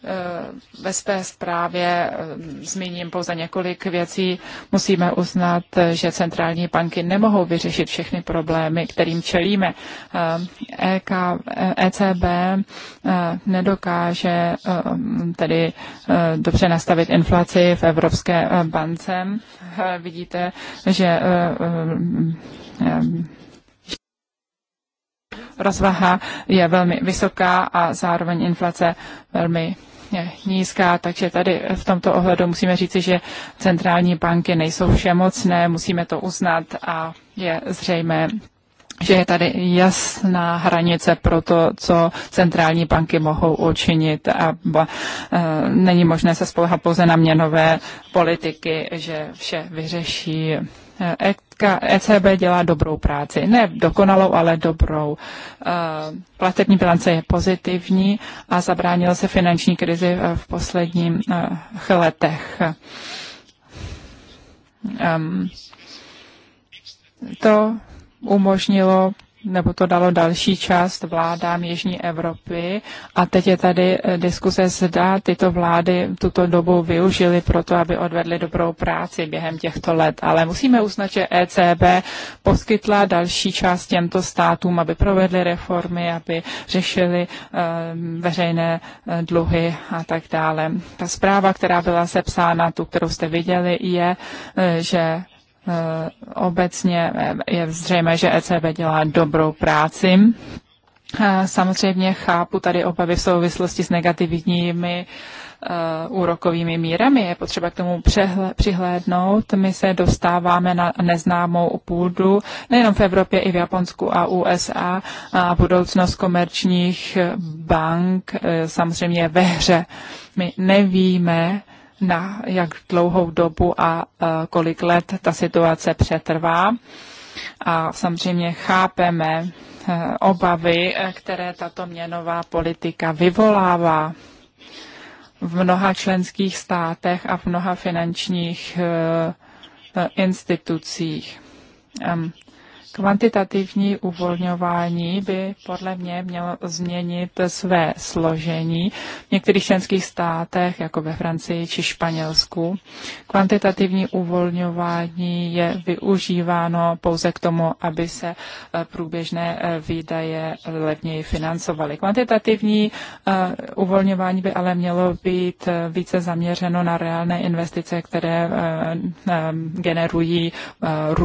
Eh, ve své zprávě eh, zmíním pouze několik věcí. Musíme uznat, eh, že centrální banky nemohou vyřešit všechny problémy, kterým čelíme. EK, ECB e nedokáže tedy dobře nastavit inflaci v Evropské bance. Vidíte, že rozvaha je velmi vysoká a zároveň inflace velmi Vlastně nízká, takže tady v tomto ohledu musíme říci, že centrální banky nejsou všemocné, musíme to uznat a je zřejmé, že je tady jasná hranice pro to, co centrální banky mohou učinit a e, není možné se spolehat pouze na měnové politiky, že vše vyřeší ECB e dělá dobrou práci. Ne dokonalou, ale dobrou. E, platební bilance je pozitivní a zabránila se finanční krizi e, v posledních letech. To umožnilo nebo to dalo další část vládám Jižní Evropy. A teď je tady eh, diskuse, zda tyto vlády tuto dobu využily pro to, aby odvedly dobrou práci během těchto let. Ale musíme uznat, že ECB poskytla další část těmto státům, aby provedly reformy, aby řešili eh, veřejné eh, dluhy a tak dále. Ta zpráva, která byla sepsána, tu, kterou jste viděli, je, že Eh, obecně eh, je zřejmé, že ECB dělá dobrou práci. Eh, samozřejmě chápu tady obavy v souvislosti s negativními úrokovými mírami. Je potřeba k tomu přihlédnout. My se dostáváme na neznámou půdu, nejenom v Evropě, i v Japonsku a USA. A budoucnost komerčních bank samozřejmě je ve hře. My nevíme, na jak dlouhou dobu a e, kolik let ta situace přetrvá. A samozřejmě chápeme e, obavy, e, které tato měnová politika vyvolává v mnoha členských státech a v mnoha finančních institucích. Kvantitativní uvolňování by podle mě mělo změnit své složení v některých členských státech, jako ve Francii či Španělsku. Kvantitativní uvolňování je využíváno pouze k tomu, aby se eh, průběžné eh, výdaje levněji financovaly. Kvantitativní eh, uvolňování by ale mělo být více zaměřeno na reálné investice, které generují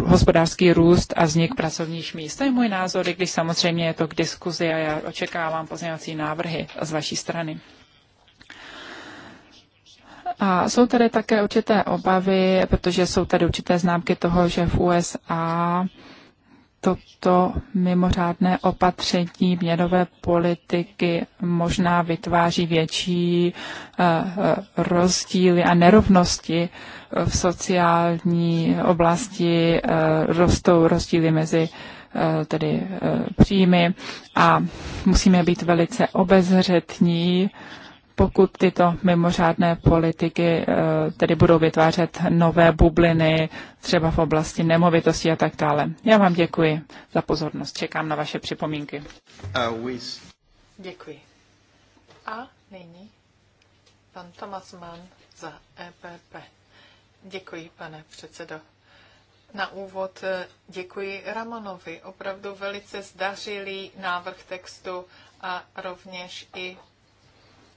hospodářský růst a vznik tisíc pracovních míst. To je můj názor, i když samozřejmě je to k diskuzi a já očekávám pozměňovací návrhy z vaší strany. A jsou tady také určité obavy, protože jsou tady určité známky toho, že v USA toto mimořádné opatření měnové politiky možná vytváří větší eh, eh, rozdíly a nerovnosti v sociální oblasti. Eh, rostou rozdíly mezi tedy příjmy a musíme být velice obezřetní pokud tyto mimořádné politiky eh, tedy budou vytvářet nové bubliny, třeba v oblasti nemovitosti a tak dále. Já vám děkuji za pozornost. Čekám na vaše připomínky. Děkuji. A nyní pan Thomas Mann za EPP. Děkuji, pane předsedo. Na úvod eh, děkuji Ramonovi. Opravdu velice zdařilý návrh textu a rovněž i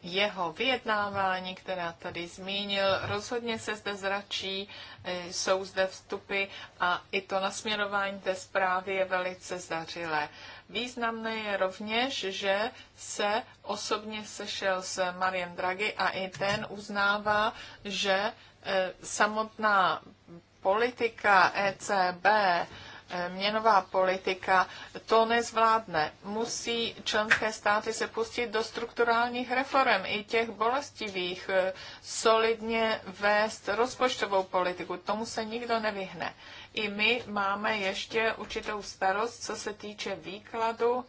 jeho vyjednávání, která tady zmínil. Rozhodně se zde zračí, e, jsou zde vstupy a i to nasměrování té zprávy je velice zdařilé. Významné je rovněž, že se osobně sešel s Mariem Draghi a i ten uznává, že e, samotná politika ECB měnová politika to nezvládne. Musí členské státy se pustit do strukturálních reform, i těch bolestivých, eh, solidně vést rozpočtovou politiku. Tomu se nikdo nevyhne. I my máme ještě určitou starost, co se týče výkladu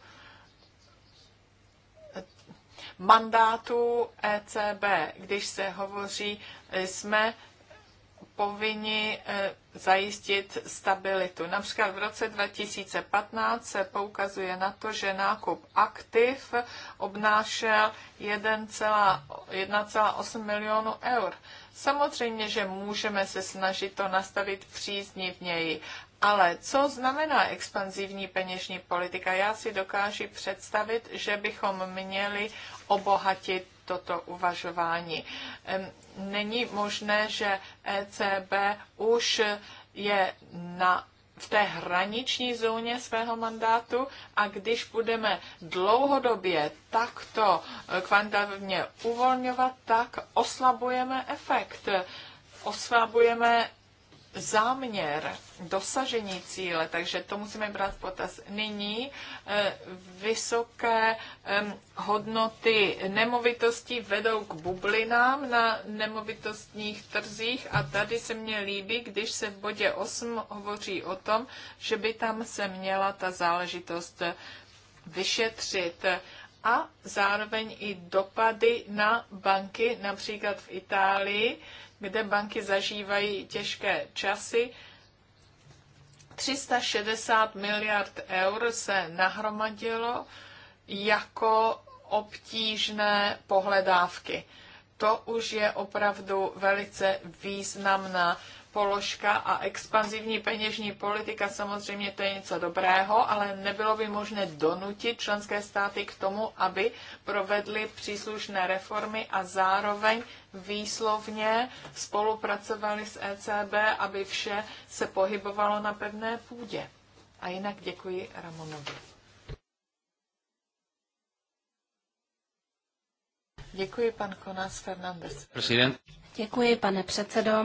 eh, mandátu ECB, když se hovoří, eh, jsme povinni e, zajistit stabilitu. Například v roce 2015 se poukazuje na to, že nákup aktiv obnášel 1,8 milionu eur. Samozřejmě, že můžeme se snažit to nastavit příznivněji, ale co znamená expanzivní peněžní politika? Já si dokážu představit, že bychom měli obohatit toto uvažování. Není možné, že ECB už je na v té hraniční zóně svého mandátu a když budeme dlouhodobě takto eh, kvantitativně uvolňovat, tak oslabujeme efekt, oslabujeme záměr dosažení cíle, takže to musíme brát v potaz. Nyní eh, vysoké hodnoty nemovitostí vedou k bublinám na nemovitostních trzích a tady se mně líbí, když se v bodě 8 hovoří o tom, že by tam se měla ta záležitost vyšetřit a zároveň i dopady na banky, například v Itálii, kde banky zažívají těžké časy, 360 miliard eur se nahromadilo jako obtížné pohledávky. To už je opravdu velice významná položka a expanzivní peněžní politika samozřejmě to je něco dobrého, ale nebylo by možné donutit členské státy k tomu, aby provedly příslušné reformy a zároveň výslovně spolupracovali s ECB, aby vše se pohybovalo na pevné půdě. A jinak děkuji Ramonovi. Děkuji, pan Konas Fernandez. President. Děkuji, pane předsedo.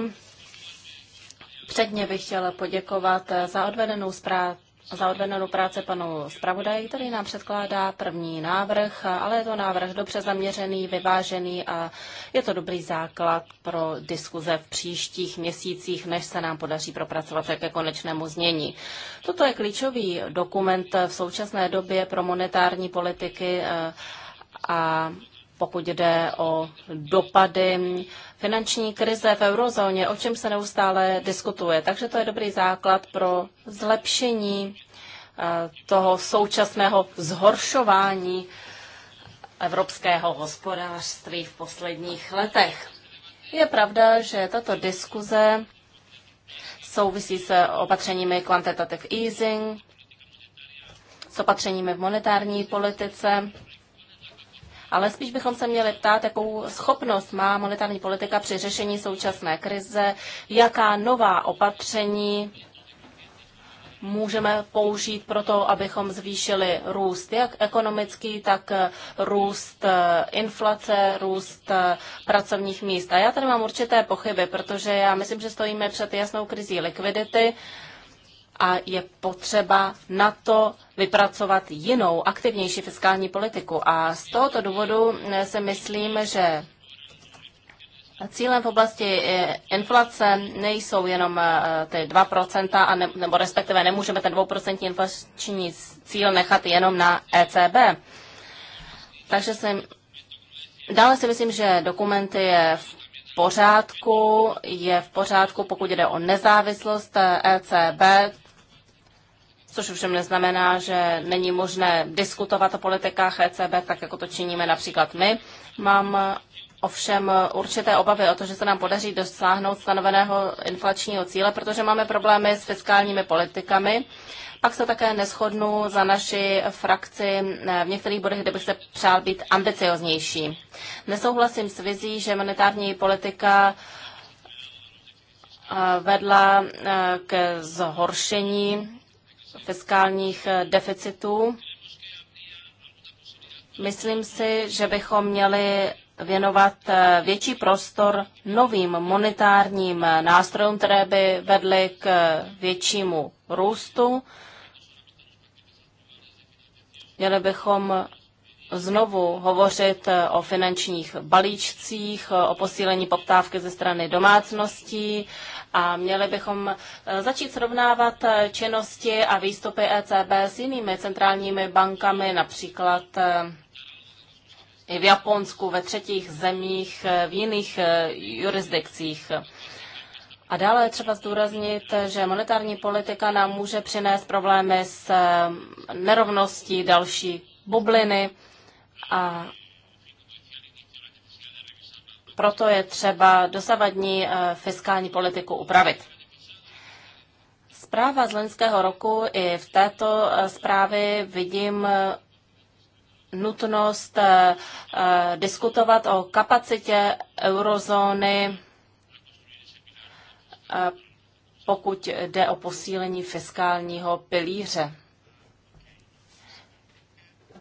Předně bych chtěla poděkovat eh, za odvedenou zprávu za odvedenou práci panu zpravodaji, který nám předkládá první návrh, ale je to návrh dobře zaměřený, vyvážený a je to dobrý základ pro diskuze v příštích měsících, než se nám podaří propracovat ke konečnému znění. Toto je klíčový dokument v současné době pro monetární politiky eh, a pokud jde o dopady finanční krize v eurozóně, o čem se neustále diskutuje. Takže to je dobrý základ pro zlepšení eh, toho současného zhoršování evropského hospodářství v posledních letech. Je pravda, že tato diskuze souvisí se opatřeními quantitative easing, s opatřeními v monetární politice, ale spíš bychom se měli ptát, jakou schopnost má monetární politika při řešení současné krize, jaká nová opatření můžeme použít pro to, abychom zvýšili růst jak ekonomický, tak eh, růst eh, inflace, růst eh, pracovních míst. A já tady mám určité pochyby, protože já myslím, že stojíme před jasnou krizí likvidity a je potřeba na to vypracovat jinou, aktivnější fiskální politiku. A z tohoto důvodu eh, si myslím, že Cílem v oblasti eh, inflace nejsou jenom eh, ty 2%, a ne, nebo respektive nemůžeme ten 2% inflační cíl nechat jenom na ECB. Takže jsem, dále si myslím, že dokumenty je v pořádku, je v pořádku, pokud jde o nezávislost ECB, e což ovšem neznamená, že není možné diskutovat o politikách ECB, tak jako to činíme například my. Mám eh, ovšem eh, určité obavy o to, že se nám podaří dosáhnout stanoveného inflačního cíle, protože máme problémy s fiskálními politikami. Pak se také neschodnu za naši frakci eh, v některých bodech, kde bych se přál být ambicioznější. Nesouhlasím s vizí, že monetární politika vedla k zhoršení fiskálních eh, deficitů. Myslím si, že bychom měli věnovat eh, větší prostor novým monetárním eh, nástrojům, které by vedly k většímu růstu. Měli bychom znovu hovořit eh, o finančních balíčcích, eh, o posílení poptávky ze strany domácností a měli bychom eh, začít srovnávat činnosti a výstupy ECB s jinými centrálními bankami, například i v Japonsku, ve třetích zemích, v jiných jurisdikcích. A dále je třeba zdůraznit, že monetární politika nám může přinést problémy s nerovností další bubliny a proto je třeba dosavadní eh, fiskální politiku upravit. Zpráva z loňského roku i v této eh, zprávě vidím eh, nutnost diskutovat o kapacitě eurozóny, pokud jde o posílení fiskálního pilíře.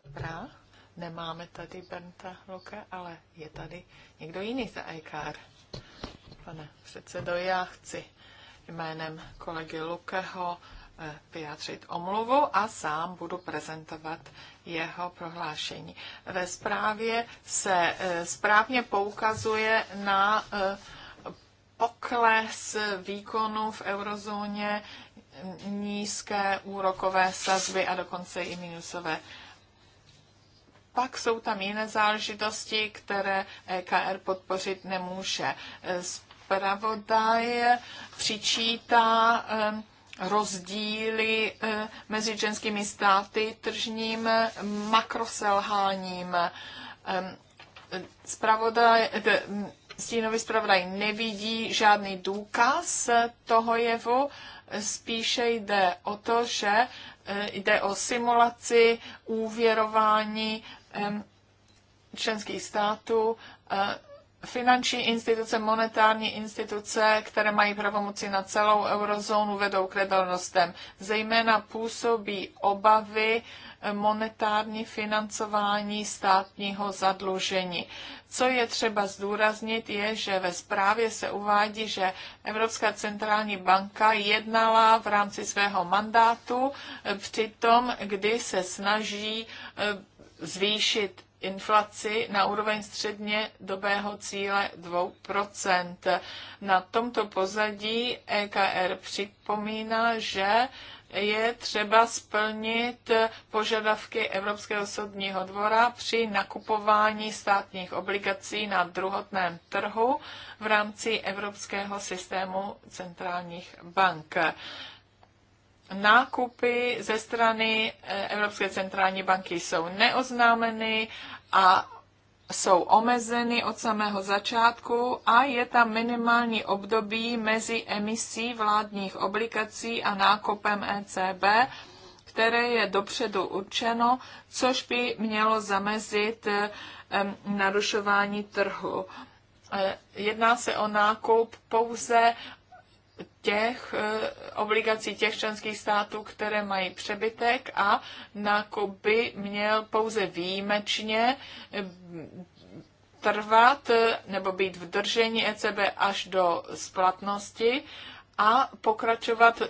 Dobrá. Nemáme tady Bernta Loka, ale je tady někdo jiný za EKR. Pane předsedo, já chci jménem kolegy Lukeho eh, vyjádřit omluvu a sám budu prezentovat jeho prohlášení. Ve zprávě se eh, správně poukazuje na eh, pokles výkonu v eurozóně, nízké úrokové sazby a dokonce i minusové pak jsou tam jiné záležitosti, které EKR podpořit nemůže. Spravodaj přičítá rozdíly mezi ženskými státy tržním makroselháním. Spravodaj, stínový zpravodaj nevidí žádný důkaz toho jevu, spíše jde o to, že e, jde o simulaci úvěrování členských států, e, finanční instituce, monetární instituce, které mají pravomoci na celou eurozónu, vedou k nedolnostem. Zejména působí obavy e, monetární financování státního zadlužení. Co je třeba zdůraznit, je, že ve zprávě se uvádí, že Evropská centrální banka jednala v rámci svého mandátu, e, tom, kdy se snaží zvýšit inflaci na úroveň středně dobého cíle 2%. Na tomto pozadí EKR připomíná, že je třeba splnit požadavky Evropského soudního dvora při nakupování státních obligací na druhotném trhu v rámci Evropského systému centrálních bank nákupy ze strany eh, Evropské centrální banky jsou neoznámeny a jsou omezeny od samého začátku a je tam minimální období mezi emisí vládních obligací a nákupem ECB, které je dopředu určeno, což by mělo zamezit eh, narušování trhu. Eh, jedná se o nákup pouze těch eh, obligací těch členských států, které mají přebytek a na by měl pouze výjimečně eh, trvat eh, nebo být v držení ECB až do splatnosti a pokračovat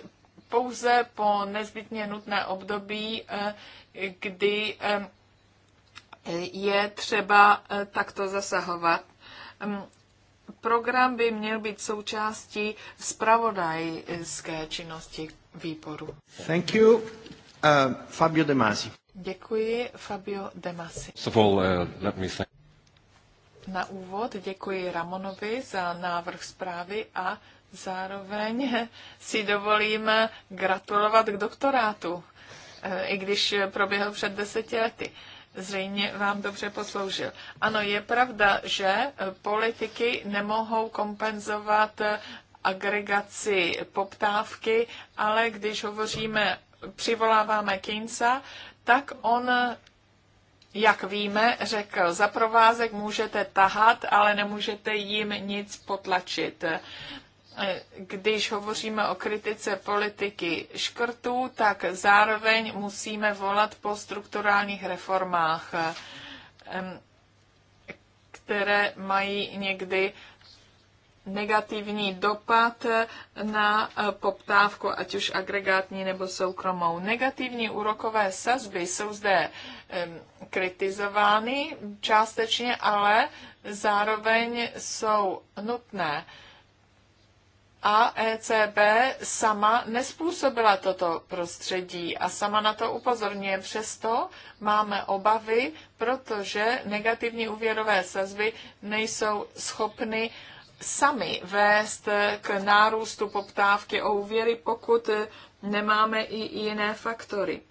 pouze po nezbytně nutné období, kdy je třeba takto zasahovat hm, program by měl být součástí zpravodajské činnosti výboru. Thank you. Uh, Fabio De Masi. Děkuji, Fabio De Masi. So, well, uh, let me say... na úvod děkuji Ramonovi za návrh zprávy a zároveň si dovolím gratulovat k doktorátu, eh, i když proběhl před deseti lety zřejmě vám dobře posloužil. Ano, je pravda, že eh, politiky nemohou kompenzovat eh, agregaci poptávky, ale když hovoříme, přivoláváme Kinsa, tak on eh, jak víme, řekl, za provázek můžete tahat, ale nemůžete jim nic potlačit. E, když hovoříme o kritice politiky škrtů, tak zároveň musíme volat po strukturálních reformách, e, které mají někdy negativní dopad na e, poptávku, ať už agregátní nebo soukromou. Negativní úrokové sazby jsou zde kritizovány částečně, ale zároveň jsou nutné a ECB sama nespůsobila toto prostředí a sama na to upozorňuje. Přesto máme obavy, protože negativní úvěrové sazby nejsou schopny sami vést k nárůstu poptávky o úvěry, pokud nemáme i jiné faktory.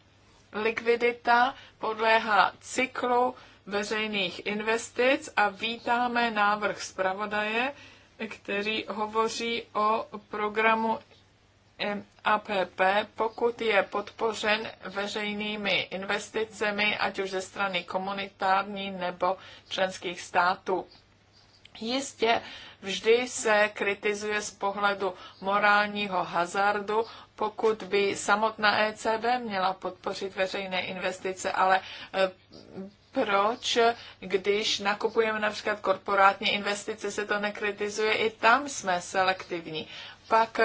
Likvidita podléhá cyklu veřejných investic a vítáme návrh zpravodaje, který hovoří o programu APP, pokud je podpořen veřejnými investicemi, ať už ze strany komunitární nebo členských států. Jistě vždy se kritizuje z pohledu morálního hazardu, pokud by samotná ECB měla podpořit veřejné investice, ale eh, proč, když nakupujeme například korporátní investice, se to nekritizuje, i tam jsme selektivní. Pak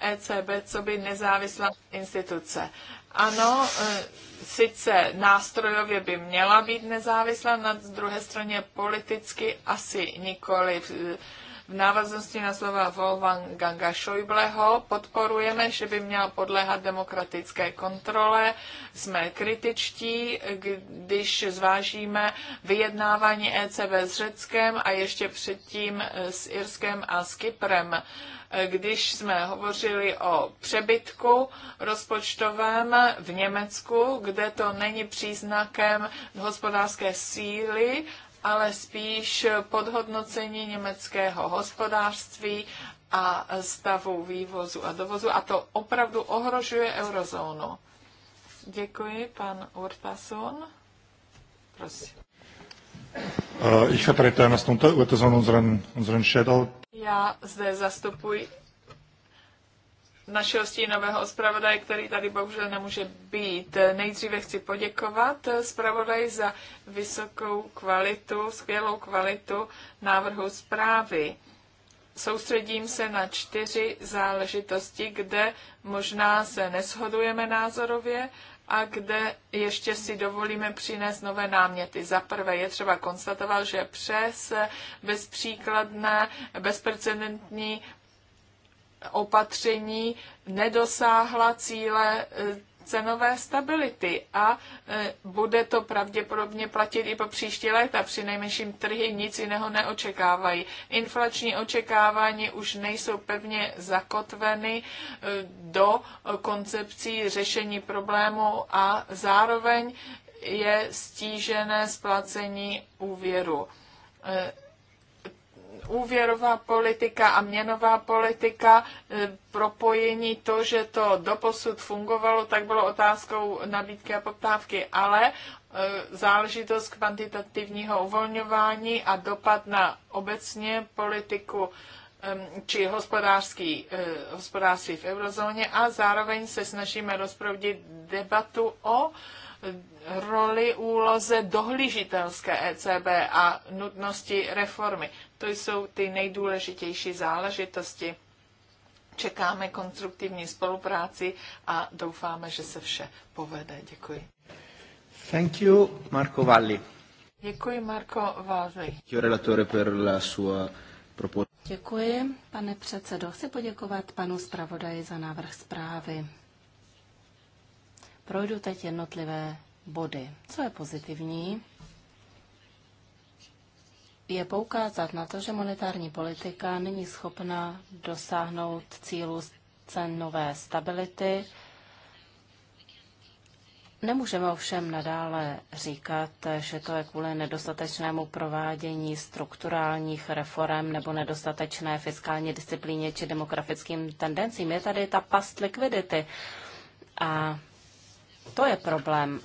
ECB, eh, e co by nezávislá instituce. Ano, eh, sice nástrojově by měla být nezávislá, na druhé straně politicky asi nikoli v návaznosti na slova Wolfganga Schäubleho podporujeme, že by měl podléhat demokratické kontrole. Jsme kritičtí, když zvážíme vyjednávání ECB s Řeckem a ještě předtím s Irskem a s Kyprem když jsme hovořili o přebytku rozpočtovém v Německu, kde to není příznakem hospodářské síly, ale spíš podhodnocení německého hospodářství a stavu vývozu a dovozu a to opravdu ohrožuje eurozónu. Děkuji, pan Urtasun. Prosím. Uh, ich vertrete eines unter Urtasun unseren, unseren Shadow. Já zde zastupuji našeho stínového zpravodaje, který tady bohužel nemůže být. Nejdříve chci poděkovat zpravodaji za vysokou kvalitu, skvělou kvalitu návrhu zprávy. Soustředím se na čtyři záležitosti, kde možná se neshodujeme názorově a kde ještě si dovolíme přinést nové náměty. Za prvé je třeba konstatovat, že přes bezpříkladné, bezprecedentní opatření nedosáhla cíle e, cenové stability a e, bude to pravděpodobně platit i po příští léta. Při nejmenším trhy nic jiného neočekávají. Inflační očekávání už nejsou pevně zakotveny e, do koncepcí řešení problému a zároveň je stížené splacení úvěru úvěrová politika a měnová politika, e, propojení to, že to doposud fungovalo, tak bylo otázkou nabídky a poptávky, ale e, záležitost kvantitativního uvolňování a dopad na obecně politiku či hospodářský, e, hospodářství v eurozóně a zároveň se snažíme rozproudit debatu o roli úloze dohlížitelské ECB a nutnosti reformy. To jsou ty nejdůležitější záležitosti. Čekáme konstruktivní spolupráci a doufáme, že se vše povede. Děkuji. Thank you, Marco Valli. Děkuji, Marco Valli. Děkuji, pane předsedo. Chci poděkovat panu zpravodaji za návrh zprávy. Projdu teď jednotlivé body. Co je pozitivní? je poukázat na to, že monetární politika není schopna dosáhnout cílu cenové stability. Nemůžeme ovšem nadále říkat, že to je kvůli nedostatečnému provádění strukturálních reform nebo nedostatečné fiskální disciplíně či demografickým tendencím. Je tady ta past likvidity a to je problém.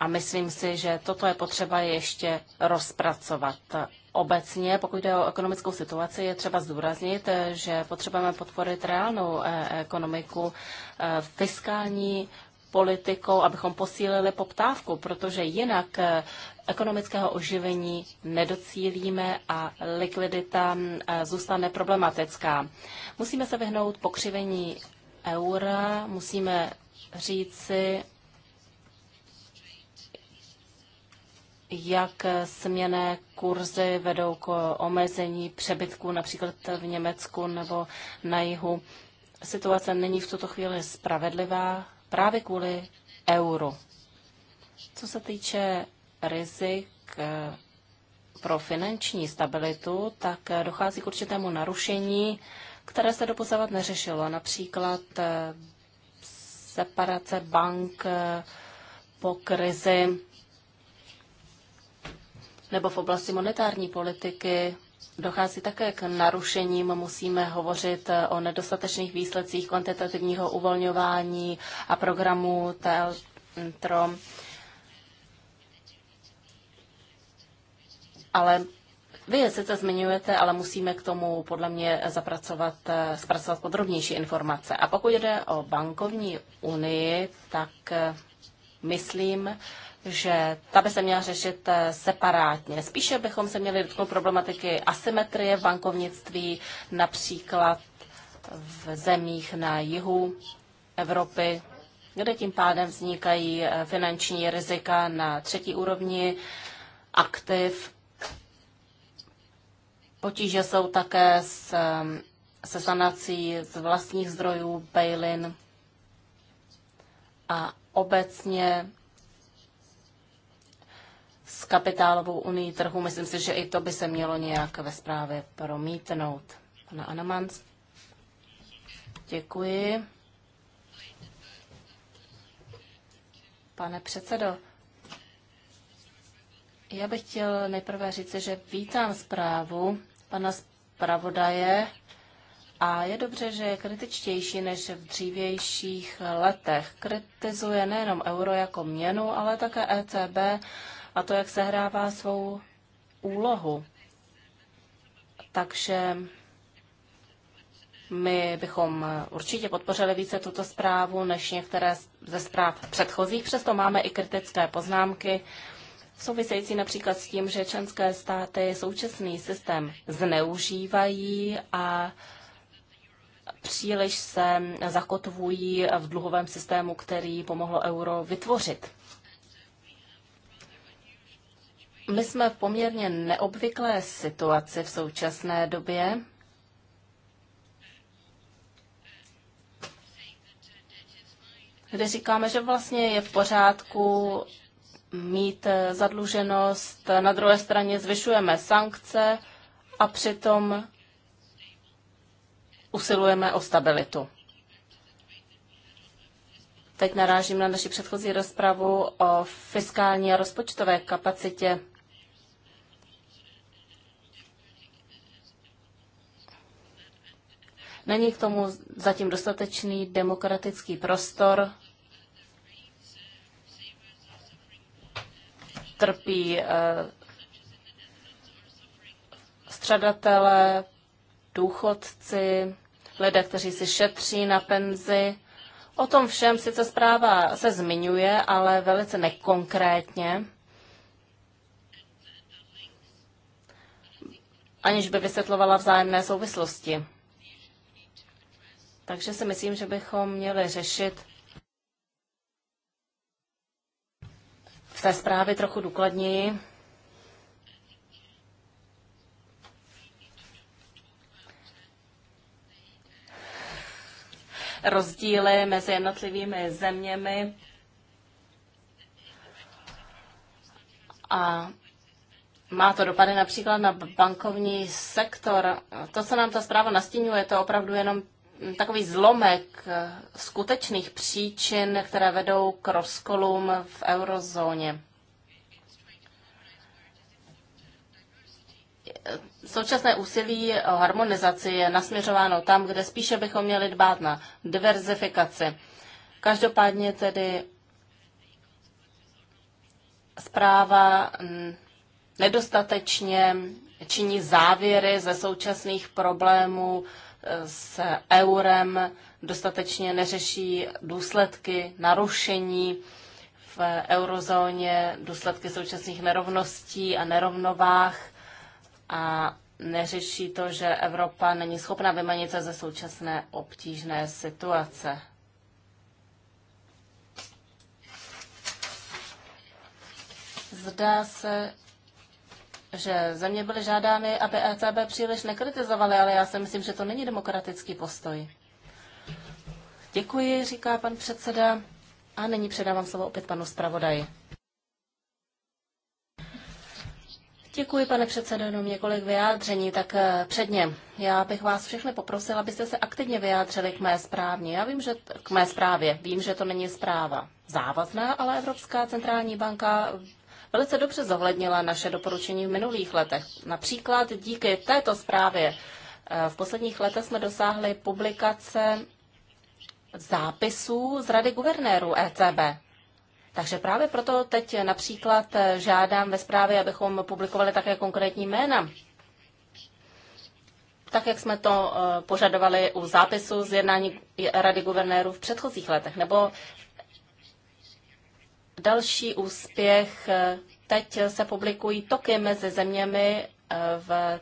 A myslím si, že toto je potřeba ještě rozpracovat. Obecně, pokud jde o ekonomickou situaci, je třeba zdůraznit, že potřebujeme podporit reálnou eh, ekonomiku, eh, fiskální politikou, abychom posílili poptávku, protože jinak eh, ekonomického oživení nedocílíme a likvidita zůstane problematická. Musíme se vyhnout pokřivení eura, musíme říci, jak směné kurzy vedou k omezení přebytků například v Německu nebo na jihu. Situace není v tuto chvíli spravedlivá právě kvůli euru. Co se týče rizik eh, pro finanční stabilitu, tak eh, dochází k určitému narušení, které se doposavat neřešilo. Například eh, separace bank po krizi nebo v oblasti monetární politiky dochází také k narušením. Musíme hovořit eh, o nedostatečných výsledcích kvantitativního uvolňování a programu TELTROM. Ale vy je sice zmiňujete, ale musíme k tomu podle mě zapracovat, eh, zpracovat podrobnější informace. A pokud jde o bankovní unii, tak eh, myslím, že ta by se měla řešit eh, separátně. Spíše bychom se měli dotknout problematiky asymetrie v bankovnictví, například v zemích na jihu Evropy, kde tím pádem vznikají eh, finanční rizika na třetí úrovni aktiv. Potíže jsou také s, ehm, se sanací z vlastních zdrojů, bail-in a obecně s kapitálovou unii trhu. Myslím si, že i to by se mělo nějak ve zprávě promítnout. Pana Anamans. Děkuji. Pane předsedo, já bych chtěl nejprve říct, že vítám zprávu pana zpravodaje a je dobře, že je kritičtější než v dřívějších letech. Kritizuje nejenom euro jako měnu, ale také ECB a to, jak sehrává svou úlohu. Takže my bychom určitě podpořili více tuto zprávu než některé ze zpráv předchozích, přesto máme i kritické poznámky související například s tím, že členské státy současný systém zneužívají a příliš se zakotvují v dluhovém systému, který pomohlo euro vytvořit. My jsme v poměrně neobvyklé situaci v současné době. kde říkáme, že vlastně je v pořádku mít zadluženost, na druhé straně zvyšujeme sankce a přitom usilujeme o stabilitu. Teď narážím na naši předchozí rozpravu o fiskální a rozpočtové kapacitě Není k tomu zatím dostatečný demokratický prostor. Trpí eh, střadatelé, důchodci, lidé, kteří si šetří na penzi. O tom všem sice zpráva se zmiňuje, ale velice nekonkrétně. aniž by vysvětlovala vzájemné souvislosti. Takže si myslím, že bychom měli řešit v té zprávě trochu důkladněji. rozdíly mezi jednotlivými zeměmi a má to dopady například na bankovní sektor. To, co nám ta zpráva nastínuje, to opravdu jenom takový zlomek skutečných příčin, které vedou k rozkolům v eurozóně. Současné úsilí o harmonizaci je nasměřováno tam, kde spíše bychom měli dbát na diverzifikaci. Každopádně tedy zpráva nedostatečně činí závěry ze současných problémů s eurem dostatečně neřeší důsledky narušení v eurozóně, důsledky současných nerovností a nerovnovách a neřeší to, že Evropa není schopna vymanit se ze současné obtížné situace. Zdá se, že země byly žádány, aby ECB příliš nekritizovaly, ale já si myslím, že to není demokratický postoj. Děkuji, říká pan předseda. A nyní předávám slovo opět panu zpravodaji. Děkuji, pane předsedo, jenom několik vyjádření, tak eh, předně. Já bych vás všechny poprosil, abyste se aktivně vyjádřili k mé správně. Já vím, že k mé zprávě. Vím, že to není zpráva závazná, ale Evropská centrální banka velice dobře zohlednila naše doporučení v minulých letech. Například díky této zprávě eh, v posledních letech jsme dosáhli publikace zápisů z Rady guvernérů ECB. Takže právě proto teď například eh, žádám ve zprávě, abychom publikovali také konkrétní jména. Tak, jak jsme to eh, požadovali u zápisu z jednání Rady guvernérů v předchozích letech, nebo další úspěch. Eh, teď se publikují toky mezi zeměmi eh, v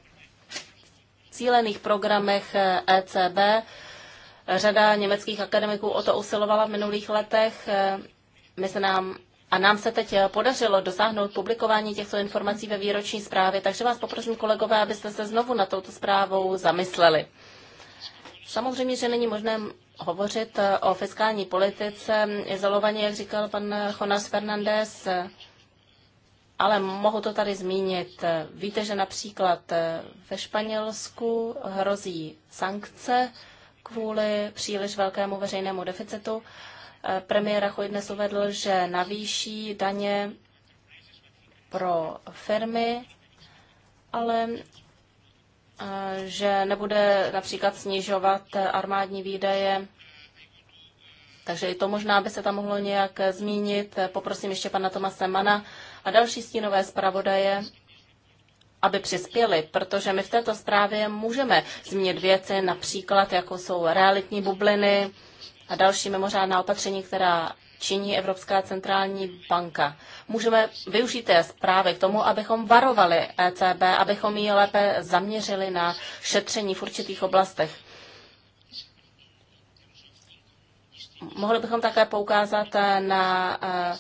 cílených programech ECB. Eh, e Řada německých akademiků o to usilovala v minulých letech. My se nám a nám se teď podařilo dosáhnout publikování těchto informací ve výroční zprávě, takže vás poprosím, kolegové, abyste se znovu na touto zprávou zamysleli. Samozřejmě, že není možné hovořit eh, o fiskální politice izolovaně, jak říkal pan Jonas Fernandez, eh, ale mohu to tady zmínit. Eh, víte, že například ve Španělsku hrozí sankce kvůli příliš velkému veřejnému deficitu. Premiér Rachoj dnes uvedl, že navýší daně pro firmy, ale Eh, že nebude například snižovat eh, armádní výdaje. Takže i to možná by se tam mohlo nějak eh, zmínit. Poprosím ještě pana Tomase Mana a další stínové zpravodaje, aby přispěli, protože my v této zprávě můžeme zmínit věci, například jako jsou realitní bubliny a další mimořádná opatření, která činí Evropská centrální banka. Můžeme využít té zprávy k tomu, abychom varovali ECB, abychom ji lépe zaměřili na šetření v určitých oblastech. Mohli bychom také poukázat eh, na uh,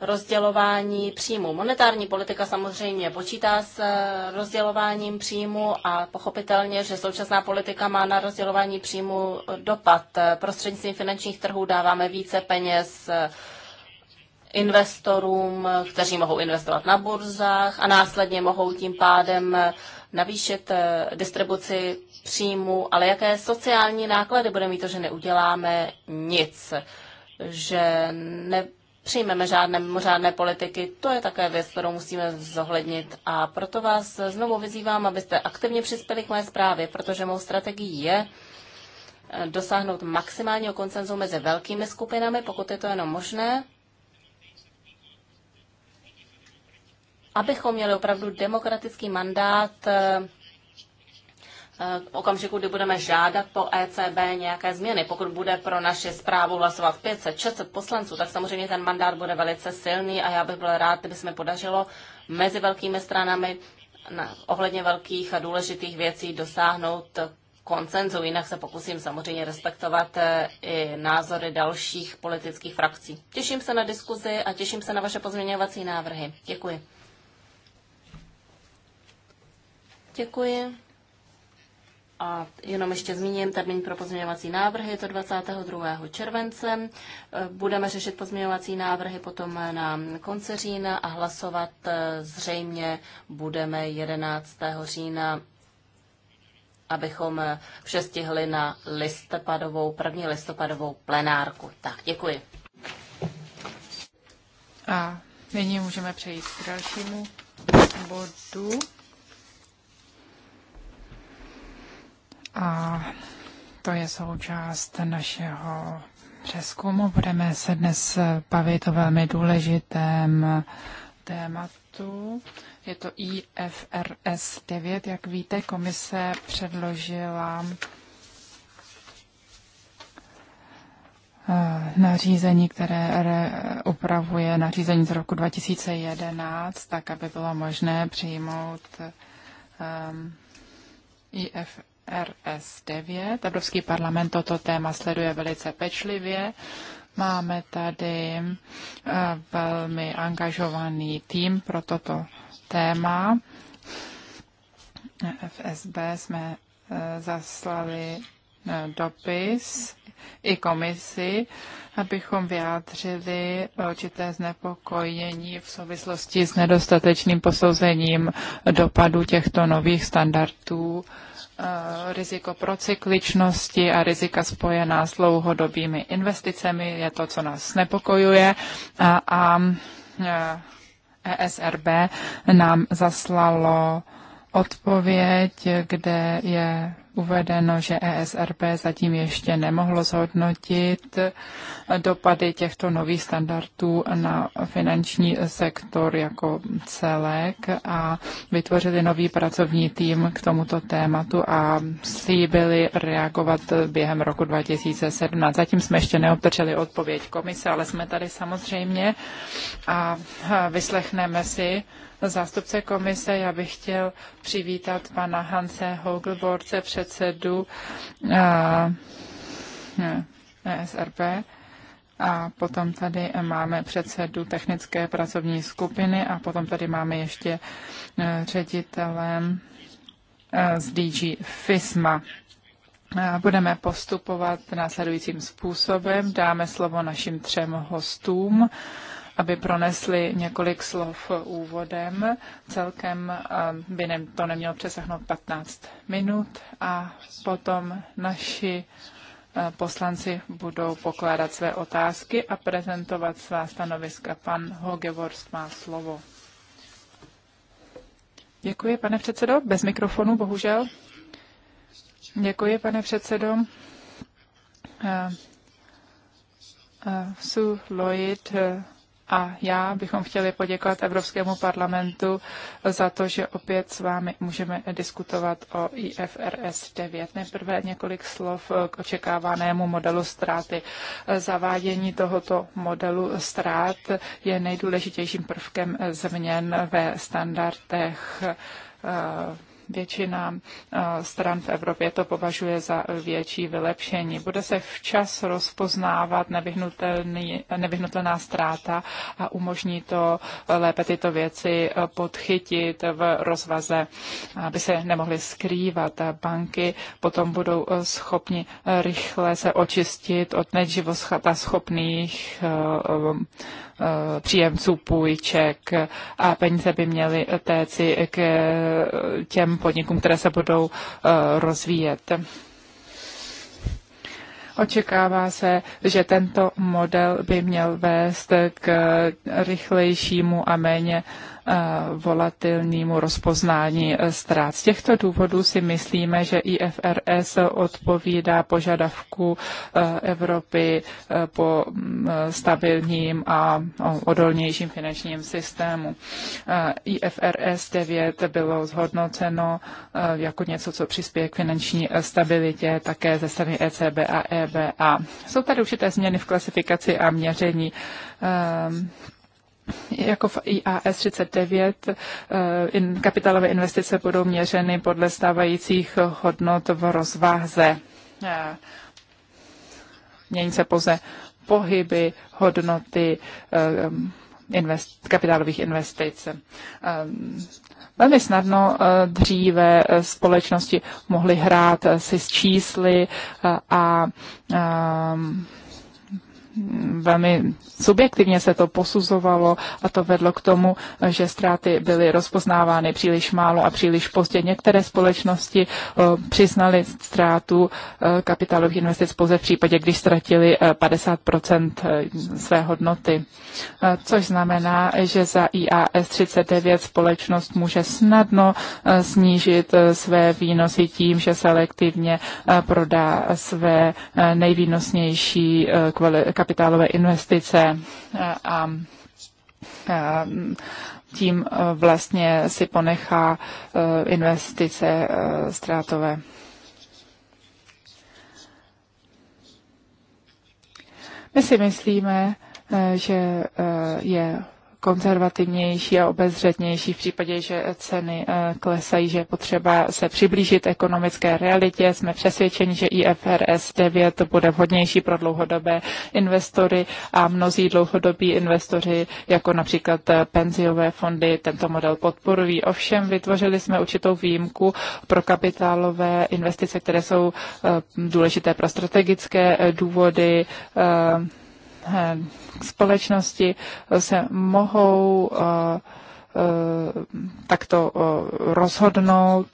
rozdělování příjmu. Monetární politika samozřejmě počítá s eh, rozdělováním příjmu a pochopitelně, že současná politika má na rozdělování příjmu dopad. Eh, prostřednictvím finančních trhů dáváme více peněz eh, investorům, kteří mohou investovat na burzách a následně mohou tím pádem navýšit distribuci příjmu, ale jaké sociální náklady bude mít to, že neuděláme nic, že ne, přijmeme žádné mimořádné politiky, to je také věc, kterou musíme zohlednit. A proto vás znovu vyzývám, abyste aktivně přispěli k mé zprávě, protože mou strategií je eh, dosáhnout maximálního koncenzu mezi velkými skupinami, pokud je to jenom možné, abychom měli opravdu demokratický mandát eh, v eh, okamžiku, kdy budeme žádat po ECB nějaké změny. Pokud bude pro naši zprávu hlasovat 500, 600 poslanců, tak samozřejmě ten mandát bude velice silný a já bych byl rád, kdyby se mi podařilo mezi velkými stranami na, ohledně velkých a důležitých věcí dosáhnout koncenzu. Jinak se pokusím samozřejmě respektovat eh, i názory dalších politických frakcí. Těším se na diskuzi a těším se na vaše pozměňovací návrhy. Děkuji. Děkuji. A jenom ještě zmíním termín pro pozměňovací návrhy, je to 22. července. E, budeme řešit pozměňovací návrhy potom na konci října a hlasovat e, zřejmě budeme 11. října, abychom přestihli na listopadovou, první listopadovou plenárku. Tak, děkuji. A nyní můžeme přejít k dalšímu bodu. a to je součást našeho přeskumu. Budeme se dnes bavit o velmi důležitém tématu. Je to IFRS 9. Jak víte, komise předložila eh, nařízení, které upravuje nařízení z roku 2011, tak aby bylo možné přijmout ehm, IFRS RS9. Evropský parlament toto téma sleduje velice pečlivě. Máme tady eh, velmi angažovaný tým pro toto téma. FSB jsme eh, zaslali eh, dopis i komisi, abychom vyjádřili určité znepokojení v souvislosti s nedostatečným posouzením dopadu těchto nových standardů Eh, riziko procykličnosti a rizika spojená s dlouhodobými investicemi je to, co nás nepokojuje. A, a ESRB eh, e nám zaslalo odpověď, kde je uvedeno, že ESRB zatím ještě nemohlo zhodnotit dopady těchto nových standardů na finanční sektor jako celek a vytvořili nový pracovní tým k tomuto tématu a slíbili reagovat během roku 2017. Zatím jsme ještě neobdrželi odpověď komise, ale jsme tady samozřejmě a vyslechneme si zástupce komise. Já bych chtěl přivítat pana Hanse Hogelborce, před předsedu eh, e SRP A potom tady máme předsedu technické pracovní skupiny a potom tady máme ještě eh, ředitele eh, z DG FISMA. Budeme postupovat následujícím způsobem. Dáme slovo našim třem hostům aby pronesli několik slov úvodem. Celkem eh, by to nemělo přesahnout 15 minut a potom naši eh, poslanci budou pokládat své otázky a prezentovat svá stanoviska. Pan Hogevorst má slovo. Děkuji, pane předsedo. Bez mikrofonu, bohužel. Děkuji, pane předsedo. Eh, Sue Lloyd a já bychom chtěli poděkovat Evropskému parlamentu za to, že opět s vámi můžeme diskutovat o IFRS 9. Nejprve několik slov k očekávanému modelu ztráty. Zavádění tohoto modelu ztrát je nejdůležitějším prvkem změn ve standardech eh, Většina eh, stran v Evropě to považuje za větší vylepšení. Bude se včas rozpoznávat nevyhnutelná ztráta a umožní to lépe tyto věci eh, podchytit v rozvaze, aby se nemohly skrývat. Banky potom budou eh, schopni rychle se očistit od schopných Eh, příjemců půjček a peníze by měly téci k eh, těm podnikům, které se budou eh, rozvíjet. Očekává se, že tento model by měl vést k rychlejšímu a méně uh, Eh, volatilnímu rozpoznání eh, ztrát. Z těchto důvodů si myslíme, že IFRS odpovídá požadavku eh, Evropy po mm, stabilním a odolnějším finančním systému. IFRS 9 bylo zhodnoceno jako něco, co přispěje k finanční stabilitě také ze strany ECB a EBA. Jsou tady určité změny v klasifikaci a měření. Um, jako v IAS 39 eh, in, kapitálové investice budou měřeny podle stávajících hodnot v rozváze. Eh, mění se pouze pohyby, hodnoty eh, invest, kapitálových investic. Velmi snadno dříve společnosti mohly hrát si s čísly a, a velmi subjektivně se to posuzovalo a to vedlo k tomu, že ztráty byly rozpoznávány příliš málo a příliš pozdě. Některé společnosti eh, přiznaly ztrátu eh, kapitálových investic pouze v případě, když ztratili 50 eh, své hodnoty, což znamená, že za IAS 39 společnost může snadno snížit své výnosy tím, že selektivně prodá své nejvýnosnější kapitálové kapitálové investice eh, a eh, tím eh, vlastně si ponechá investice ztrátové. My si myslíme, že je konzervativnější a obezřetnější v případě, že ceny eh, klesají, že je potřeba se přiblížit ekonomické realitě. Jsme přesvědčeni, že IFRS 9 bude vhodnější pro dlouhodobé investory a mnozí dlouhodobí investoři, jako například eh, penziové fondy, tento model podporují. Ovšem vytvořili jsme určitou výjimku pro kapitálové investice, které jsou eh, důležité pro strategické důvody, Eh, společnosti se mohou eh, eh, takto rozhodnout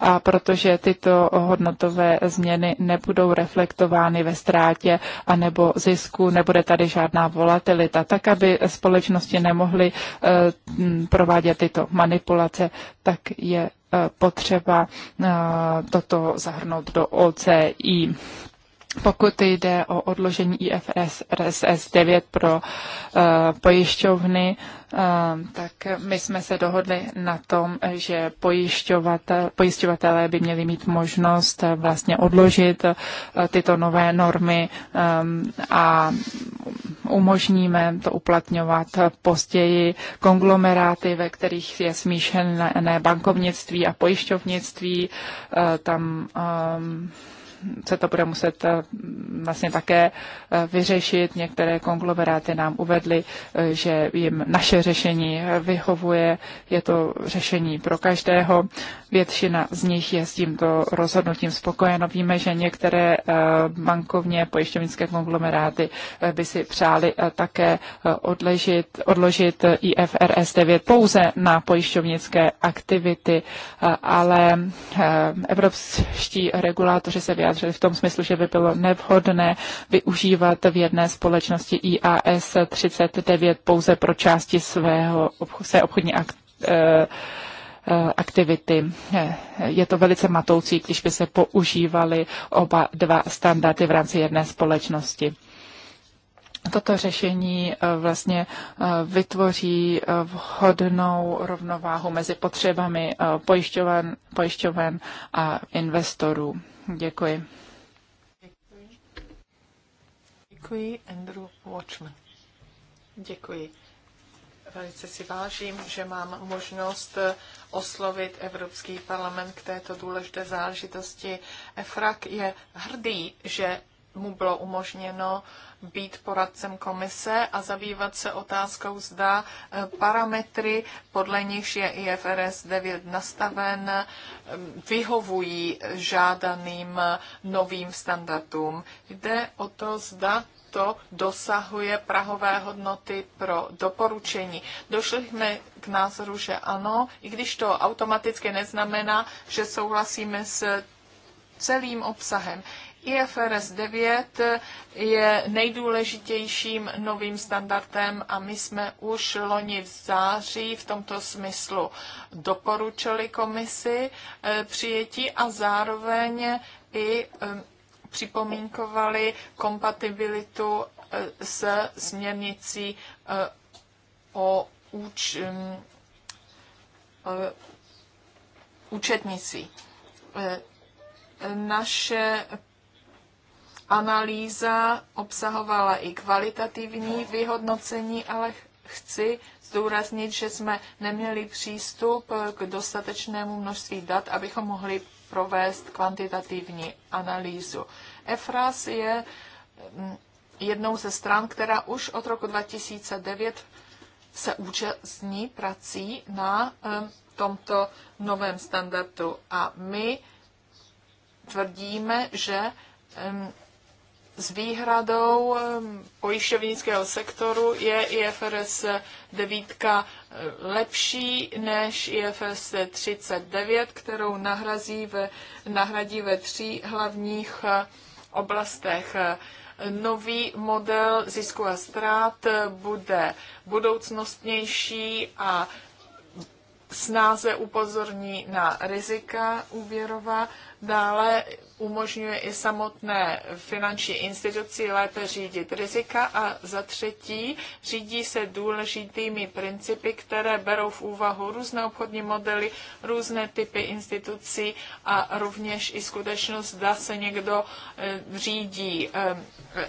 a protože tyto hodnotové změny nebudou reflektovány ve ztrátě a nebo zisku, nebude tady žádná volatilita, tak aby společnosti nemohly provádět tyto manipulace, tak je potřeba toto zahrnout do OCI pokud jde o odložení IFRS RSS 9 pro uh, pojišťovny, uh, tak my jsme se dohodli na tom, že pojišťovatel, pojišťovatelé by měli mít možnost uh, vlastně odložit uh, tyto nové normy um, a umožníme to uplatňovat později konglomeráty, ve kterých je smíšené bankovnictví a pojišťovnictví. Uh, tam um, se to bude muset eh, vlastně také eh, vyřešit. Některé konglomeráty nám uvedly, eh, že jim naše řešení vyhovuje. Je to řešení pro každého. Většina z nich je s tímto rozhodnutím spokojeno. Víme, že některé bankovně pojišťovnické konglomeráty by si přáli také odležit, odložit IFRS 9 pouze na pojišťovnické aktivity, ale evropští regulátoři se vyjádřili, vyjádřili v tom smyslu, že by bylo nevhodné využívat v jedné společnosti IAS 39 pouze pro části svého své obchodní akt, eh, eh, aktivity. Eh, je to velice matoucí, když by se používaly oba dva standardy v rámci jedné společnosti toto řešení vlastně vytvoří vhodnou rovnováhu mezi potřebami pojišťoven, pojišťoven a investorů. Děkuji. Děkuji. Děkuji, Andrew Watchman. Děkuji. Velice si vážím, že mám možnost eh, oslovit Evropský parlament k této důležité záležitosti. EFRAK je hrdý, že mu bylo umožněno uh, být poradcem komise a zabývat se otázkou, zda eh, parametry, podle nichž je IFRS 9 nastaven, eh, vyhovují žádaným eh, novým standardům. Jde o to, zda to dosahuje prahové hodnoty pro doporučení. Došli jsme k názoru, že ano, i když to automaticky neznamená, že souhlasíme s celým obsahem. IFRS 9 je nejdůležitějším novým standardem a my jsme už loni v září v tomto smyslu doporučili komisi eh, přijetí a zároveň i eh, připomínkovali kompatibilitu eh, s směrnicí o úč, účetnicí. Naše analýza obsahovala i kvalitativní vyhodnocení, ale chci zdůraznit, že jsme neměli přístup k dostatečnému množství dat, abychom mohli provést kvantitativní analýzu. EFRAS je mm, jednou ze stran, která už od roku 2009 se účastní prací na tomto novém standardu. A my tvrdíme, že s výhradou eh, pojišťovnického sektoru je IFRS 9 eh, lepší než IFRS 39, kterou nahrazí ve, nahradí ve tří hlavních eh, oblastech. Nový model zisku a ztrát bude budoucnostnější a snáze upozorní na rizika úvěrová Dále umožňuje i samotné finanční instituci lépe řídit rizika a za třetí řídí se důležitými principy, které berou v úvahu různé obchodní modely, různé typy institucí a rovněž i skutečnost, zda se někdo eh, řídí eh,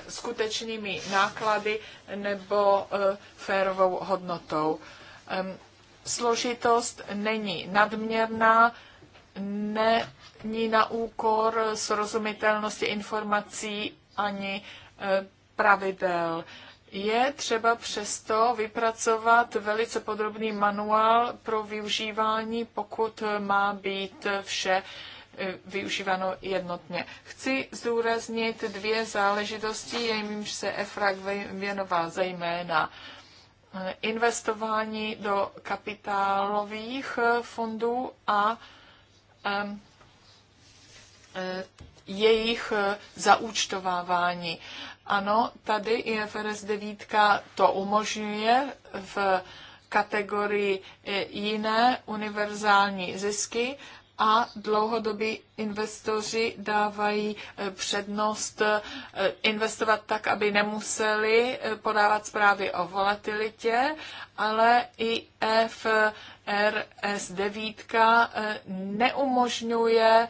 skutečnými náklady nebo eh, férovou hodnotou. Ehm, složitost není nadměrná, ne ní na úkor srozumitelnosti informací ani e, pravidel. Je třeba přesto vypracovat velice podrobný manuál pro využívání, pokud má být vše e, využíváno jednotně. Chci zdůraznit dvě záležitosti, jimž se EFRAG věnoval zejména e, investování do kapitálových fondů a um, Eh, jejich eh, zaúčtovávání. Ano, tady IFRS 9 to umožňuje v kategorii eh, jiné univerzální zisky a dlouhodobí investoři dávají přednost investovat tak, aby nemuseli podávat zprávy o volatilitě, ale i FRS 9 neumožňuje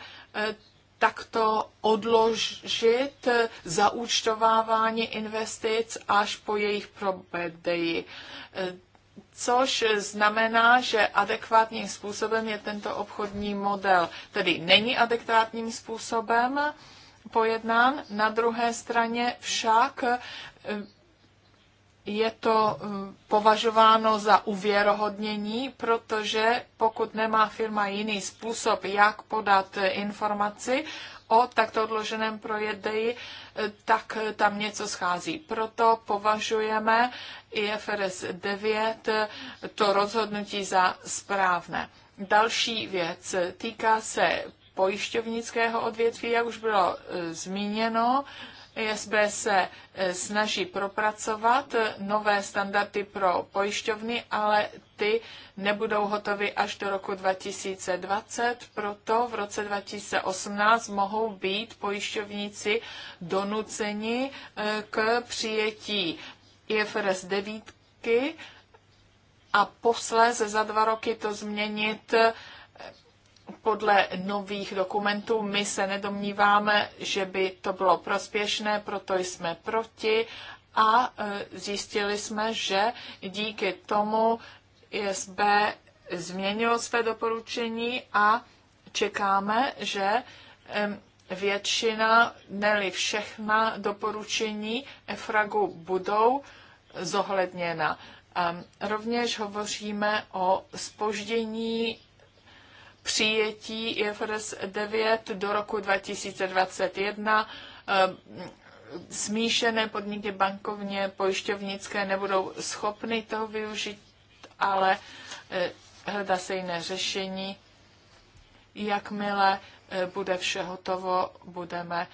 takto odložit zaúčtovávání investic až po jejich probedeji. Což znamená, že adekvátním způsobem je tento obchodní model, tedy není adekvátním způsobem pojednán. Na druhé straně však je to eh, považováno za uvěrohodnění, protože pokud nemá firma jiný způsob, jak podat eh, informaci o takto odloženém projedeji, eh, tak tam něco schází. Proto považujeme IFRS 9 to rozhodnutí za správné. Další věc týká se pojišťovnického odvětví, jak už bylo zmíněno. ESB se e, snaží propracovat nové standardy pro pojišťovny, ale ty nebudou hotovy až do roku 2020, proto v roce 2018 mohou být pojišťovníci donuceni e, k přijetí IFRS 9 a posléze za dva roky to změnit podle nových dokumentů my se nedomníváme, že by to bylo prospěšné, proto jsme proti a e, zjistili jsme, že díky tomu ISB e změnilo své doporučení a čekáme, že většina, neli všechna doporučení EFRAGu budou zohledněna. Rovněž hovoříme o spoždění přijetí IFRS 9 do roku 2021 eh, smíšené podniky bankovně, pojišťovnické nebudou schopny toho využít, ale eh, hledá se jiné řešení. Jakmile eh, bude vše hotovo, budeme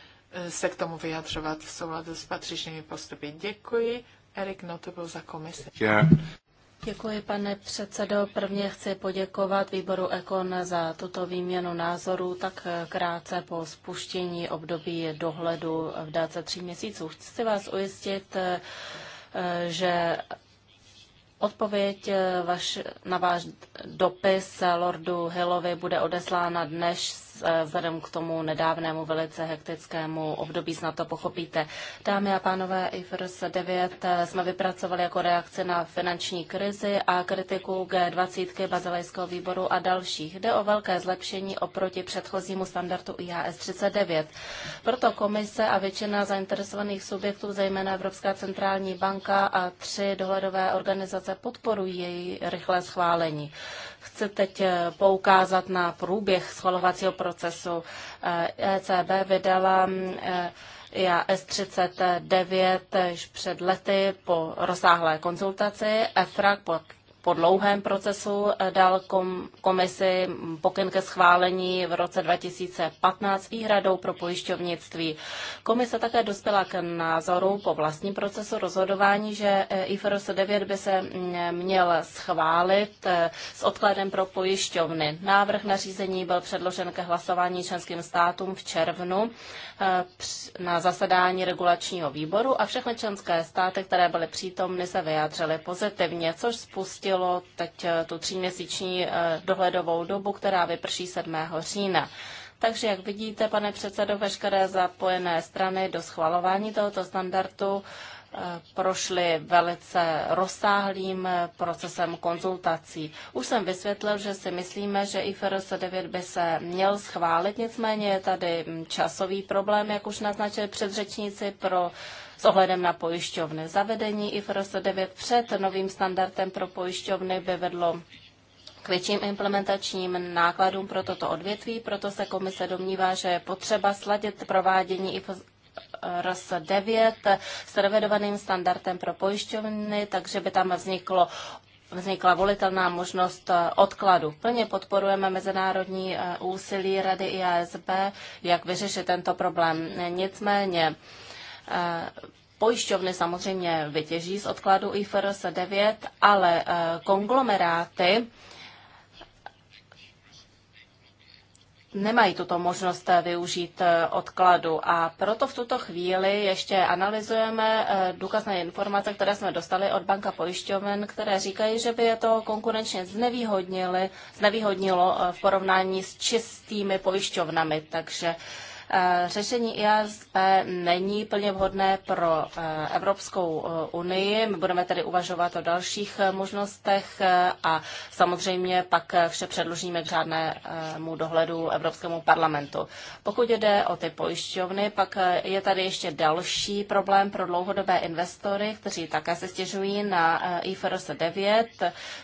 se k tomu vyjadřovat v souladu s patřičnými postupy. Děkuji. Erik Noto byl za komisi. Yeah. Děkuji, pane předsedo. Prvně chci poděkovat výboru Ekon za tuto výměnu názorů tak krátce po spuštění období dohledu v dáce tří měsíců. Chci vás ujistit, eh, že Odpověď eh, vaš, na váš dopis Lordu Hillovi bude odeslána dnes Eh, vzhledem k tomu nedávnému velice hektickému období, snad to pochopíte. Dámy a pánové, IFRS 9 eh, jsme vypracovali jako reakce na finanční krizi a kritiku G20 Bazilejského výboru a dalších. Jde o velké zlepšení oproti předchozímu standardu IHS 39. Proto komise a většina zainteresovaných subjektů, zejména Evropská centrální banka a tři dohledové organizace podporují její rychlé schválení. Chci teď eh, poukázat na průběh schvalovacího procesu. ECB eh, e vydala mm, eh, já S39 již před lety po rozsáhlé konzultaci, EFRAG po po dlouhém procesu dal komisi pokyn ke schválení v roce 2015 výhradou pro pojišťovnictví. Komise také dospěla k názoru po vlastním procesu rozhodování, že eh, IFRS 9 by se mm, měl schválit eh, s odkladem pro pojišťovny. Návrh nařízení byl předložen ke hlasování členským státům v červnu eh, na zasedání regulačního výboru a všechny členské státy, které byly přítomny, se vyjádřily pozitivně, což spustilo prodloužilo teď eh, tu tříměsíční eh, dohledovou dobu, která vyprší 7. října. Takže, jak vidíte, pane předsedo, veškeré zapojené strany do schvalování tohoto standardu eh, prošly velice rozsáhlým procesem konzultací. Už jsem vysvětlil, že si myslíme, že IFRS 9 by se měl schválit, nicméně je tady mm, časový problém, jak už naznačili předřečníci, pro s ohledem na pojišťovny. Zavedení IFRS 9 před novým standardem pro pojišťovny by vedlo k větším implementačním nákladům pro toto odvětví, proto se komise domnívá, že je potřeba sladit provádění IFRS RS9 s revidovaným standardem pro pojišťovny, takže by tam vzniklo vznikla volitelná možnost odkladu. Plně podporujeme mezinárodní eh, úsilí Rady IASB, jak vyřešit tento problém. Nicméně Pojišťovny samozřejmě vytěží z odkladu IFRS 9, ale eh, konglomeráty nemají tuto možnost eh, využít eh, odkladu a proto v tuto chvíli ještě analyzujeme důkazné informace, které jsme dostali od banka pojišťoven, které říkají, že by je to konkurenčně znevýhodnilo v porovnání s čistými pojišťovnami. Takže Eh, řešení ISP není plně vhodné pro eh, Evropskou eh, unii. My budeme tedy uvažovat o dalších možnostech a samozřejmě pak vše předložíme k řádnému dohledu Evropskému parlamentu. Pokud jde o ty pojišťovny, pak je tady ještě další problém pro dlouhodobé investory, kteří také se stěžují na IFRS 9.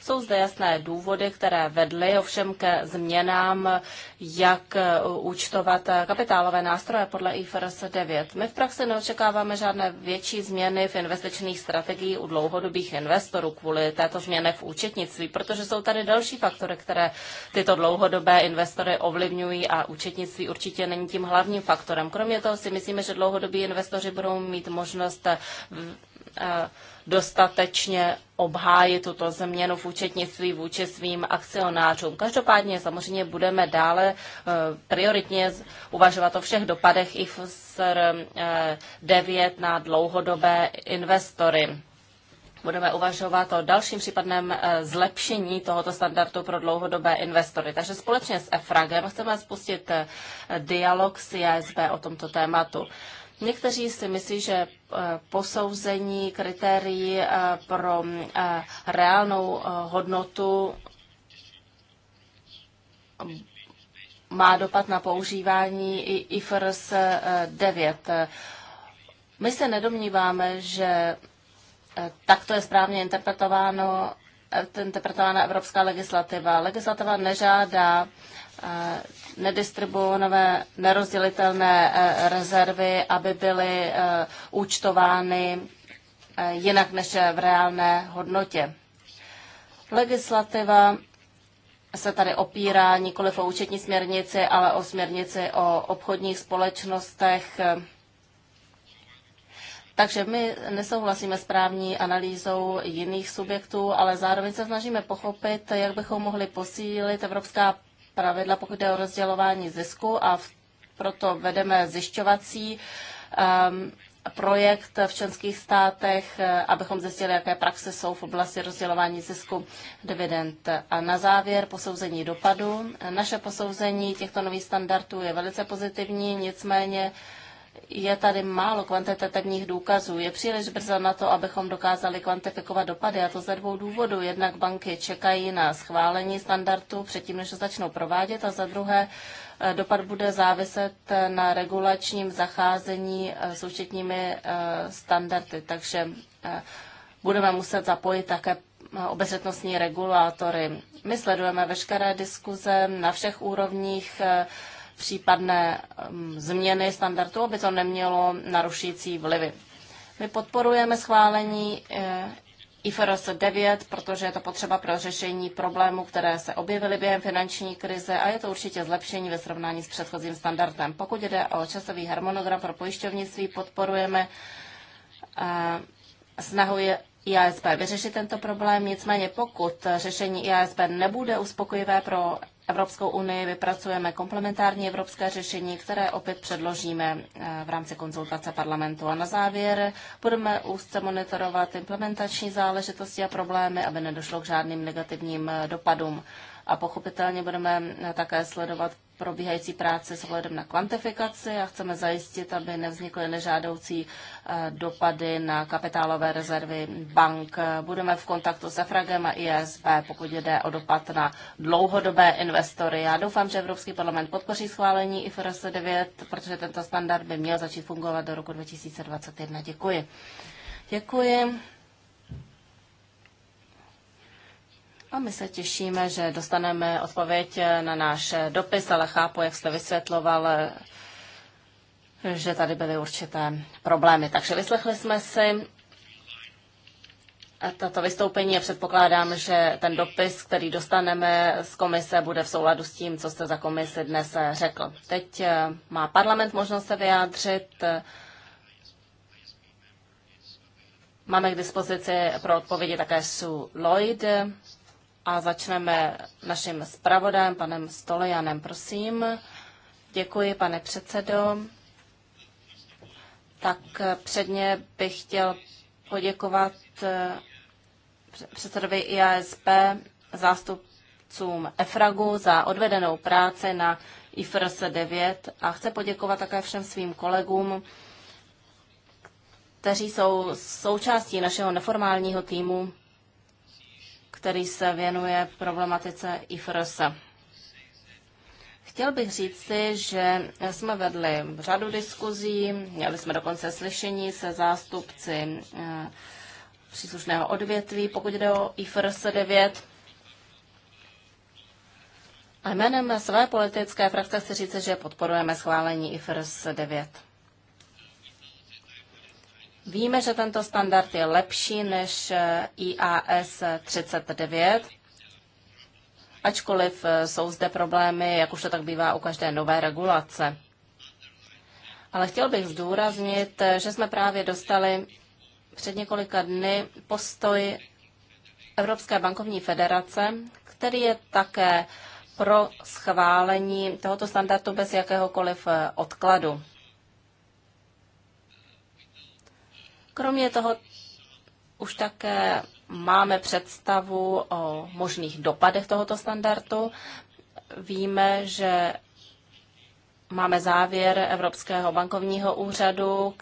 Jsou zde jasné důvody, které vedly ovšem ke změnám, jak účtovat kapitálové nové nástroje podle IFRS 9. My v praxi neočekáváme žádné větší změny v investičních strategií u dlouhodobých investorů kvůli této změně v účetnictví, protože jsou tady další faktory, které tyto dlouhodobé investory ovlivňují a účetnictví určitě není tím hlavním faktorem. Kromě toho si myslíme, že dlouhodobí investoři budou mít možnost v, dostatečně obhájit tuto změnu v účetnictví vůči svým akcionářům. Každopádně samozřejmě budeme dále eh, prioritně uvažovat o všech dopadech IFSR 9 eh, na dlouhodobé investory. Budeme uvažovat o dalším případném eh, zlepšení tohoto standardu pro dlouhodobé investory. Takže společně s EFRAGem chceme spustit dialog s JSB o tomto tématu. Někteří si myslí, že eh, posouzení kritérií eh, pro eh, reálnou hodnotu má dopad na používání IFRS 9. My se nedomníváme, že takto je správně interpretováno interpretována evropská legislativa. Legislativa nežádá nedistribuované nerozdělitelné eh, rezervy, aby byly eh, účtovány eh, jinak než v reálné hodnotě. Legislativa se tady opírá nikoli o účetní směrnici, ale o směrnici o obchodních společnostech. Takže my nesouhlasíme s právní analýzou jiných subjektů, ale zároveň se snažíme pochopit, jak bychom mohli posílit evropská pravidla, pokud je o rozdělování zisku a proto vedeme zjišťovací um, projekt v členských státech, eh, abychom zjistili, jaké praxe jsou v oblasti rozdělování zisku dividend. A na závěr posouzení dopadu. Naše posouzení těchto nových standardů je velice pozitivní, nicméně uh, je tady málo kvantitativních důkazů. Je příliš brzo na to, abychom dokázali kvantifikovat dopady, a to ze dvou důvodů. Jednak banky čekají na schválení standardu předtím, než ho začnou provádět, a za druhé eh, dopad bude záviset na regulačním zacházení eh, s účetními eh, standardy. Takže budeme muset zapojit také obezřetnostní regulátory. My sledujeme veškeré diskuze na všech úrovních případné um, změny standardu, aby to nemělo narušící vlivy. My podporujeme schválení eh, IFRS 9, protože je to potřeba pro řešení problémů, které se objevily během finanční krize a je to určitě zlepšení ve srovnání s předchozím standardem. Pokud jde o časový harmonogram pro pojišťovnictví, podporujeme eh, snahu je IASB vyřešit tento problém, nicméně pokud řešení IASB nebude uspokojivé pro Evropskou unii vypracujeme komplementární evropské řešení, které opět předložíme eh, v rámci konzultace parlamentu. A na závěr budeme úzce monitorovat implementační záležitosti a problémy, aby nedošlo k žádným negativním eh, dopadům a pochopitelně budeme také sledovat probíhající práce s ohledem na kvantifikaci a chceme zajistit, aby nevznikly nežádoucí eh, dopady na kapitálové rezervy bank. Budeme v kontaktu s EFRAGem a ISB, pokud jde o dopad na dlouhodobé investory. Já doufám, že Evropský parlament podpoří schválení IFRS 9, protože tento standard by měl začít fungovat do roku 2021. Děkuji. Děkuji. A my se těšíme, že dostaneme odpověď na náš dopis, ale chápu, jak jste vysvětloval, že tady byly určité problémy. Takže vyslechli jsme si tato vystoupení a předpokládám, že ten dopis, který dostaneme z komise, bude v souladu s tím, co jste za komisi dnes řekl. Teď eh, má parlament možnost se vyjádřit. Máme k dispozici pro odpovědi také Sue Lloyd, a začneme naším zpravodajem, panem Stolejanem, prosím. Děkuji, pane předsedo. Tak předně bych chtěl poděkovat eh, předsedovi IASP, zástupcům EFRAGu za odvedenou práci na IFRS 9 a chci poděkovat také všem svým kolegům, kteří jsou součástí našeho neformálního týmu který se věnuje problematice IFRS. Chtěl bych říci, že jsme vedli řadu diskuzí, měli jsme dokonce slyšení se zástupci eh, příslušného odvětví, pokud jde o IFRS 9. A jménem své politické frakce chci říci, že podporujeme schválení IFRS 9. Víme, že tento standard je lepší než eh, IAS 39, ačkoliv eh, jsou zde problémy, jak už to tak bývá u každé nové regulace. Ale chtěl bych zdůraznit, eh, že jsme právě dostali před několika dny postoj Evropské bankovní federace, který je také pro schválení tohoto standardu bez jakéhokoliv odkladu. Kromě toho už také máme představu o možných dopadech tohoto standardu. Víme, že máme závěr Evropského bankovního úřadu,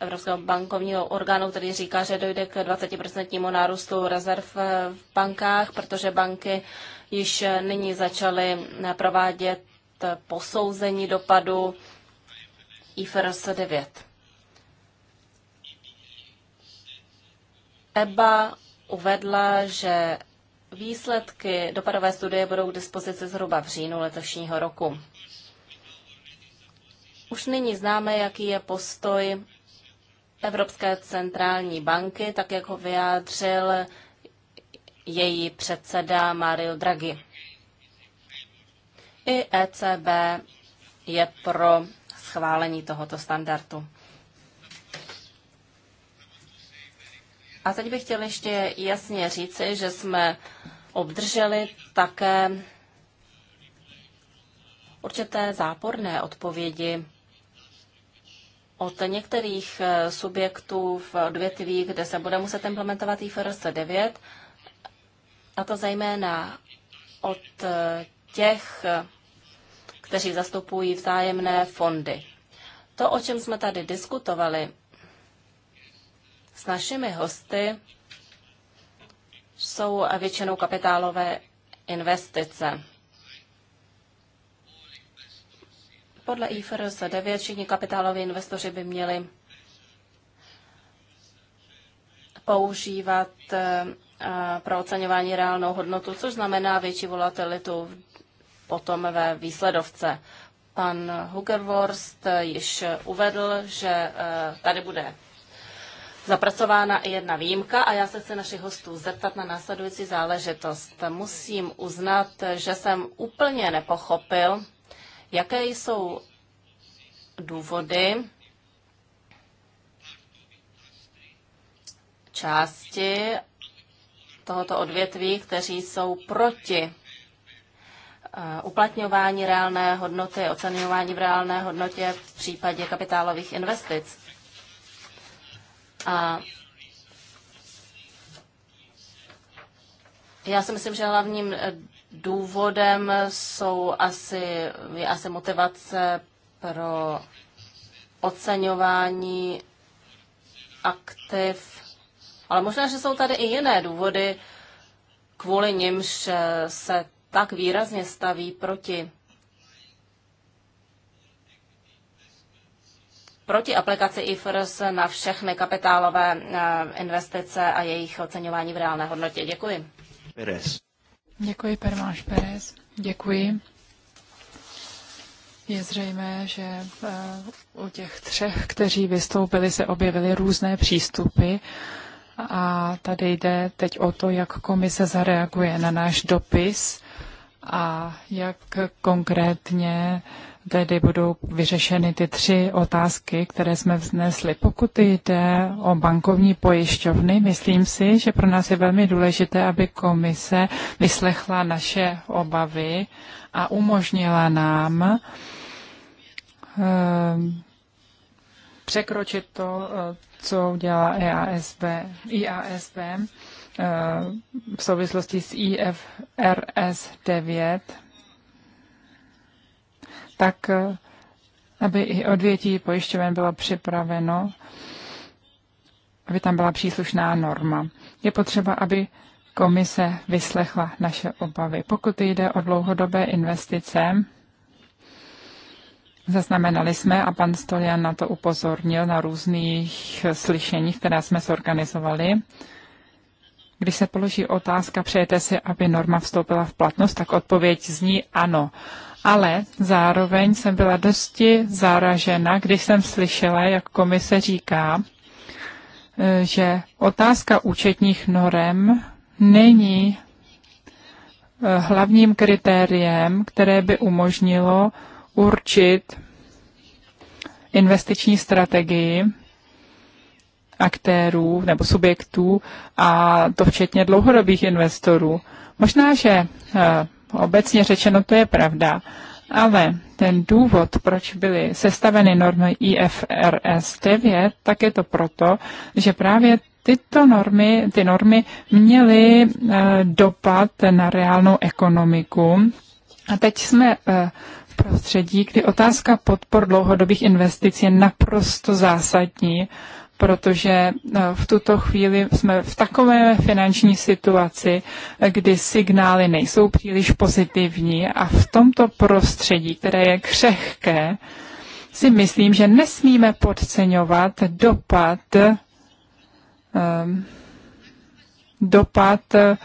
Evropského bankovního orgánu, který říká, že dojde k 20% nárůstu rezerv v bankách, protože banky již nyní začaly provádět posouzení dopadu IFRS 9. EBA uvedla, že výsledky dopadové studie budou k dispozici zhruba v říjnu letošního roku. Už nyní známe, jaký je postoj Evropské centrální banky, tak jak ho vyjádřil její předseda Mario Draghi. I ECB je pro schválení tohoto standardu. A teď bych chtěl ještě jasně říci, že jsme obdrželi také určité záporné odpovědi od některých eh, subjektů v odvětví, kde se bude muset implementovat IFRS 9, a to zejména od eh, těch, eh, kteří zastupují vzájemné fondy. To, o čem jsme tady diskutovali, s našimi hosty jsou většinou kapitálové investice. Podle IFRS 9 všichni kapitáloví investoři by měli používat eh, pro oceňování reálnou hodnotu, což znamená větší volatilitu potom ve výsledovce. Pan Hugerworst již uvedl, že eh, tady bude zapracována i jedna výjimka a já se chci našich hostů zeptat na následující záležitost. Musím uznat, že jsem úplně nepochopil, jaké jsou důvody části tohoto odvětví, kteří jsou proti eh, uplatňování reálné hodnoty, oceňování v reálné hodnotě v případě kapitálových investic. A já si myslím, že hlavním eh, důvodem jsou asi, je asi motivace pro oceňování aktiv, ale možná, že jsou tady i jiné důvody, kvůli nimž eh, se tak výrazně staví proti proti aplikaci IFRS na všechny kapitálové eh, investice a jejich oceňování v reálné hodnotě. Děkuji. Perez. Děkuji, Permáš Perez. Děkuji. Je zřejmé, že eh, u těch třech, kteří vystoupili, se objevily různé přístupy. A tady jde teď o to, jak komise zareaguje na náš dopis a jak konkrétně tedy budou vyřešeny ty tři otázky, které jsme vznesli. Pokud jde o bankovní pojišťovny, myslím si, že pro nás je velmi důležité, aby komise vyslechla naše obavy a umožnila nám eh, překročit to, eh, co udělá EASB, IASB eh, v souvislosti s IFRS 9 tak eh, aby i odvětí pojišťoven bylo připraveno, aby tam byla příslušná norma. Je potřeba, aby komise vyslechla naše obavy. Pokud jde o dlouhodobé investice, zaznamenali jsme, a pan Stolian na to upozornil na různých slyšeních, která jsme zorganizovali, když se položí otázka, přejete si, aby norma vstoupila v platnost, tak odpověď zní ano ale zároveň jsem byla dosti zaražena, když jsem slyšela, jak komise říká, e, že otázka účetních norem není e, hlavním kritériem, které by umožnilo určit investiční strategii aktérů nebo subjektů a to včetně dlouhodobých investorů. Možná, že e, obecně řečeno to je pravda, ale ten důvod, proč byly sestaveny normy IFRS 9, tak je to proto, že právě tyto normy, ty normy měly eh, dopad na reálnou ekonomiku. A teď jsme eh, v prostředí, kdy otázka podpor dlouhodobých investic je naprosto zásadní protože eh, v tuto chvíli jsme v takové finanční situaci, eh, kdy signály nejsou příliš pozitivní a v tomto prostředí, které je křehké, si myslím, že nesmíme podceňovat dopad ehm, dopad eh,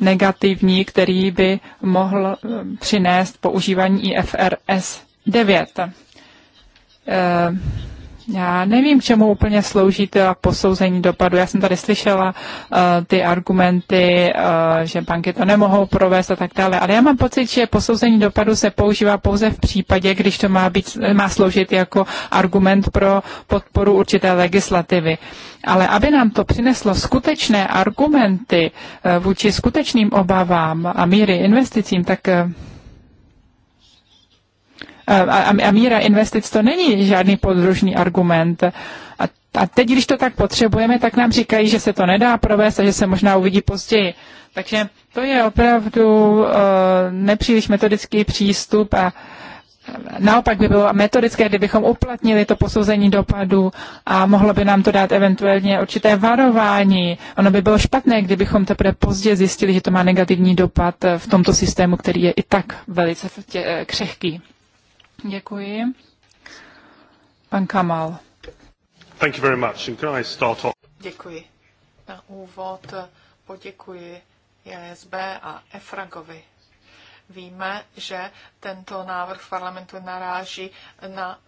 negativní, který by mohl ehm, přinést používání IFRS 9. Já nevím, k čemu úplně slouží to posouzení dopadu. Já jsem tady slyšela uh, ty argumenty, uh, že banky to nemohou provést a tak dále, ale já mám pocit, že posouzení dopadu se používá pouze v případě, když to má, být, má sloužit jako argument pro podporu určité legislativy. Ale aby nám to přineslo skutečné argumenty uh, vůči skutečným obavám a míry investicím, tak uh, a, a míra investic to není žádný podružný argument. A, a teď, když to tak potřebujeme, tak nám říkají, že se to nedá provést a že se možná uvidí později. Takže to je opravdu uh, nepříliš metodický přístup a Naopak by bylo metodické, kdybychom uplatnili to posouzení dopadu a mohlo by nám to dát eventuálně určité varování. Ono by bylo špatné, kdybychom teprve pozdě zjistili, že to má negativní dopad v tomto systému, který je i tak velice eh, křehký. Děkuji. Pan Kamal. Thank you very much. And can I start off? Děkuji. Na úvod poděkuji JSB a EFRAGovi. Víme, že tento návrh parlamentu naráží na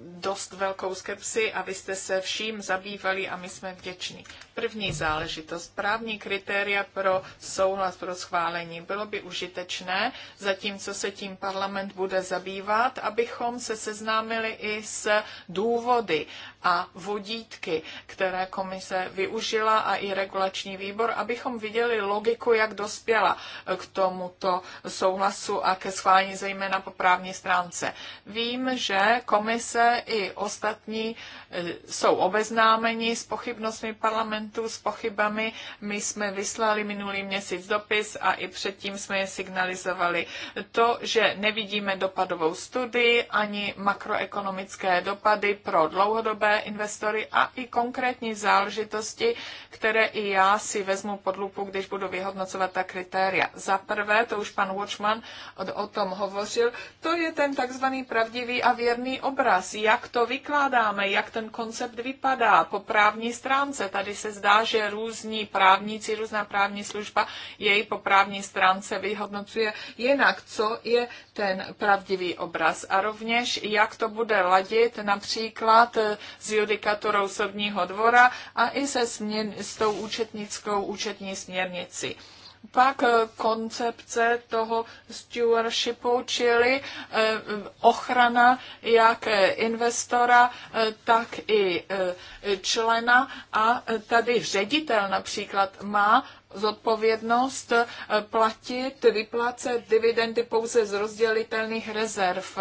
dost velkou skepsi a vy jste se vším zabývali a my jsme vděční. První záležitost, právní kritéria pro souhlas pro schválení. Bylo by užitečné, zatímco se tím parlament bude zabývat, abychom se seznámili i s důvody a vodítky, které komise využila a i regulační výbor, abychom viděli logiku, jak dospěla k tomuto souhlasu a ke schválení zejména po právní stránce. Vím, že komise i ostatní e, jsou obeznámeni s pochybnostmi parlamentu, s pochybami. My jsme vyslali minulý měsíc dopis a i předtím jsme je signalizovali. To, že nevidíme dopadovou studii ani makroekonomické dopady pro dlouhodobé investory a i konkrétní záležitosti, které i já si vezmu pod lupu, když budu vyhodnocovat ta kritéria. Za prvé, to už pan Watchman o tom hovořil, to je ten takzvaný pravdivý a věrný obraz, jak to vykládáme, jak ten koncept vypadá po právní stránce. Tady se zdá, že různí právníci, různá právní služba jej po právní stránce vyhodnocuje jinak, co je ten pravdivý obraz a rovněž jak to bude ladit například s judikatorou soudního dvora a i se směr, s tou účetnickou účetní směrnici. Pak eh, koncepce toho stewardshipu, čili eh, ochrana jak eh, investora, tak i člena. A tady ředitel například má zodpovědnost platit, vyplácet dividendy pouze z rozdělitelných rezerv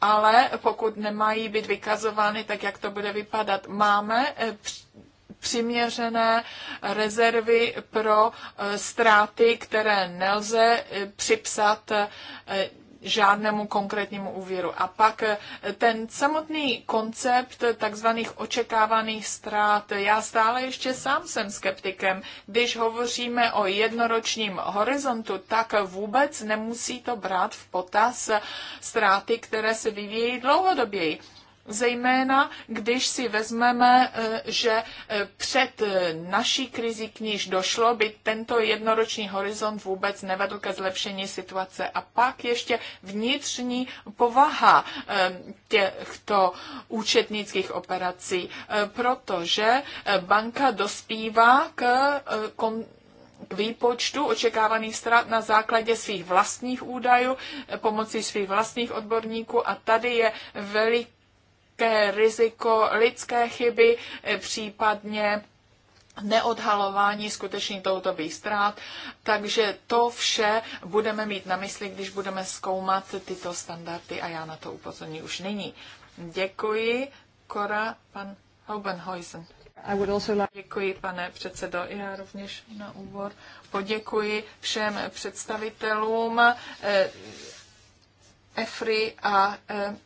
ale pokud nemají být vykazovány, tak jak to bude vypadat? Máme eh, přiměřené rezervy pro eh, ztráty, které nelze eh, připsat žádnému konkrétnímu úvěru. A pak eh, ten samotný koncept takzvaných očekávaných ztrát. Já stále ještě sám jsem skeptikem. Když hovoříme o jednoročním horizontu, tak vůbec nemusí to brát v potaz ztráty, které se vyvíjí dlouhodoběji. Zejména, když si vezmeme, e, že e, před e, naší krizi k níž došlo, by tento jednoroční horizont vůbec nevedl ke zlepšení situace. A pak ještě vnitřní povaha těchto účetnických operací, protože banka dospívá k kon- k výpočtu očekávaných ztrát na základě svých vlastních údajů, pomocí svých vlastních odborníků a tady je velik lidské riziko lidské chyby, eh, případně neodhalování skutečně touto výstrát. Takže to vše budeme mít na mysli, když budeme zkoumat tyto standardy a já na to upozorní už nyní. Děkuji. Kora, pan Haubenhuisen. Like... Děkuji, pane předsedo. Já rovněž na úvod poděkuji všem představitelům eh, EFRI a eh,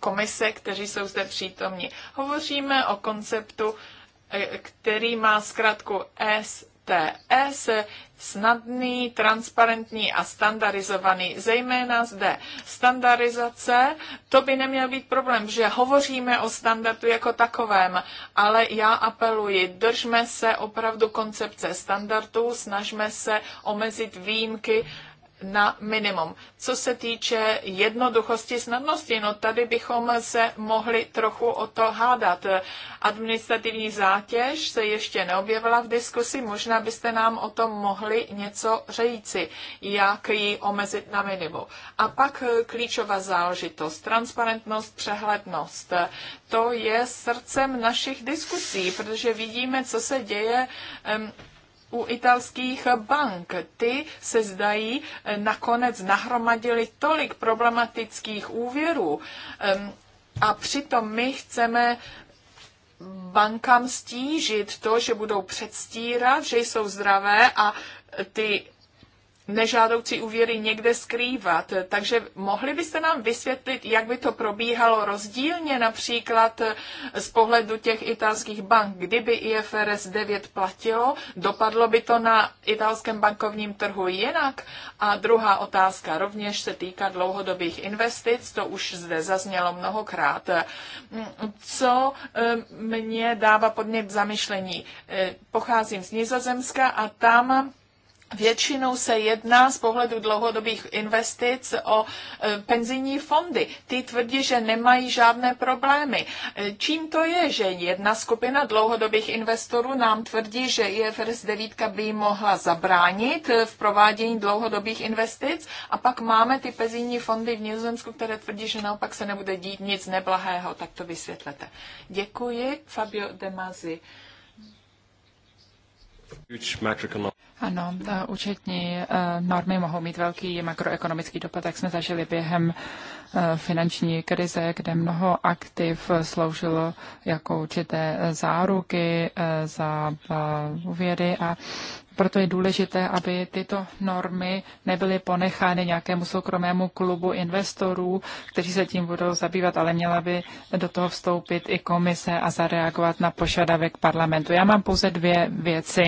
komise, kteří jsou zde přítomní. Hovoříme o konceptu, e, který má zkrátku STS, snadný, transparentní a standardizovaný, zejména zde. Standardizace, to by neměl být problém, že hovoříme o standardu jako takovém, ale já apeluji, držme se opravdu koncepce standardů, snažme se omezit výjimky, na minimum. Co se týče jednoduchosti, snadnosti, no tady bychom se mohli trochu o to hádat. Administrativní zátěž se ještě neobjevila v diskusi, možná byste nám o tom mohli něco říci, jak ji omezit na minimum. A pak klíčová záležitost, transparentnost, přehlednost. To je srdcem našich diskusí, protože vidíme, co se děje u italských bank. Ty se zdají eh, nakonec nahromadili tolik problematických úvěrů a přitom my chceme bankám stížit to, že budou předstírat, že jsou zdravé a ty nežádoucí úvěry někde skrývat. Takže mohli byste nám vysvětlit, jak by to probíhalo rozdílně například z pohledu těch italských bank. Kdyby IFRS 9 platilo, dopadlo by to na italském bankovním trhu jinak? A druhá otázka rovněž se týká dlouhodobých investic, to už zde zaznělo mnohokrát. Co eh, mě dává podnět k zamyšlení? Eh, pocházím z Nizozemska a tam Většinou se jedná z pohledu dlouhodobých investic o e, penzijní fondy. Ty tvrdí, že nemají žádné problémy. E, čím to je, že jedna skupina dlouhodobých investorů nám tvrdí, že IFRS 9 by mohla zabránit e, v provádění dlouhodobých investic a pak máme ty penzijní fondy v Nizozemsku, které tvrdí, že naopak se nebude dít nic neblahého. Tak to vysvětlete. Děkuji, Fabio Demazi. Ano, e, účetní e, normy mohou mít velký makroekonomický dopad, jak jsme zažili během e, finanční krize, kde mnoho aktiv sloužilo jako určité záruky za úvěry a proto je důležité, aby tyto normy nebyly ponechány nějakému soukromému klubu investorů, kteří se tím budou zabývat, ale měla by do toho vstoupit i komise a zareagovat na požadavek parlamentu. Já mám pouze dvě věci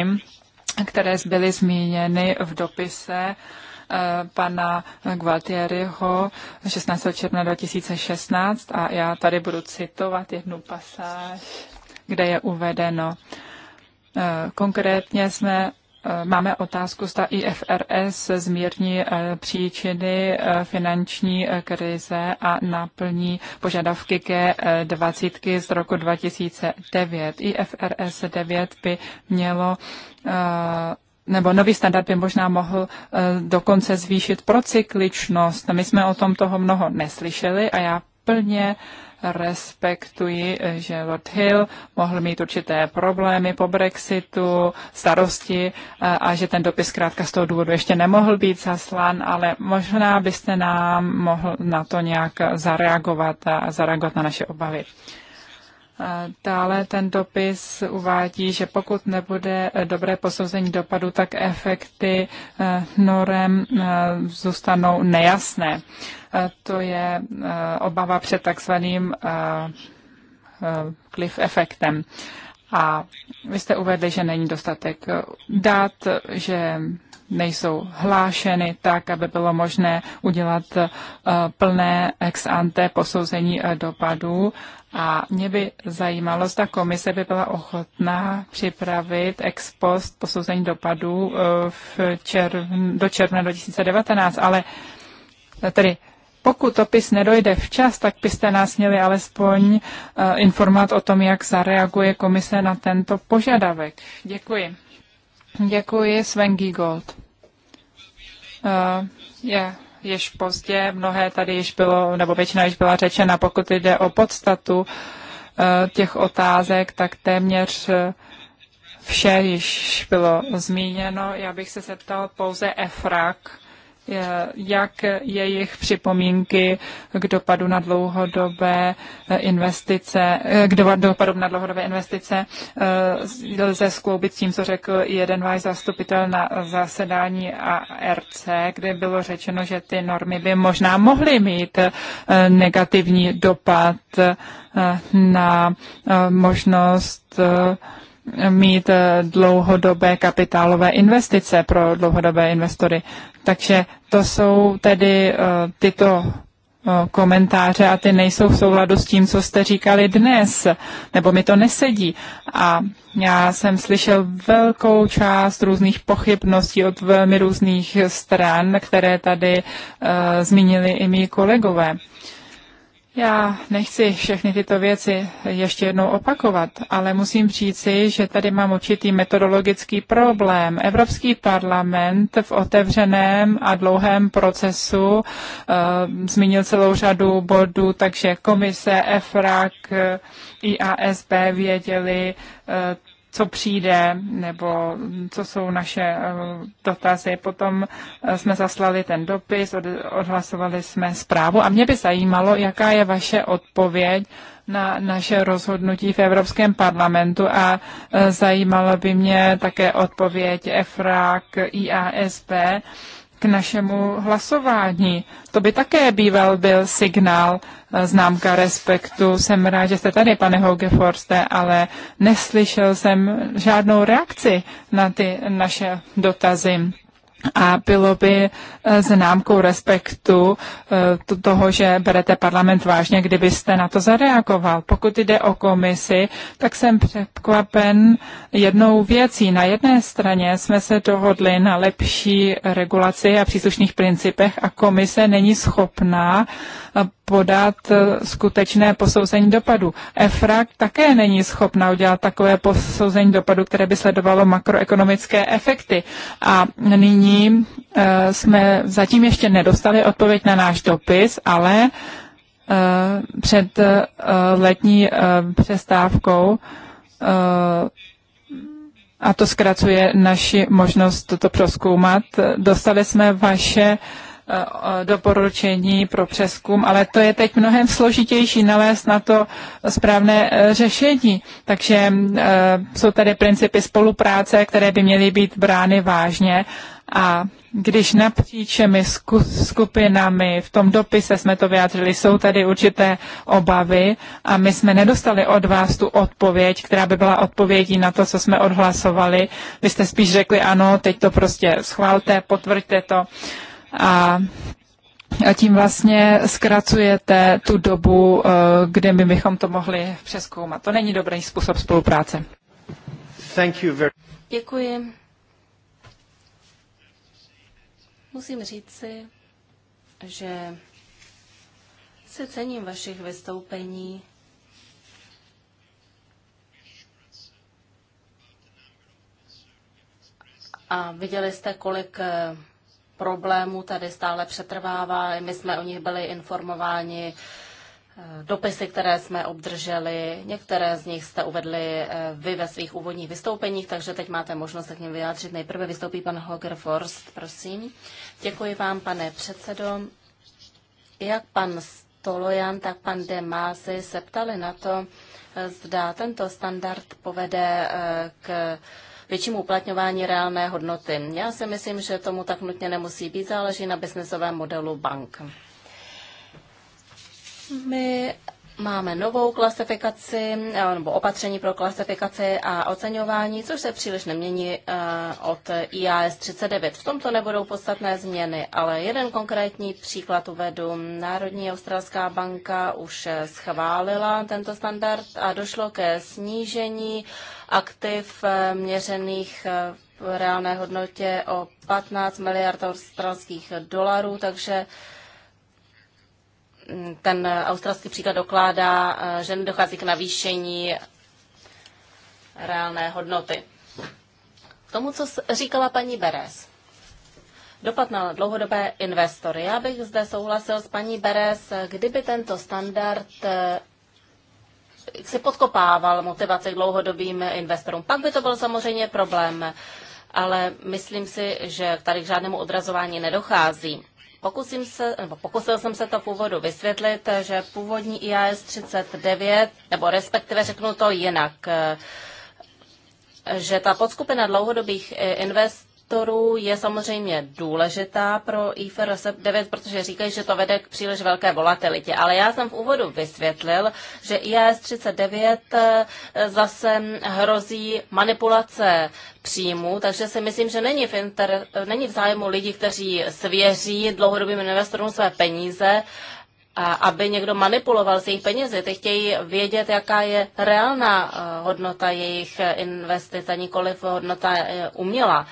které byly zmíněny v dopise eh, pana Gualtieriho 16. června 2016 a já tady budu citovat jednu pasáž, kde je uvedeno. Eh, konkrétně jsme máme otázku, zda IFRS zmírní eh, příčiny eh, finanční eh, krize a naplní požadavky ke 20 z roku 2009. IFRS 9 by mělo nebo nový standard by možná mohl dokonce zvýšit procykličnost. My jsme o tom toho mnoho neslyšeli a já plně uh, respektuji, že Lord Hill mohl mít určité problémy po Brexitu, starosti a že ten dopis zkrátka z toho důvodu ještě nemohl být zaslán, ale možná byste nám mohl na to nějak zareagovat a zareagovat na naše obavy. Dále ten dopis uvádí, že pokud nebude dobré posouzení dopadu, tak efekty eh, norem eh, zůstanou nejasné to je e, obava před takzvaným e, e, cliff efektem. A vy jste uvedli, že není dostatek dat, že nejsou hlášeny tak, aby bylo možné udělat plné ex ante posouzení dopadů. A mě by zajímalo, zda komise by byla ochotná připravit ex post posouzení dopadů v červn, do června 2019, ale tedy pokud opis nedojde včas, tak byste nás měli alespoň eh, informovat o tom, jak zareaguje komise na tento požadavek. Děkuji. Děkuji, Sven Gold. Uh, eh, je již pozdě, mnohé tady již bylo, nebo většina již byla řečena, pokud jde o podstatu eh, těch otázek, tak téměř vše již bylo zmíněno. Já bych se zeptal pouze EFRAK Eh, jak jejich připomínky k dopadu na dlouhodobé eh, investice, eh, k dopadu na dlouhodobé investice lze skloubit s tím, co řekl jeden váš zastupitel na zasedání ARC, kde bylo řečeno, že ty normy by možná mohly mít negativní dopad na možnost mít eh, dlouhodobé kapitálové investice pro dlouhodobé investory. Takže to jsou tedy eh, tyto eh, komentáře a ty nejsou v souladu s tím, co jste říkali dnes, nebo mi to nesedí. A já jsem slyšel velkou část různých pochybností od velmi různých stran, které tady uh, zmínili i mý kolegové. Uh, já nechci všechny tyto věci ještě jednou opakovat, ale musím říci, že tady mám určitý metodologický problém. Evropský parlament v otevřeném a dlouhém procesu uh, zmínil celou řadu bodů, takže komise, EFRAK, eh, IASB věděli uh, co přijde nebo co jsou naše eh, dotazy. Potom eh, jsme zaslali ten dopis, odhlasovali jsme zprávu a mě by zajímalo, jaká je vaše odpověď na naše rozhodnutí v Evropském parlamentu a eh, zajímalo by mě také odpověď EFRAK, IASP, našemu hlasování. To by také býval byl signál, e, známka respektu. Jsem rád, že jste tady, pane Hogeforste, ale neslyšel jsem žádnou reakci na ty naše dotazy a bylo by známkou eh, respektu eh, toho, že berete parlament vážně, kdybyste na to zareagoval. Pokud jde o komisi, tak jsem překvapen jednou věcí. Na jedné straně jsme se dohodli na lepší regulaci a příslušných principech a komise není schopná podat eh, skutečné posouzení dopadu. EFRAG také není schopna udělat takové posouzení dopadu, které by sledovalo makroekonomické efekty. A nyní eh, jsme zatím ještě nedostali odpověď na náš dopis, ale eh, před letní přestávkou a to zkracuje naši možnost toto proskoumat. Dostali jsme vaše Eh, eh, doporučení pro přeskum, ale to je teď mnohem složitější nalézt na to správné eh, řešení. Takže jsou tady principy spolupráce, které by měly být brány vážně a když napříč my skupinami v tom dopise jsme to vyjádřili, jsou tady určité obavy a my jsme nedostali od vás tu odpověď, která by byla odpovědí na to, co jsme odhlasovali. Vy jste spíš řekli ano, teď to prostě schválte, potvrďte to. Uh, a tím vlastně zkracujete tu dobu, eh, kde my bychom to mohli přeskoumat. To není dobrý způsob spolupráce. Thank you very... Děkuji. Musím říci, že se cením vašich vystoupení. A viděli jste, kolik eh, problémů tady stále přetrvává. My jsme o nich byli informováni eh, dopisy, které jsme obdrželi. Některé z nich jste uvedli eh, vy ve svých úvodních vystoupeních, takže teď máte možnost se k něm vyjádřit. Nejprve vystoupí pan Hoger Forst, prosím. Děkuji vám, pane předsedo. Jak pan Stolojan, tak pan Demázy se ptali na to, eh, zda tento standard povede k většímu uplatňování reálné hodnoty. Já si myslím, že tomu tak nutně nemusí být, záleží na biznesovém modelu bank. My Máme novou klasifikaci eh, nebo opatření pro klasifikaci a oceňování, což se příliš nemění eh, od IAS 39. V tomto nebudou podstatné změny, ale jeden konkrétní příklad uvedu. Národní australská banka už eh, schválila tento standard a došlo ke snížení aktiv měřených v reálné hodnotě o 15 miliard australských dolarů, takže ten australský příklad dokládá, eh, že nedochází k navýšení reálné hodnoty. K tomu, co říkala paní Beres. Dopad na dlouhodobé investory. Já bych zde souhlasil s paní Beres, eh, kdyby tento standard eh, si podkopával motivaci k dlouhodobým investorům. Pak by to byl samozřejmě problém, ale myslím si, že tady k žádnému odrazování nedochází. Pokusím se, nebo pokusil jsem se to v úvodu vysvětlit, že původní IAS 39, nebo respektive řeknu to jinak, eh, že ta podskupina dlouhodobých eh, invest sektoru je samozřejmě důležitá pro IFRS 9, protože říkají, že to vede k příliš velké volatilitě. Ale já jsem v úvodu vysvětlil, že IAS 39 eh, zase hrozí manipulace příjmu, takže si myslím, že není v, inter, není v zájmu lidí, kteří svěří dlouhodobým investorům své peníze, a aby někdo manipuloval s jejich penězi. Ty chtějí vědět, jaká je reálná eh, hodnota jejich investic a nikoliv hodnota eh, umělá.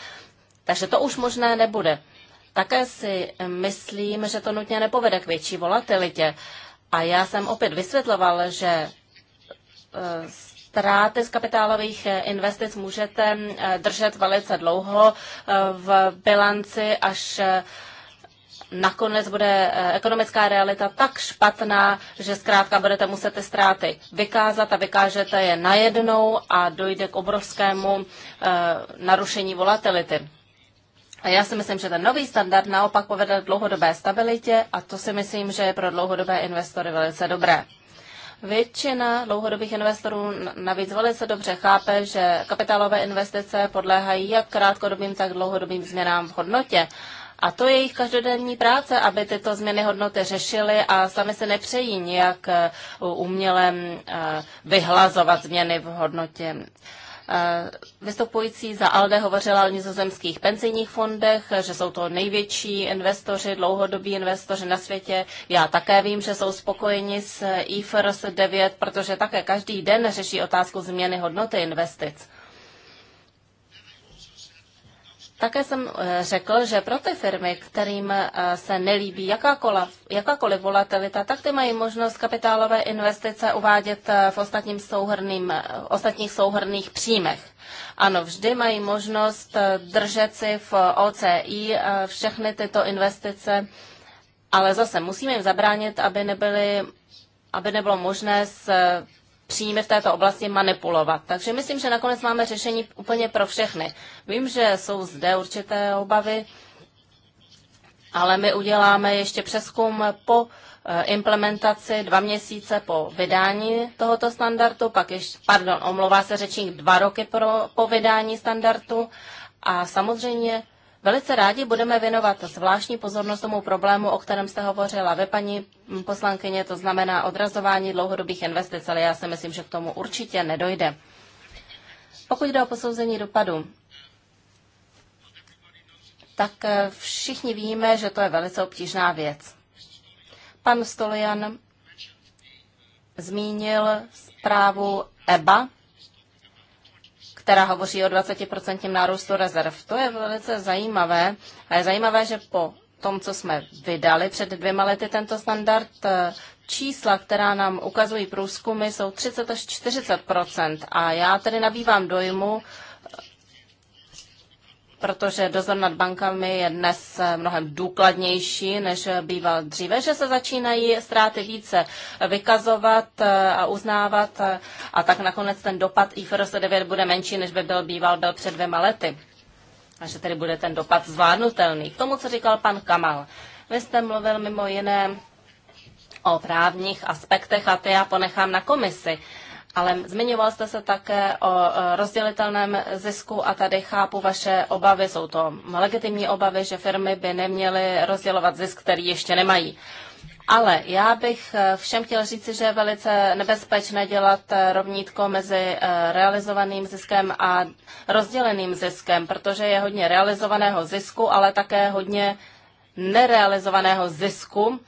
Takže to už možné nebude. Také si myslím, že to nutně nepovede k větší volatilitě. A já jsem opět vysvětloval, že e, ztráty z kapitálových e, investic můžete e, držet velice dlouho v bilanci, až nakonec bude ekonomická realita tak špatná, že zkrátka budete muset ty ztráty vykázat a vykážete je najednou a dojde k obrovskému narušení volatility. A já si myslím, že ten nový standard naopak povede dlouhodobé stabilitě a to si myslím, že je pro dlouhodobé investory velice dobré. Většina dlouhodobých investorů navíc velice dobře chápe, že kapitálové investice podléhají jak krátkodobým, tak dlouhodobým změnám v hodnotě. A to je jejich každodenní práce, aby tyto změny hodnoty řešily a sami se nepřejí nějak eh, uměle mm, eh, vyhlazovat změny v hodnotě. Eh, vystupující za ALDE hovořila o nizozemských penzijních fondech, že jsou to největší investoři, dlouhodobí investoři na světě. Já také vím, že jsou spokojeni s IFRS 9, protože také každý den řeší otázku změny hodnoty investic. Také jsem eh, řekl, že pro ty firmy, kterým eh, se nelíbí jakákoliv, jakákoliv volatilita, tak ty mají možnost kapitálové investice uvádět eh, v ostatním souhrným, ostatních souhrných příjmech. Ano, vždy mají možnost držet si v OCI všechny tyto investice, ale zase musíme jim zabránit, aby, nebyly, aby nebylo možné s příjmy v této oblasti manipulovat. Takže myslím, že nakonec máme řešení úplně pro všechny. Vím, že jsou zde určité obavy, ale my uděláme ještě přeskum po eh, implementaci dva měsíce po vydání tohoto standardu, pak ještě, pardon, omlouvá se řečník dva roky pro, po vydání standardu a samozřejmě Velice rádi budeme věnovat zvláštní pozornost tomu problému, o kterém jste hovořila ve paní poslankyně, to znamená odrazování dlouhodobých investic, ale já si myslím, že k tomu určitě nedojde. Pokud jde o posouzení dopadu, tak eh, všichni víme, že to je velice obtížná věc. Pan Stolian zmínil zprávu EBA, která hovoří o 20% nárůstu rezerv. To je velice zajímavé a je zajímavé, že po tom, co jsme vydali před dvěma lety tento standard, eh, čísla, která nám ukazují průzkumy, jsou 30 až 40 A já tedy nabývám dojmu, protože dozor nad bankami je dnes eh, mnohem důkladnější, než býval dříve, že se začínají ztráty více vykazovat eh, a uznávat eh, a tak nakonec ten dopad IFRS 9 bude menší, než by byl býval byl před dvěma lety. A že tedy bude ten dopad zvládnutelný. K tomu, co říkal pan Kamal. Vy jste mluvil mimo jiné o právních aspektech a ty já ponechám na komisi. Ale zmiňoval jste se také o e, rozdělitelném zisku a tady chápu vaše obavy. Jsou to legitimní obavy, že firmy by neměly rozdělovat zisk, který ještě nemají. Ale já bych e, všem chtěl říci, že je velice nebezpečné dělat e, rovnítko mezi realizovaným ziskem a rozděleným ziskem, protože je hodně realizovaného zisku, ale také hodně nerealizovaného zisku,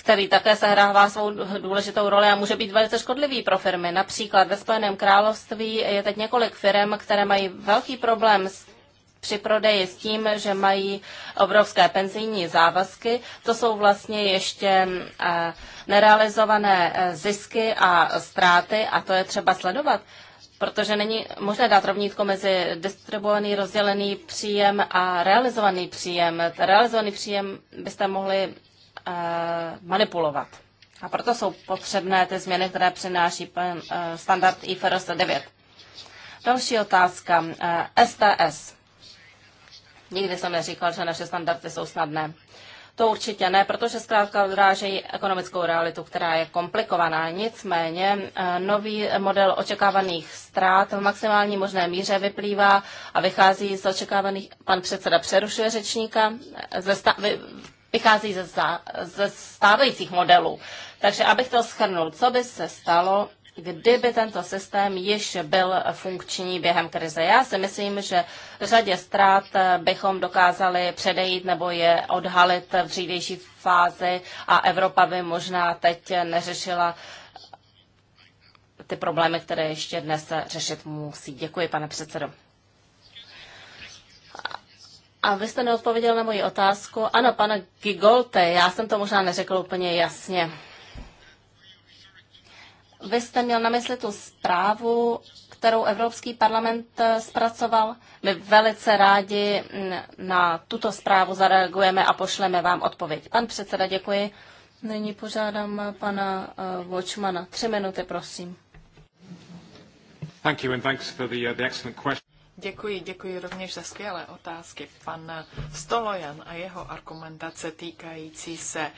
který také sehrává svou důležitou roli a může být velice škodlivý pro firmy. Například ve Spojeném království je teď několik firm, které mají velký problém s při prodeji s tím, že mají obrovské penzijní závazky. To jsou vlastně ještě eh, nerealizované eh, zisky a ztráty a to je třeba sledovat, protože není možné dát rovnítko mezi distribuovaný, rozdělený příjem a realizovaný příjem. Realizovaný příjem byste mohli Eh, manipulovat. A proto jsou potřebné ty změny, které přináší eh, standard IFRS 9. Další otázka. STS. Eh, Nikdy jsem neříkal, že naše standardy jsou snadné. To určitě ne, protože zkrátka odrážejí ekonomickou realitu, která je komplikovaná. Nicméně nový model očekávaných ztrát v maximální možné míře vyplývá a vychází z očekávaných, pan předseda přerušuje řečníka, ze sta, vychází ze, zá, ze stávajících modelů. Takže abych to schrnul, co by se stalo, kdyby tento systém již byl funkční během krize. Já si myslím, že řadě ztrát bychom dokázali předejít nebo je odhalit v dřívější fázi a Evropa by možná teď neřešila ty problémy, které ještě dnes řešit musí. Děkuji, pane předsedo. A vy jste neodpověděl na moji otázku. Ano, pane Gigolte, já jsem to možná neřekl úplně jasně. Vy jste měl na mysli tu zprávu, kterou Evropský parlament eh, zpracoval. My velice rádi mm, na tuto zprávu zareagujeme a pošleme vám odpověď. Pan předseda, děkuji. Nyní požádám eh, pana Vočmana. Eh, Tři minuty, prosím. Thank you and thanks for the, uh, the excellent question. Děkuji, děkuji rovněž za skvělé otázky. Pan Stolojan a jeho argumentace týkající se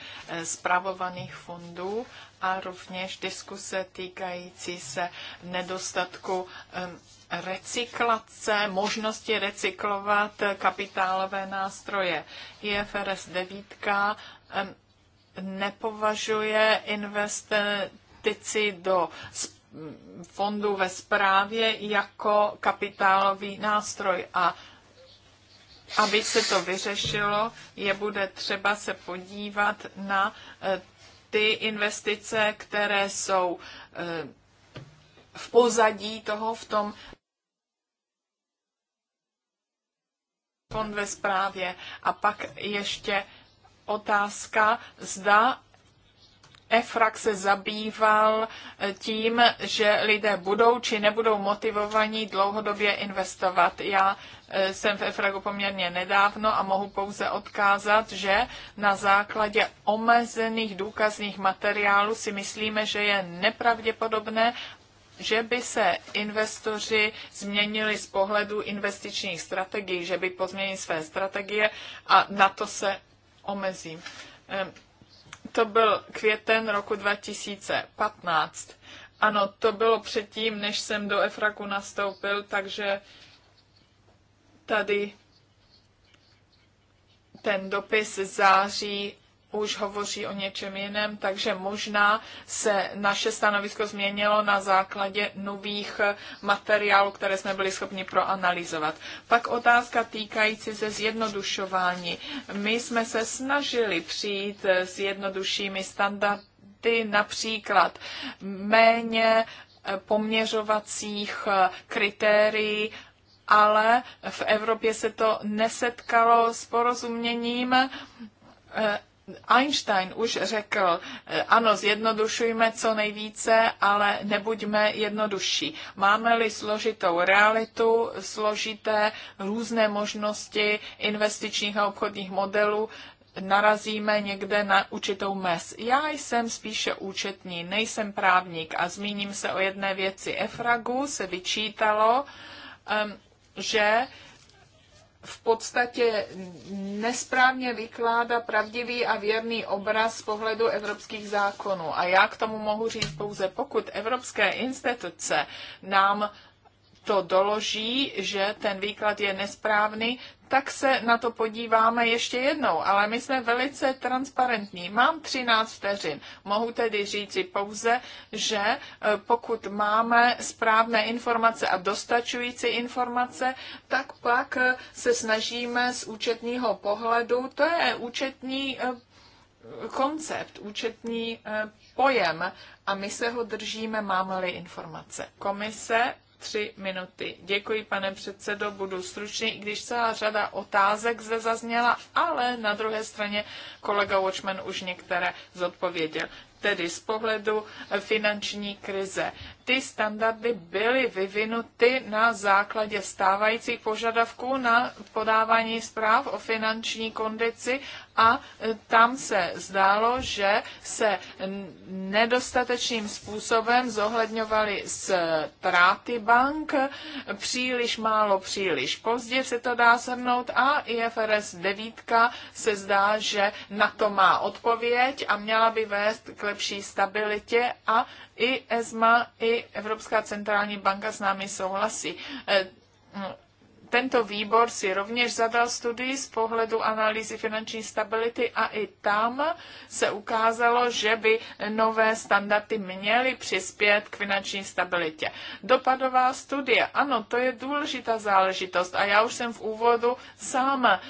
zpravovaných eh, fondů a rovněž diskuse týkající se nedostatku eh, recyklace, možnosti recyklovat eh, kapitálové nástroje. IFRS 9 nepovažuje investici do fondů ve správě jako kapitálový nástroj a aby se to vyřešilo, je bude třeba se podívat na e, ty investice, které jsou e, v pozadí toho v tom fond ve správě. A pak ještě otázka, zda EFRAK se zabýval eh, tím, že lidé budou či nebudou motivovaní dlouhodobě investovat. Já eh, jsem v EFRAGu poměrně nedávno a mohu pouze odkázat, že na základě omezených důkazních materiálů si myslíme, že je nepravděpodobné, že by se investoři změnili z pohledu investičních strategií, že by pozměnili své strategie a na to se omezím ehm, to byl květen roku 2015. Ano, to bylo předtím, než jsem do EFRAKu nastoupil, takže tady ten dopis září už hovoří o něčem jiném, takže možná se naše stanovisko změnilo na základě nových materiálů, které jsme byli schopni proanalizovat. Pak otázka týkající se zjednodušování. My jsme se snažili přijít s jednoduššími standardy, například méně poměřovacích kritérií, ale v Evropě se to nesetkalo s porozuměním Einstein už řekl, eh, ano, zjednodušujme co nejvíce, ale nebuďme jednodušší. Máme-li složitou realitu, složité různé možnosti investičních a obchodních modelů, narazíme někde na určitou mes. Já jsem spíše účetní, nejsem právník a zmíním se o jedné věci. Efragu se vyčítalo, ehm, že v podstatě nesprávně vykládá pravdivý a věrný obraz z pohledu evropských zákonů. A já k tomu mohu říct pouze, pokud evropské instituce nám to doloží, že ten výklad je nesprávný, tak se na to podíváme ještě jednou, ale my jsme velice transparentní. Mám 13 vteřin. Mohu tedy říci pouze, že e, pokud máme správné informace a dostačující informace, tak pak e, se snažíme z účetního pohledu, to je účetní e, koncept, účetní pojem a my se ho držíme, máme-li informace. Komise tři minuty. Děkuji, pane předsedo, budu stručný, i když celá řada otázek zde zazněla, ale na druhé straně kolega Watchman už některé zodpověděl. Tedy z pohledu finanční krize. Ty standardy byly vyvinuty na základě stávajících požadavků na podávání zpráv o finanční kondici a e, tam se zdálo, že se nedostatečným způsobem zohledňovaly ztráty bank, příliš málo, příliš pozdě se to dá shrnout a IFRS 9 se zdá, že na to má odpověď a měla by vést k lepší stabilitě a i ESMA, i Evropská centrální banka s námi souhlasí e, tento výbor si rovněž zadal studii z pohledu analýzy finanční stability a i tam se ukázalo, že by nové standardy měly přispět k finanční stabilitě. Dopadová studie, ano, to je důležitá záležitost a já už jsem v úvodu sám eh,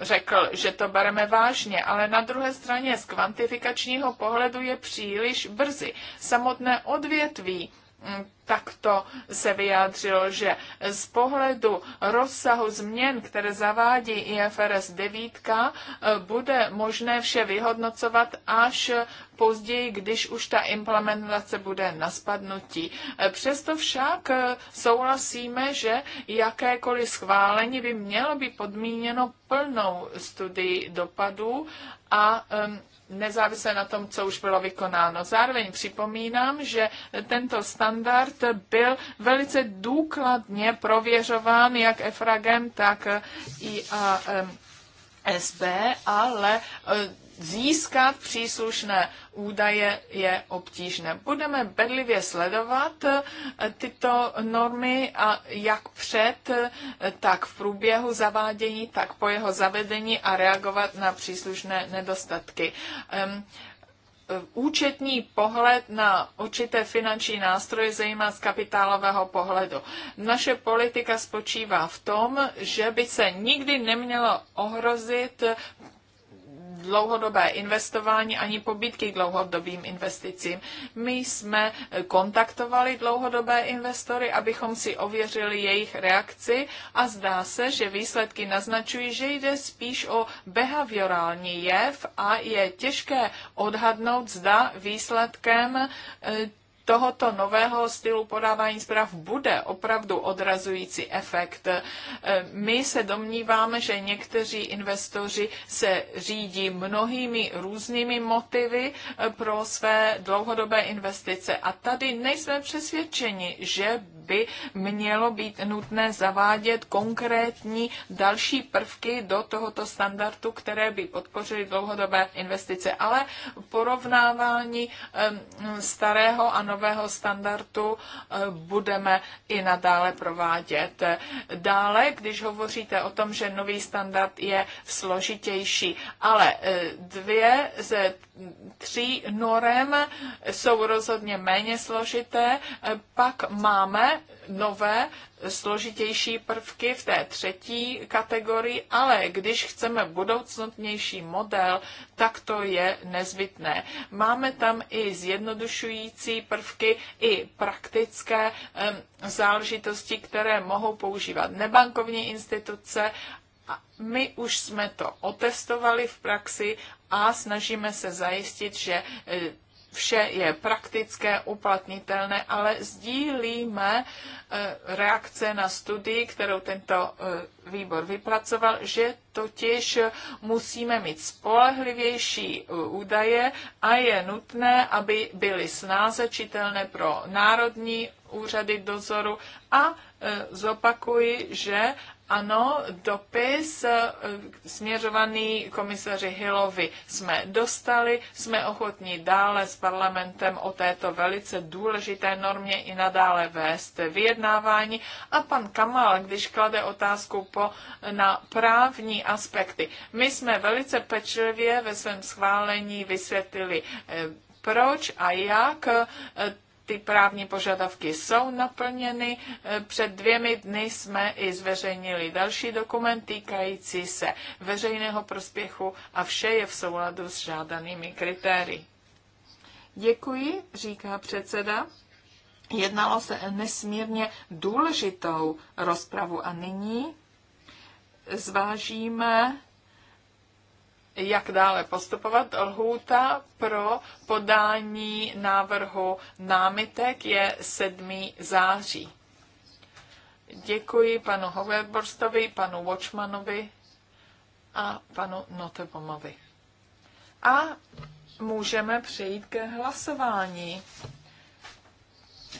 řekl, že to bereme vážně, ale na druhé straně z kvantifikačního pohledu je příliš brzy. Samotné odvětví Mm, takto se vyjádřilo, že z pohledu rozsahu změn, které zavádí IFRS 9, eh, bude možné vše vyhodnocovat až později, když už ta implementace bude na spadnutí. Eh, přesto však eh, souhlasíme, že jakékoliv schválení by mělo být podmíněno plnou studii dopadů a nezávisle na tom, co už bylo vykonáno. Zároveň připomínám, že tento standard byl velice důkladně prověřován jak EFRAGem, tak i SB, ale získat příslušné údaje je obtížné. Budeme bedlivě sledovat eh, tyto normy a jak před, eh, tak v průběhu zavádění, tak po jeho zavedení a reagovat na příslušné nedostatky eh, účetní pohled na určité finanční nástroje, zejména z kapitálového pohledu. Naše politika spočívá v tom, že by se nikdy nemělo ohrozit dlouhodobé investování ani pobytky k dlouhodobým investicím. My jsme kontaktovali dlouhodobé investory, abychom si ověřili jejich reakci a zdá se, že výsledky naznačují, že jde spíš o behaviorální jev a je těžké odhadnout, zda výsledkem eh, tohoto nového stylu podávání zpráv bude opravdu odrazující efekt. E, my se domníváme, že někteří investoři se řídí mnohými různými motivy e, pro své dlouhodobé investice a tady nejsme přesvědčeni, že by mělo být nutné zavádět konkrétní další prvky do tohoto standardu, které by podpořily dlouhodobé investice, ale porovnávání starého a nového nového standardu eh, budeme i nadále provádět. Dále, když hovoříte o tom, že nový standard je složitější, ale eh, dvě ze tří norem jsou rozhodně méně složité, eh, pak máme nové, složitější prvky v té třetí kategorii, ale když chceme budoucnotnější model, tak to je nezbytné. Máme tam i zjednodušující prvky, i praktické záležitosti, které mohou používat nebankovní instituce. my už jsme to otestovali v praxi a snažíme se zajistit, že e, vše je praktické, uplatnitelné, ale sdílíme eh, reakce na studii, kterou tento eh, výbor vypracoval, že totiž musíme mít spolehlivější eh, údaje a je nutné, aby byly snáze čitelné pro národní úřady dozoru a zopakuji, že ano, dopis eh, směřovaný komisaři Hillovi jsme dostali, jsme ochotní dále s parlamentem o této velice důležité normě i nadále vést vyjednávání. A pan Kamal, když klade otázku po, na právní aspekty, my jsme velice pečlivě ve svém schválení vysvětlili eh, proč a jak eh, ty právní požadavky jsou naplněny. Eh, před dvěmi dny jsme i zveřejnili další dokument týkající se veřejného prospěchu a vše je v souladu s žádanými kritérii. Děkuji, říká předseda. Jednalo se nesmírně důležitou rozpravu a nyní zvážíme jak dále postupovat. Lhůta pro podání návrhu námitek je 7. září. Děkuji panu Hoverborstovi, panu Watchmanovi a panu Notebomovi. A můžeme přejít ke hlasování.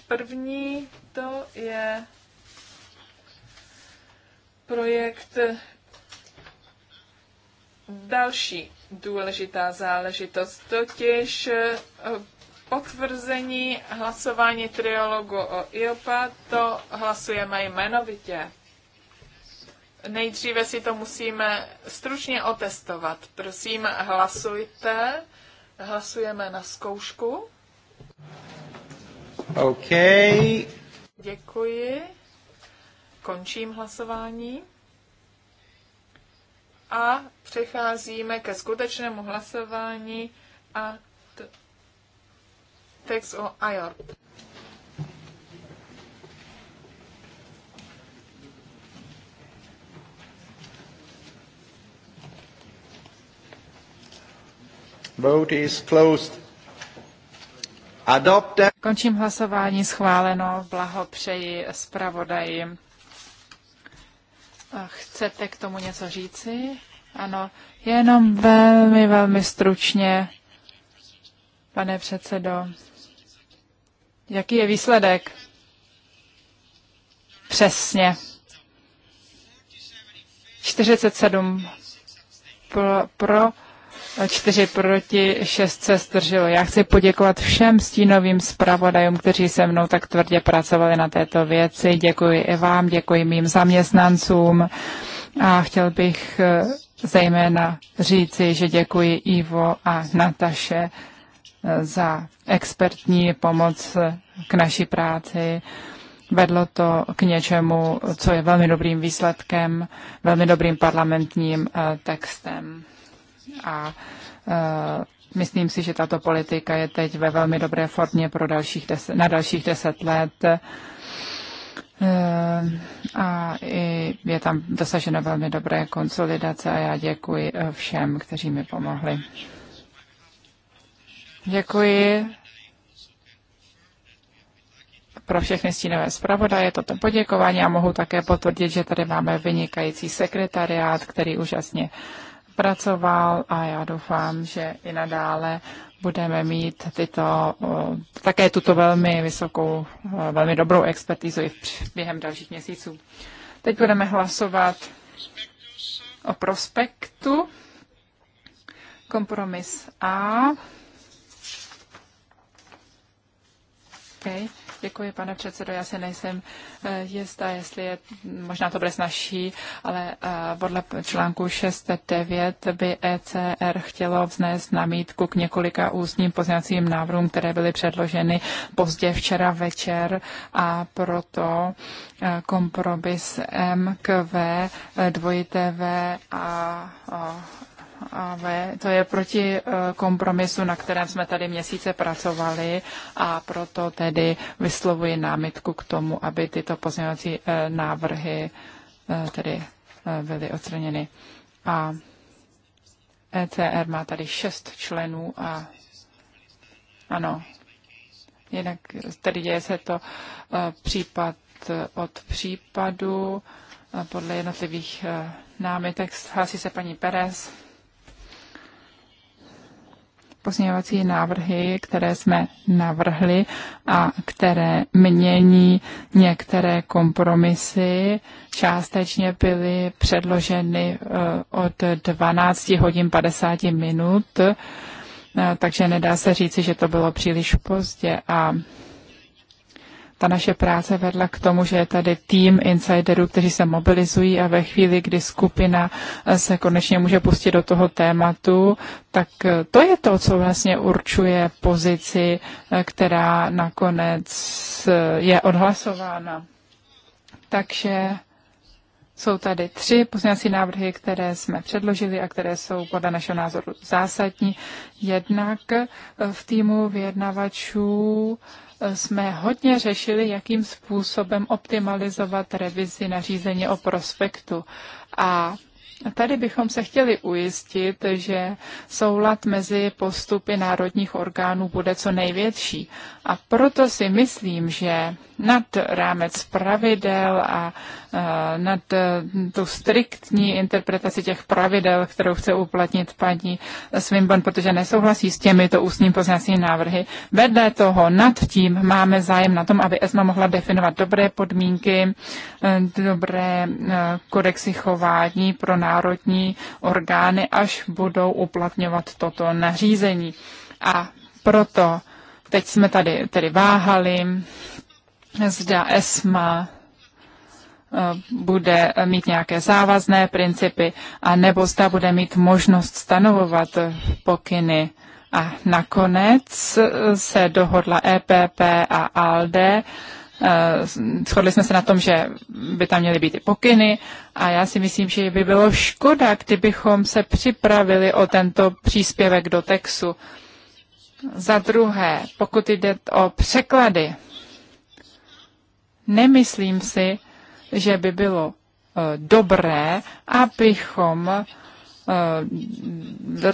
První to je projekt Další důležitá záležitost, totiž eh, potvrzení hlasování triologu o IOPA, to hlasujeme jmenovitě. Nejdříve si to musíme stručně otestovat. Prosím, hlasujte. Hlasujeme na zkoušku. OK. Děkuji. Končím hlasování a přecházíme ke skutečnému hlasování a text o IOR. Vote is closed. Adopte. Končím hlasování schváleno. Blahopřeji zpravodaji. Chcete k tomu něco říci? Ano, jenom velmi, velmi stručně, pane předsedo. Jaký je výsledek? Přesně. 47 pro, pro 4 proti, 6 se zdrželo. Já chci poděkovat všem stínovým zpravodajům, kteří se mnou tak tvrdě pracovali na této věci. Děkuji i vám, děkuji mým zaměstnancům a chtěl bych eh, zejména říci, že děkuji Ivo a Nataše eh, za expertní pomoc k naší práci. Vedlo to k něčemu, co je velmi dobrým výsledkem, velmi dobrým parlamentním eh, textem a e, Myslím si, že tato politika je teď ve velmi dobré formě pro dalších deset, na dalších deset let. E, a je tam dosaženo velmi dobré konsolidace a já děkuji e, všem, kteří mi pomohli. Děkuji pro všechny stínové zpravodaje toto poděkování a mohu také potvrdit, že tady máme vynikající sekretariát, který úžasně uh, pracoval a já doufám, že i nadále budeme mít tyto, eh, také tuto velmi vysokou, eh, velmi dobrou expertizu i během dalších měsíců. Teď budeme hlasovat o prospektu. Kompromis A. Okay. Děkuji, pane předsedo. Já se nejsem eh, jistá, jestli je, možná to bude snažší, ale eh, podle článku 6.9 by ECR chtělo vznést namítku k několika ústním pozněcím návrhům, které byly předloženy pozdě včera večer a proto eh, kompromis MKV, dvojité V a ale to je proti eh, kompromisu, na kterém jsme tady měsíce pracovali a proto tedy vyslovuji námitku k tomu, aby tyto pozměňovací eh, návrhy eh, tedy byly odstraněny. A ECR má tady šest členů a ano, jinak tedy děje se to případ od případu podle jednotlivých námitek. Hlásí se paní Perez pozměňovací návrhy, které jsme navrhli a které mění některé kompromisy. Částečně byly předloženy eh, od 12 hodin 50 minut, eh, takže nedá se říci, že to bylo příliš pozdě a ta naše práce vedla k tomu, že je tady tým insiderů, kteří se mobilizují a ve chvíli, kdy skupina eh, se konečně může pustit do toho tématu, tak eh, to je to, co vlastně určuje pozici, eh, která nakonec je odhlasována. Takže jsou tady tři pozměňovací návrhy, které jsme předložili a které jsou podle našeho názoru zásadní. Jednak eh, v týmu vyjednavačů eh, jsme hodně řešili, jakým způsobem optimalizovat revizi nařízení o prospektu. A Tady bychom se chtěli ujistit, že soulad mezi postupy národních orgánů bude co největší. A proto si myslím, že nad rámec pravidel a eh, nad eh, tu striktní interpretaci těch pravidel, kterou chce uplatnit paní Swinburne, protože nesouhlasí s těmito ústním poznacími návrhy. Vedle toho nad tím máme zájem na tom, aby ESMA mohla definovat dobré podmínky, eh, dobré kodexy chování pro národní orgány, až budou uplatňovat toto nařízení. A proto teď jsme tady tedy váhali, zda ESMA eh, bude mít nějaké závazné principy, a nebo zda bude mít možnost stanovovat pokyny. A nakonec se dohodla EPP a ALDE, Eh, shodli jsme se na tom, že by tam měly být i pokyny a já si myslím, že by bylo škoda, kdybychom se připravili o tento příspěvek do textu. Za druhé, pokud jde o překlady, nemyslím si, že by bylo eh, dobré, abychom Eh,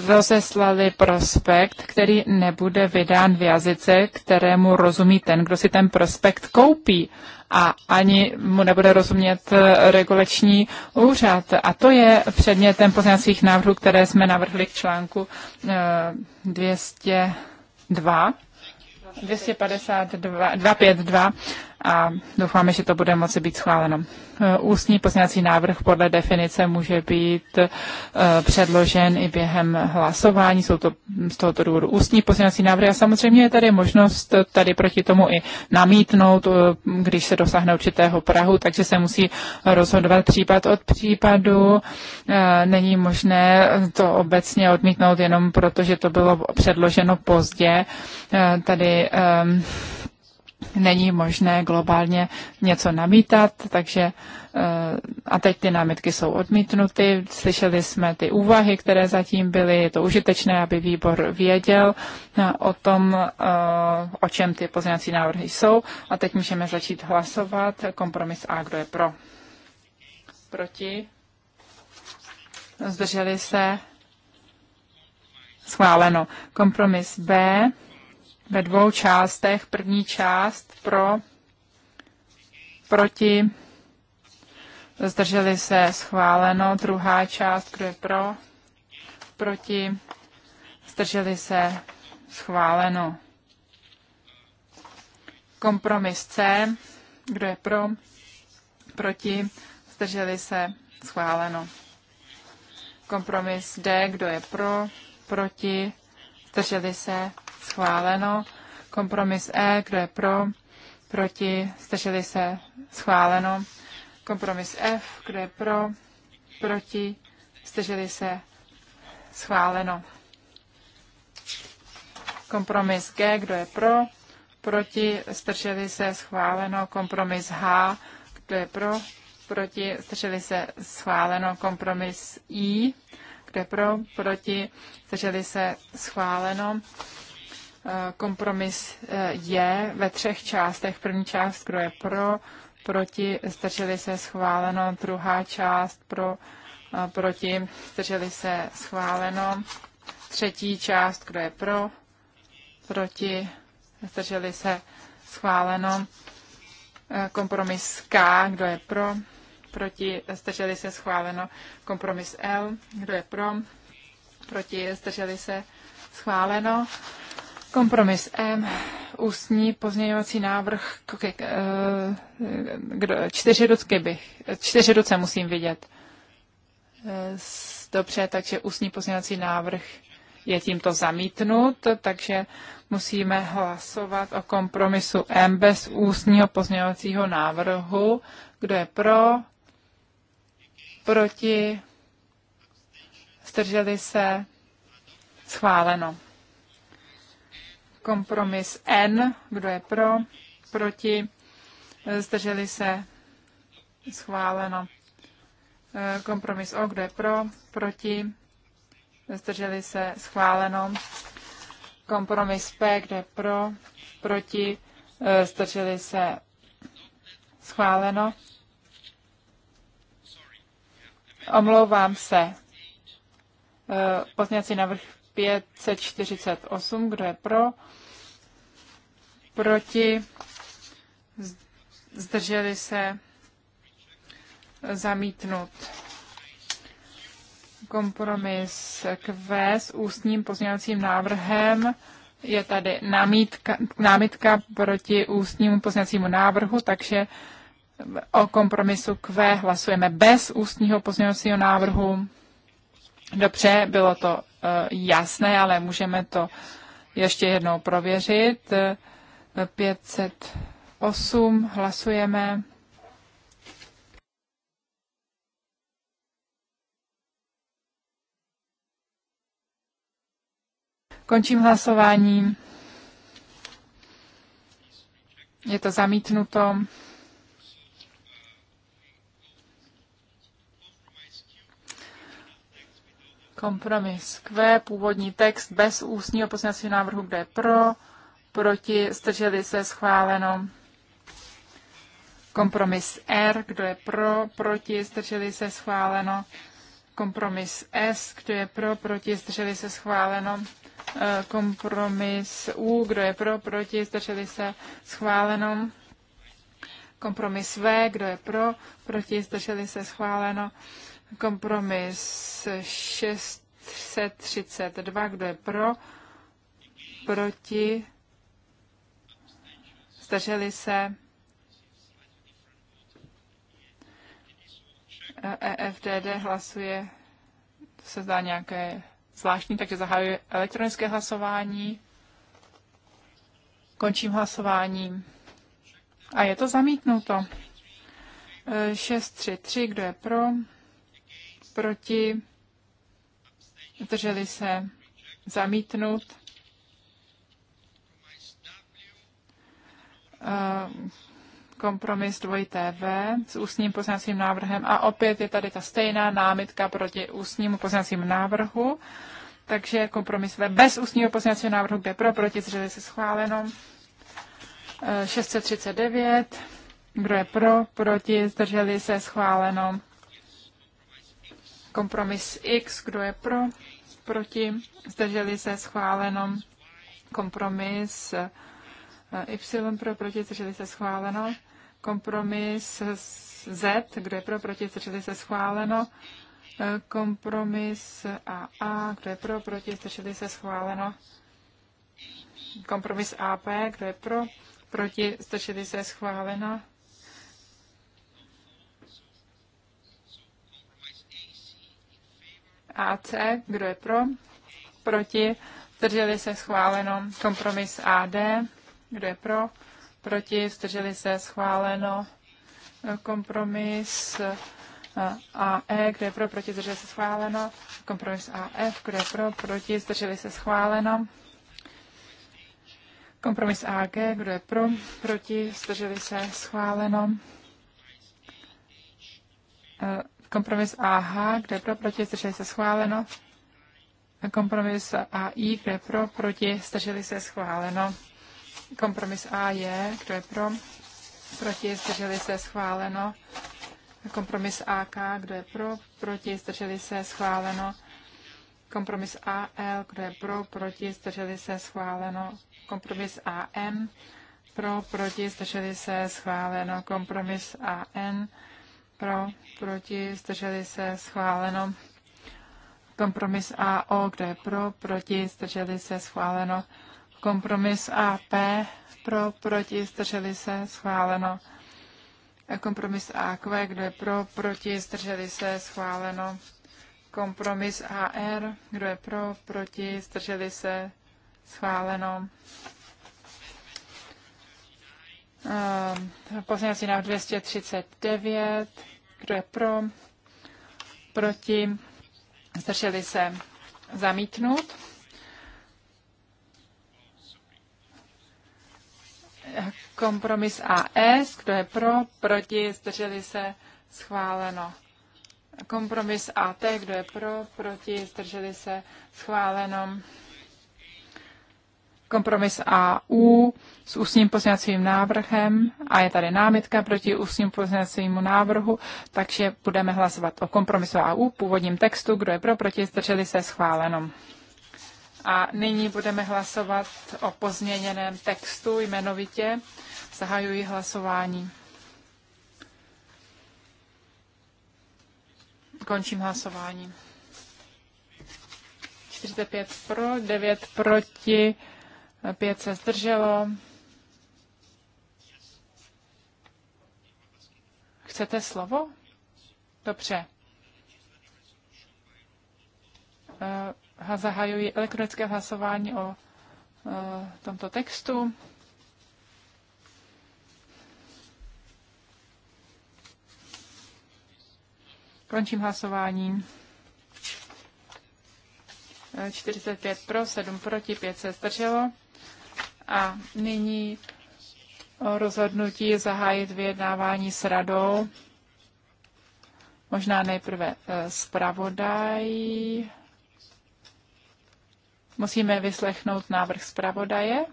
rozeslali prospekt, který nebude vydán v jazyce, kterému rozumí ten, kdo si ten prospekt koupí a ani mu nebude rozumět eh, regulační úřad. A to je předmětem pozměňovacích návrhů, které jsme navrhli k článku 202. 252, 252 a doufáme, že to bude moci být schváleno. Eh, ústní pozměňovací návrh podle definice může být eh, předložen i během hlasování. Jsou to z tohoto důvodu ústní pozměňovací návrhy a samozřejmě je tady možnost tady proti tomu i namítnout, eh, když se dosáhne určitého Prahu, takže se musí rozhodovat případ od případu. Není možné to obecně odmítnout jenom proto, že to bylo předloženo pozdě. Tady ehm, není možné globálně něco namítat, takže eh, a teď ty námitky jsou odmítnuty. Slyšeli jsme ty úvahy, které zatím byly. Je to užitečné, aby výbor věděl eh, o tom, eh, o čem ty pozměňovací návrhy jsou. A teď můžeme začít hlasovat. Kompromis A, kdo je pro? Proti? Zdrželi se? Schváleno. Kompromis B, ve dvou částech. První část pro, proti, zdrželi se schváleno. Druhá část, kdo je pro, proti, zdrželi se schváleno. Kompromis C, kdo je pro, proti, zdrželi se schváleno. Kompromis D, kdo je pro, proti, zdrželi se schváleno. Kompromis E, kdo je pro, proti, zdrželi se, schváleno. Kompromis F, kdo je pro, proti, zdrželi se, schváleno. Kompromis G, kdo je pro, proti, zdrželi se, schváleno. Kompromis H, kdo je pro, proti, zdrželi se, schváleno. Kompromis I, kdo je pro, proti, zdrželi se, schváleno. Eh, kompromis eh, je ve třech částech. První část, kdo je pro, proti, zdrželi se schváleno. Druhá část pro, eh, proti, zdrželi se schváleno. Třetí část, kdo je pro, proti, zdrželi se schváleno. Kompromis K, kdo je pro, proti, zdrželi se schváleno. Kompromis L, kdo je pro, proti, zdrželi se schváleno. Kompromis M, ústní pozměňovací návrh, eh, kdo, čtyři ruce bych, čtyři ruce musím vidět. Eh, dobře, takže ústní pozměňovací návrh je tímto zamítnut, takže musíme hlasovat o kompromisu M bez ústního pozměňovacího návrhu. Kdo je pro? Proti? Zdrželi se? Schváleno. Kompromis N, kdo je pro, proti, zdrželi se, schváleno. E, kompromis O, kdo je pro, proti, zdrželi se, schváleno. Kompromis P, kdo je pro, proti, e, zdrželi se, schváleno. Omlouvám se. E, Pozněcí návrh 548, kdo je pro, proti, zdrželi se, zamítnut. Kompromis KV s ústním pozměňovacím návrhem je tady námítka, námitka proti ústnímu pozměňovacímu návrhu, takže o kompromisu Q hlasujeme bez ústního pozměňovacího návrhu. Dobře, bylo to eh, jasné, ale můžeme to ještě jednou prověřit. 508 hlasujeme. Končím hlasování. Je to zamítnuto. Kompromis Q, původní text bez ústního poslaneckého návrhu, kde je pro proti, zdrželi se, schváleno. Kompromis R, kdo je pro, proti, zdrželi se, schváleno. Kompromis S, kdo je pro, proti, zdrželi se, schváleno. E, kompromis U, kdo je pro, proti, zdrželi se, schváleno. Kompromis V, kdo je pro, proti, zdrželi se, schváleno. Kompromis 632, kdo je pro, proti, zdrželi se. EFDD e hlasuje, to se zdá nějaké zvláštní, takže zahajuje elektronické hlasování. Končím hlasování. A je to zamítnuto. 633, e, kdo je pro? Proti? Drželi se zamítnout. kompromis 2TV s ústním poznacím návrhem a opět je tady ta stejná námitka proti ústnímu poznacímu návrhu. Takže kompromis ve bez ústního poznacího návrhu, kde pro, proti, zdrželi se schváleno. 639, eh, kdo je pro, proti, zdrželi se schváleno. Kompromis X, kdo je pro, proti, zdrželi se schváleno. Kompromis Y pro, proti, zřeli se schváleno. Kompromis Z, kdo je pro, proti, zřeli se schváleno. E, kompromis AA, kdo je pro, proti, zřeli se schváleno. Kompromis AP, kdo je pro, proti, zřeli se schváleno. AC, kdo je pro, proti, zdrželi se schváleno. Kompromis AD, kdo je pro? Proti? Zdrželi se? Schváleno. Kompromis eh, AE, kde je pro, proti, zdrželi se schváleno. Kompromis AF, kde je pro, proti, zdrželi se schváleno. Kompromis AG, kdo je pro, proti, zdrželi se, schváleno. Kompromis AH, kdo je pro, proti, zdrželi se, schváleno. Kompromis AI, kdo je pro, proti, zdrželi se, schváleno. Eh, Kompromis A je, kdo je pro, proti, zdrželi se, schváleno. Kompromis AK, kdo je pro, proti, zdrželi se, schváleno. Kompromis AL, kdo je pro, proti, zdrželi se, schváleno. Kompromis AN, pro, proti, zdrželi se, schváleno. Kompromis AN, pro, proti, zdrželi se, schváleno. Kompromis AO, kdo je pro, proti, zdrželi se, schváleno. Kompromis AP pro, proti, zdrželi se, schváleno. Kompromis AQ, kdo je pro, proti, zdrželi se, schváleno. Kompromis AR, kdo je pro, proti, zdrželi se, schváleno. Ehm, pozměňovací návrh 239, kdo je pro, proti, zdrželi se, zamítnout. Kompromis AS, kdo je pro, proti, zdrželi se, schváleno. Kompromis AT, kdo je pro, proti, zdrželi se, schváleno. Kompromis AU s ústním pozněcím návrhem a je tady námitka proti ústním pozněcímu návrhu, takže budeme hlasovat o kompromisu AU, původním textu, kdo je pro, proti, zdrželi se, schváleno. A nyní budeme hlasovat o pozměněném textu jmenovitě. Zahajuji hlasování. Končím hlasování. 45 pro, 9 proti, 5 se zdrželo. Chcete slovo? Dobře. Eh, zahajuji elektronické hlasování o e, tomto textu. Končím hlasování. 45 e, pro, 7 proti, 5 se zdrželo. A nyní o rozhodnutí zahájit vyjednávání s radou. Možná nejprve e, zpravodaj. Musíme vyslechnout návrh zpravodaje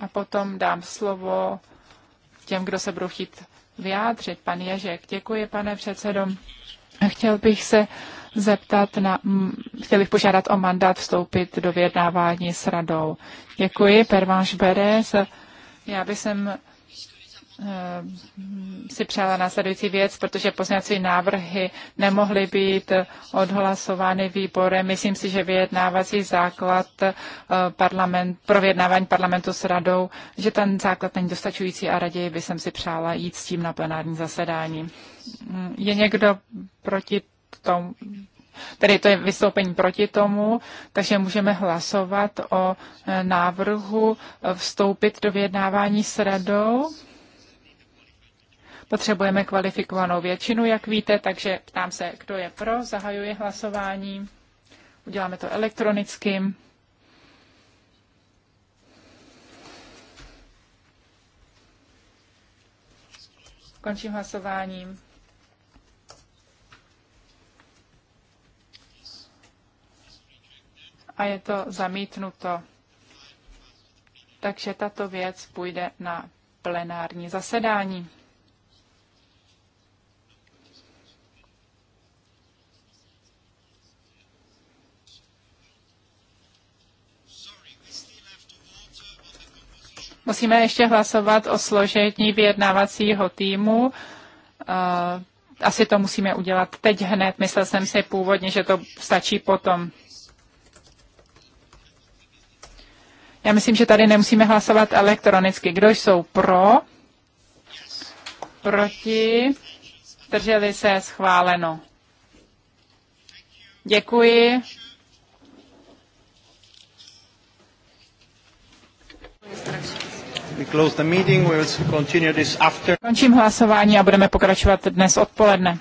a potom dám slovo těm, kdo se budou chtít vyjádřit. Pan Ježek, děkuji, pane předsedo. Chtěl bych se zeptat na, chtěl bych požádat o mandát vstoupit do vyjednávání s radou. Děkuji, Pervanš Beres. Já bych sem Eh, si přála následující věc, protože pozměňovací návrhy nemohly být odhlasovány výborem. Myslím si, že vyjednávací základ eh, parlament, pro vyjednávání parlamentu s radou, že ten základ není dostačující a raději by jsem si přála jít s tím na plenární zasedání. Mm, je někdo proti tomu? Tedy to je vystoupení proti tomu, takže můžeme hlasovat o eh, návrhu vstoupit do vyjednávání s radou. Potřebujeme kvalifikovanou většinu, jak víte, takže ptám se, kdo je pro, zahajuji hlasování. Uděláme to elektronicky. Končím hlasováním. A je to zamítnuto. Takže tato věc půjde na plenární zasedání. Musíme ještě hlasovat o složení vyjednávacího týmu. Asi to musíme udělat teď hned. Myslel jsem si původně, že to stačí potom. Já myslím, že tady nemusíme hlasovat elektronicky. Kdo jsou pro? Proti? Drželi se schváleno. Děkuji. Končím hlasování a budeme pokračovat dnes odpoledne.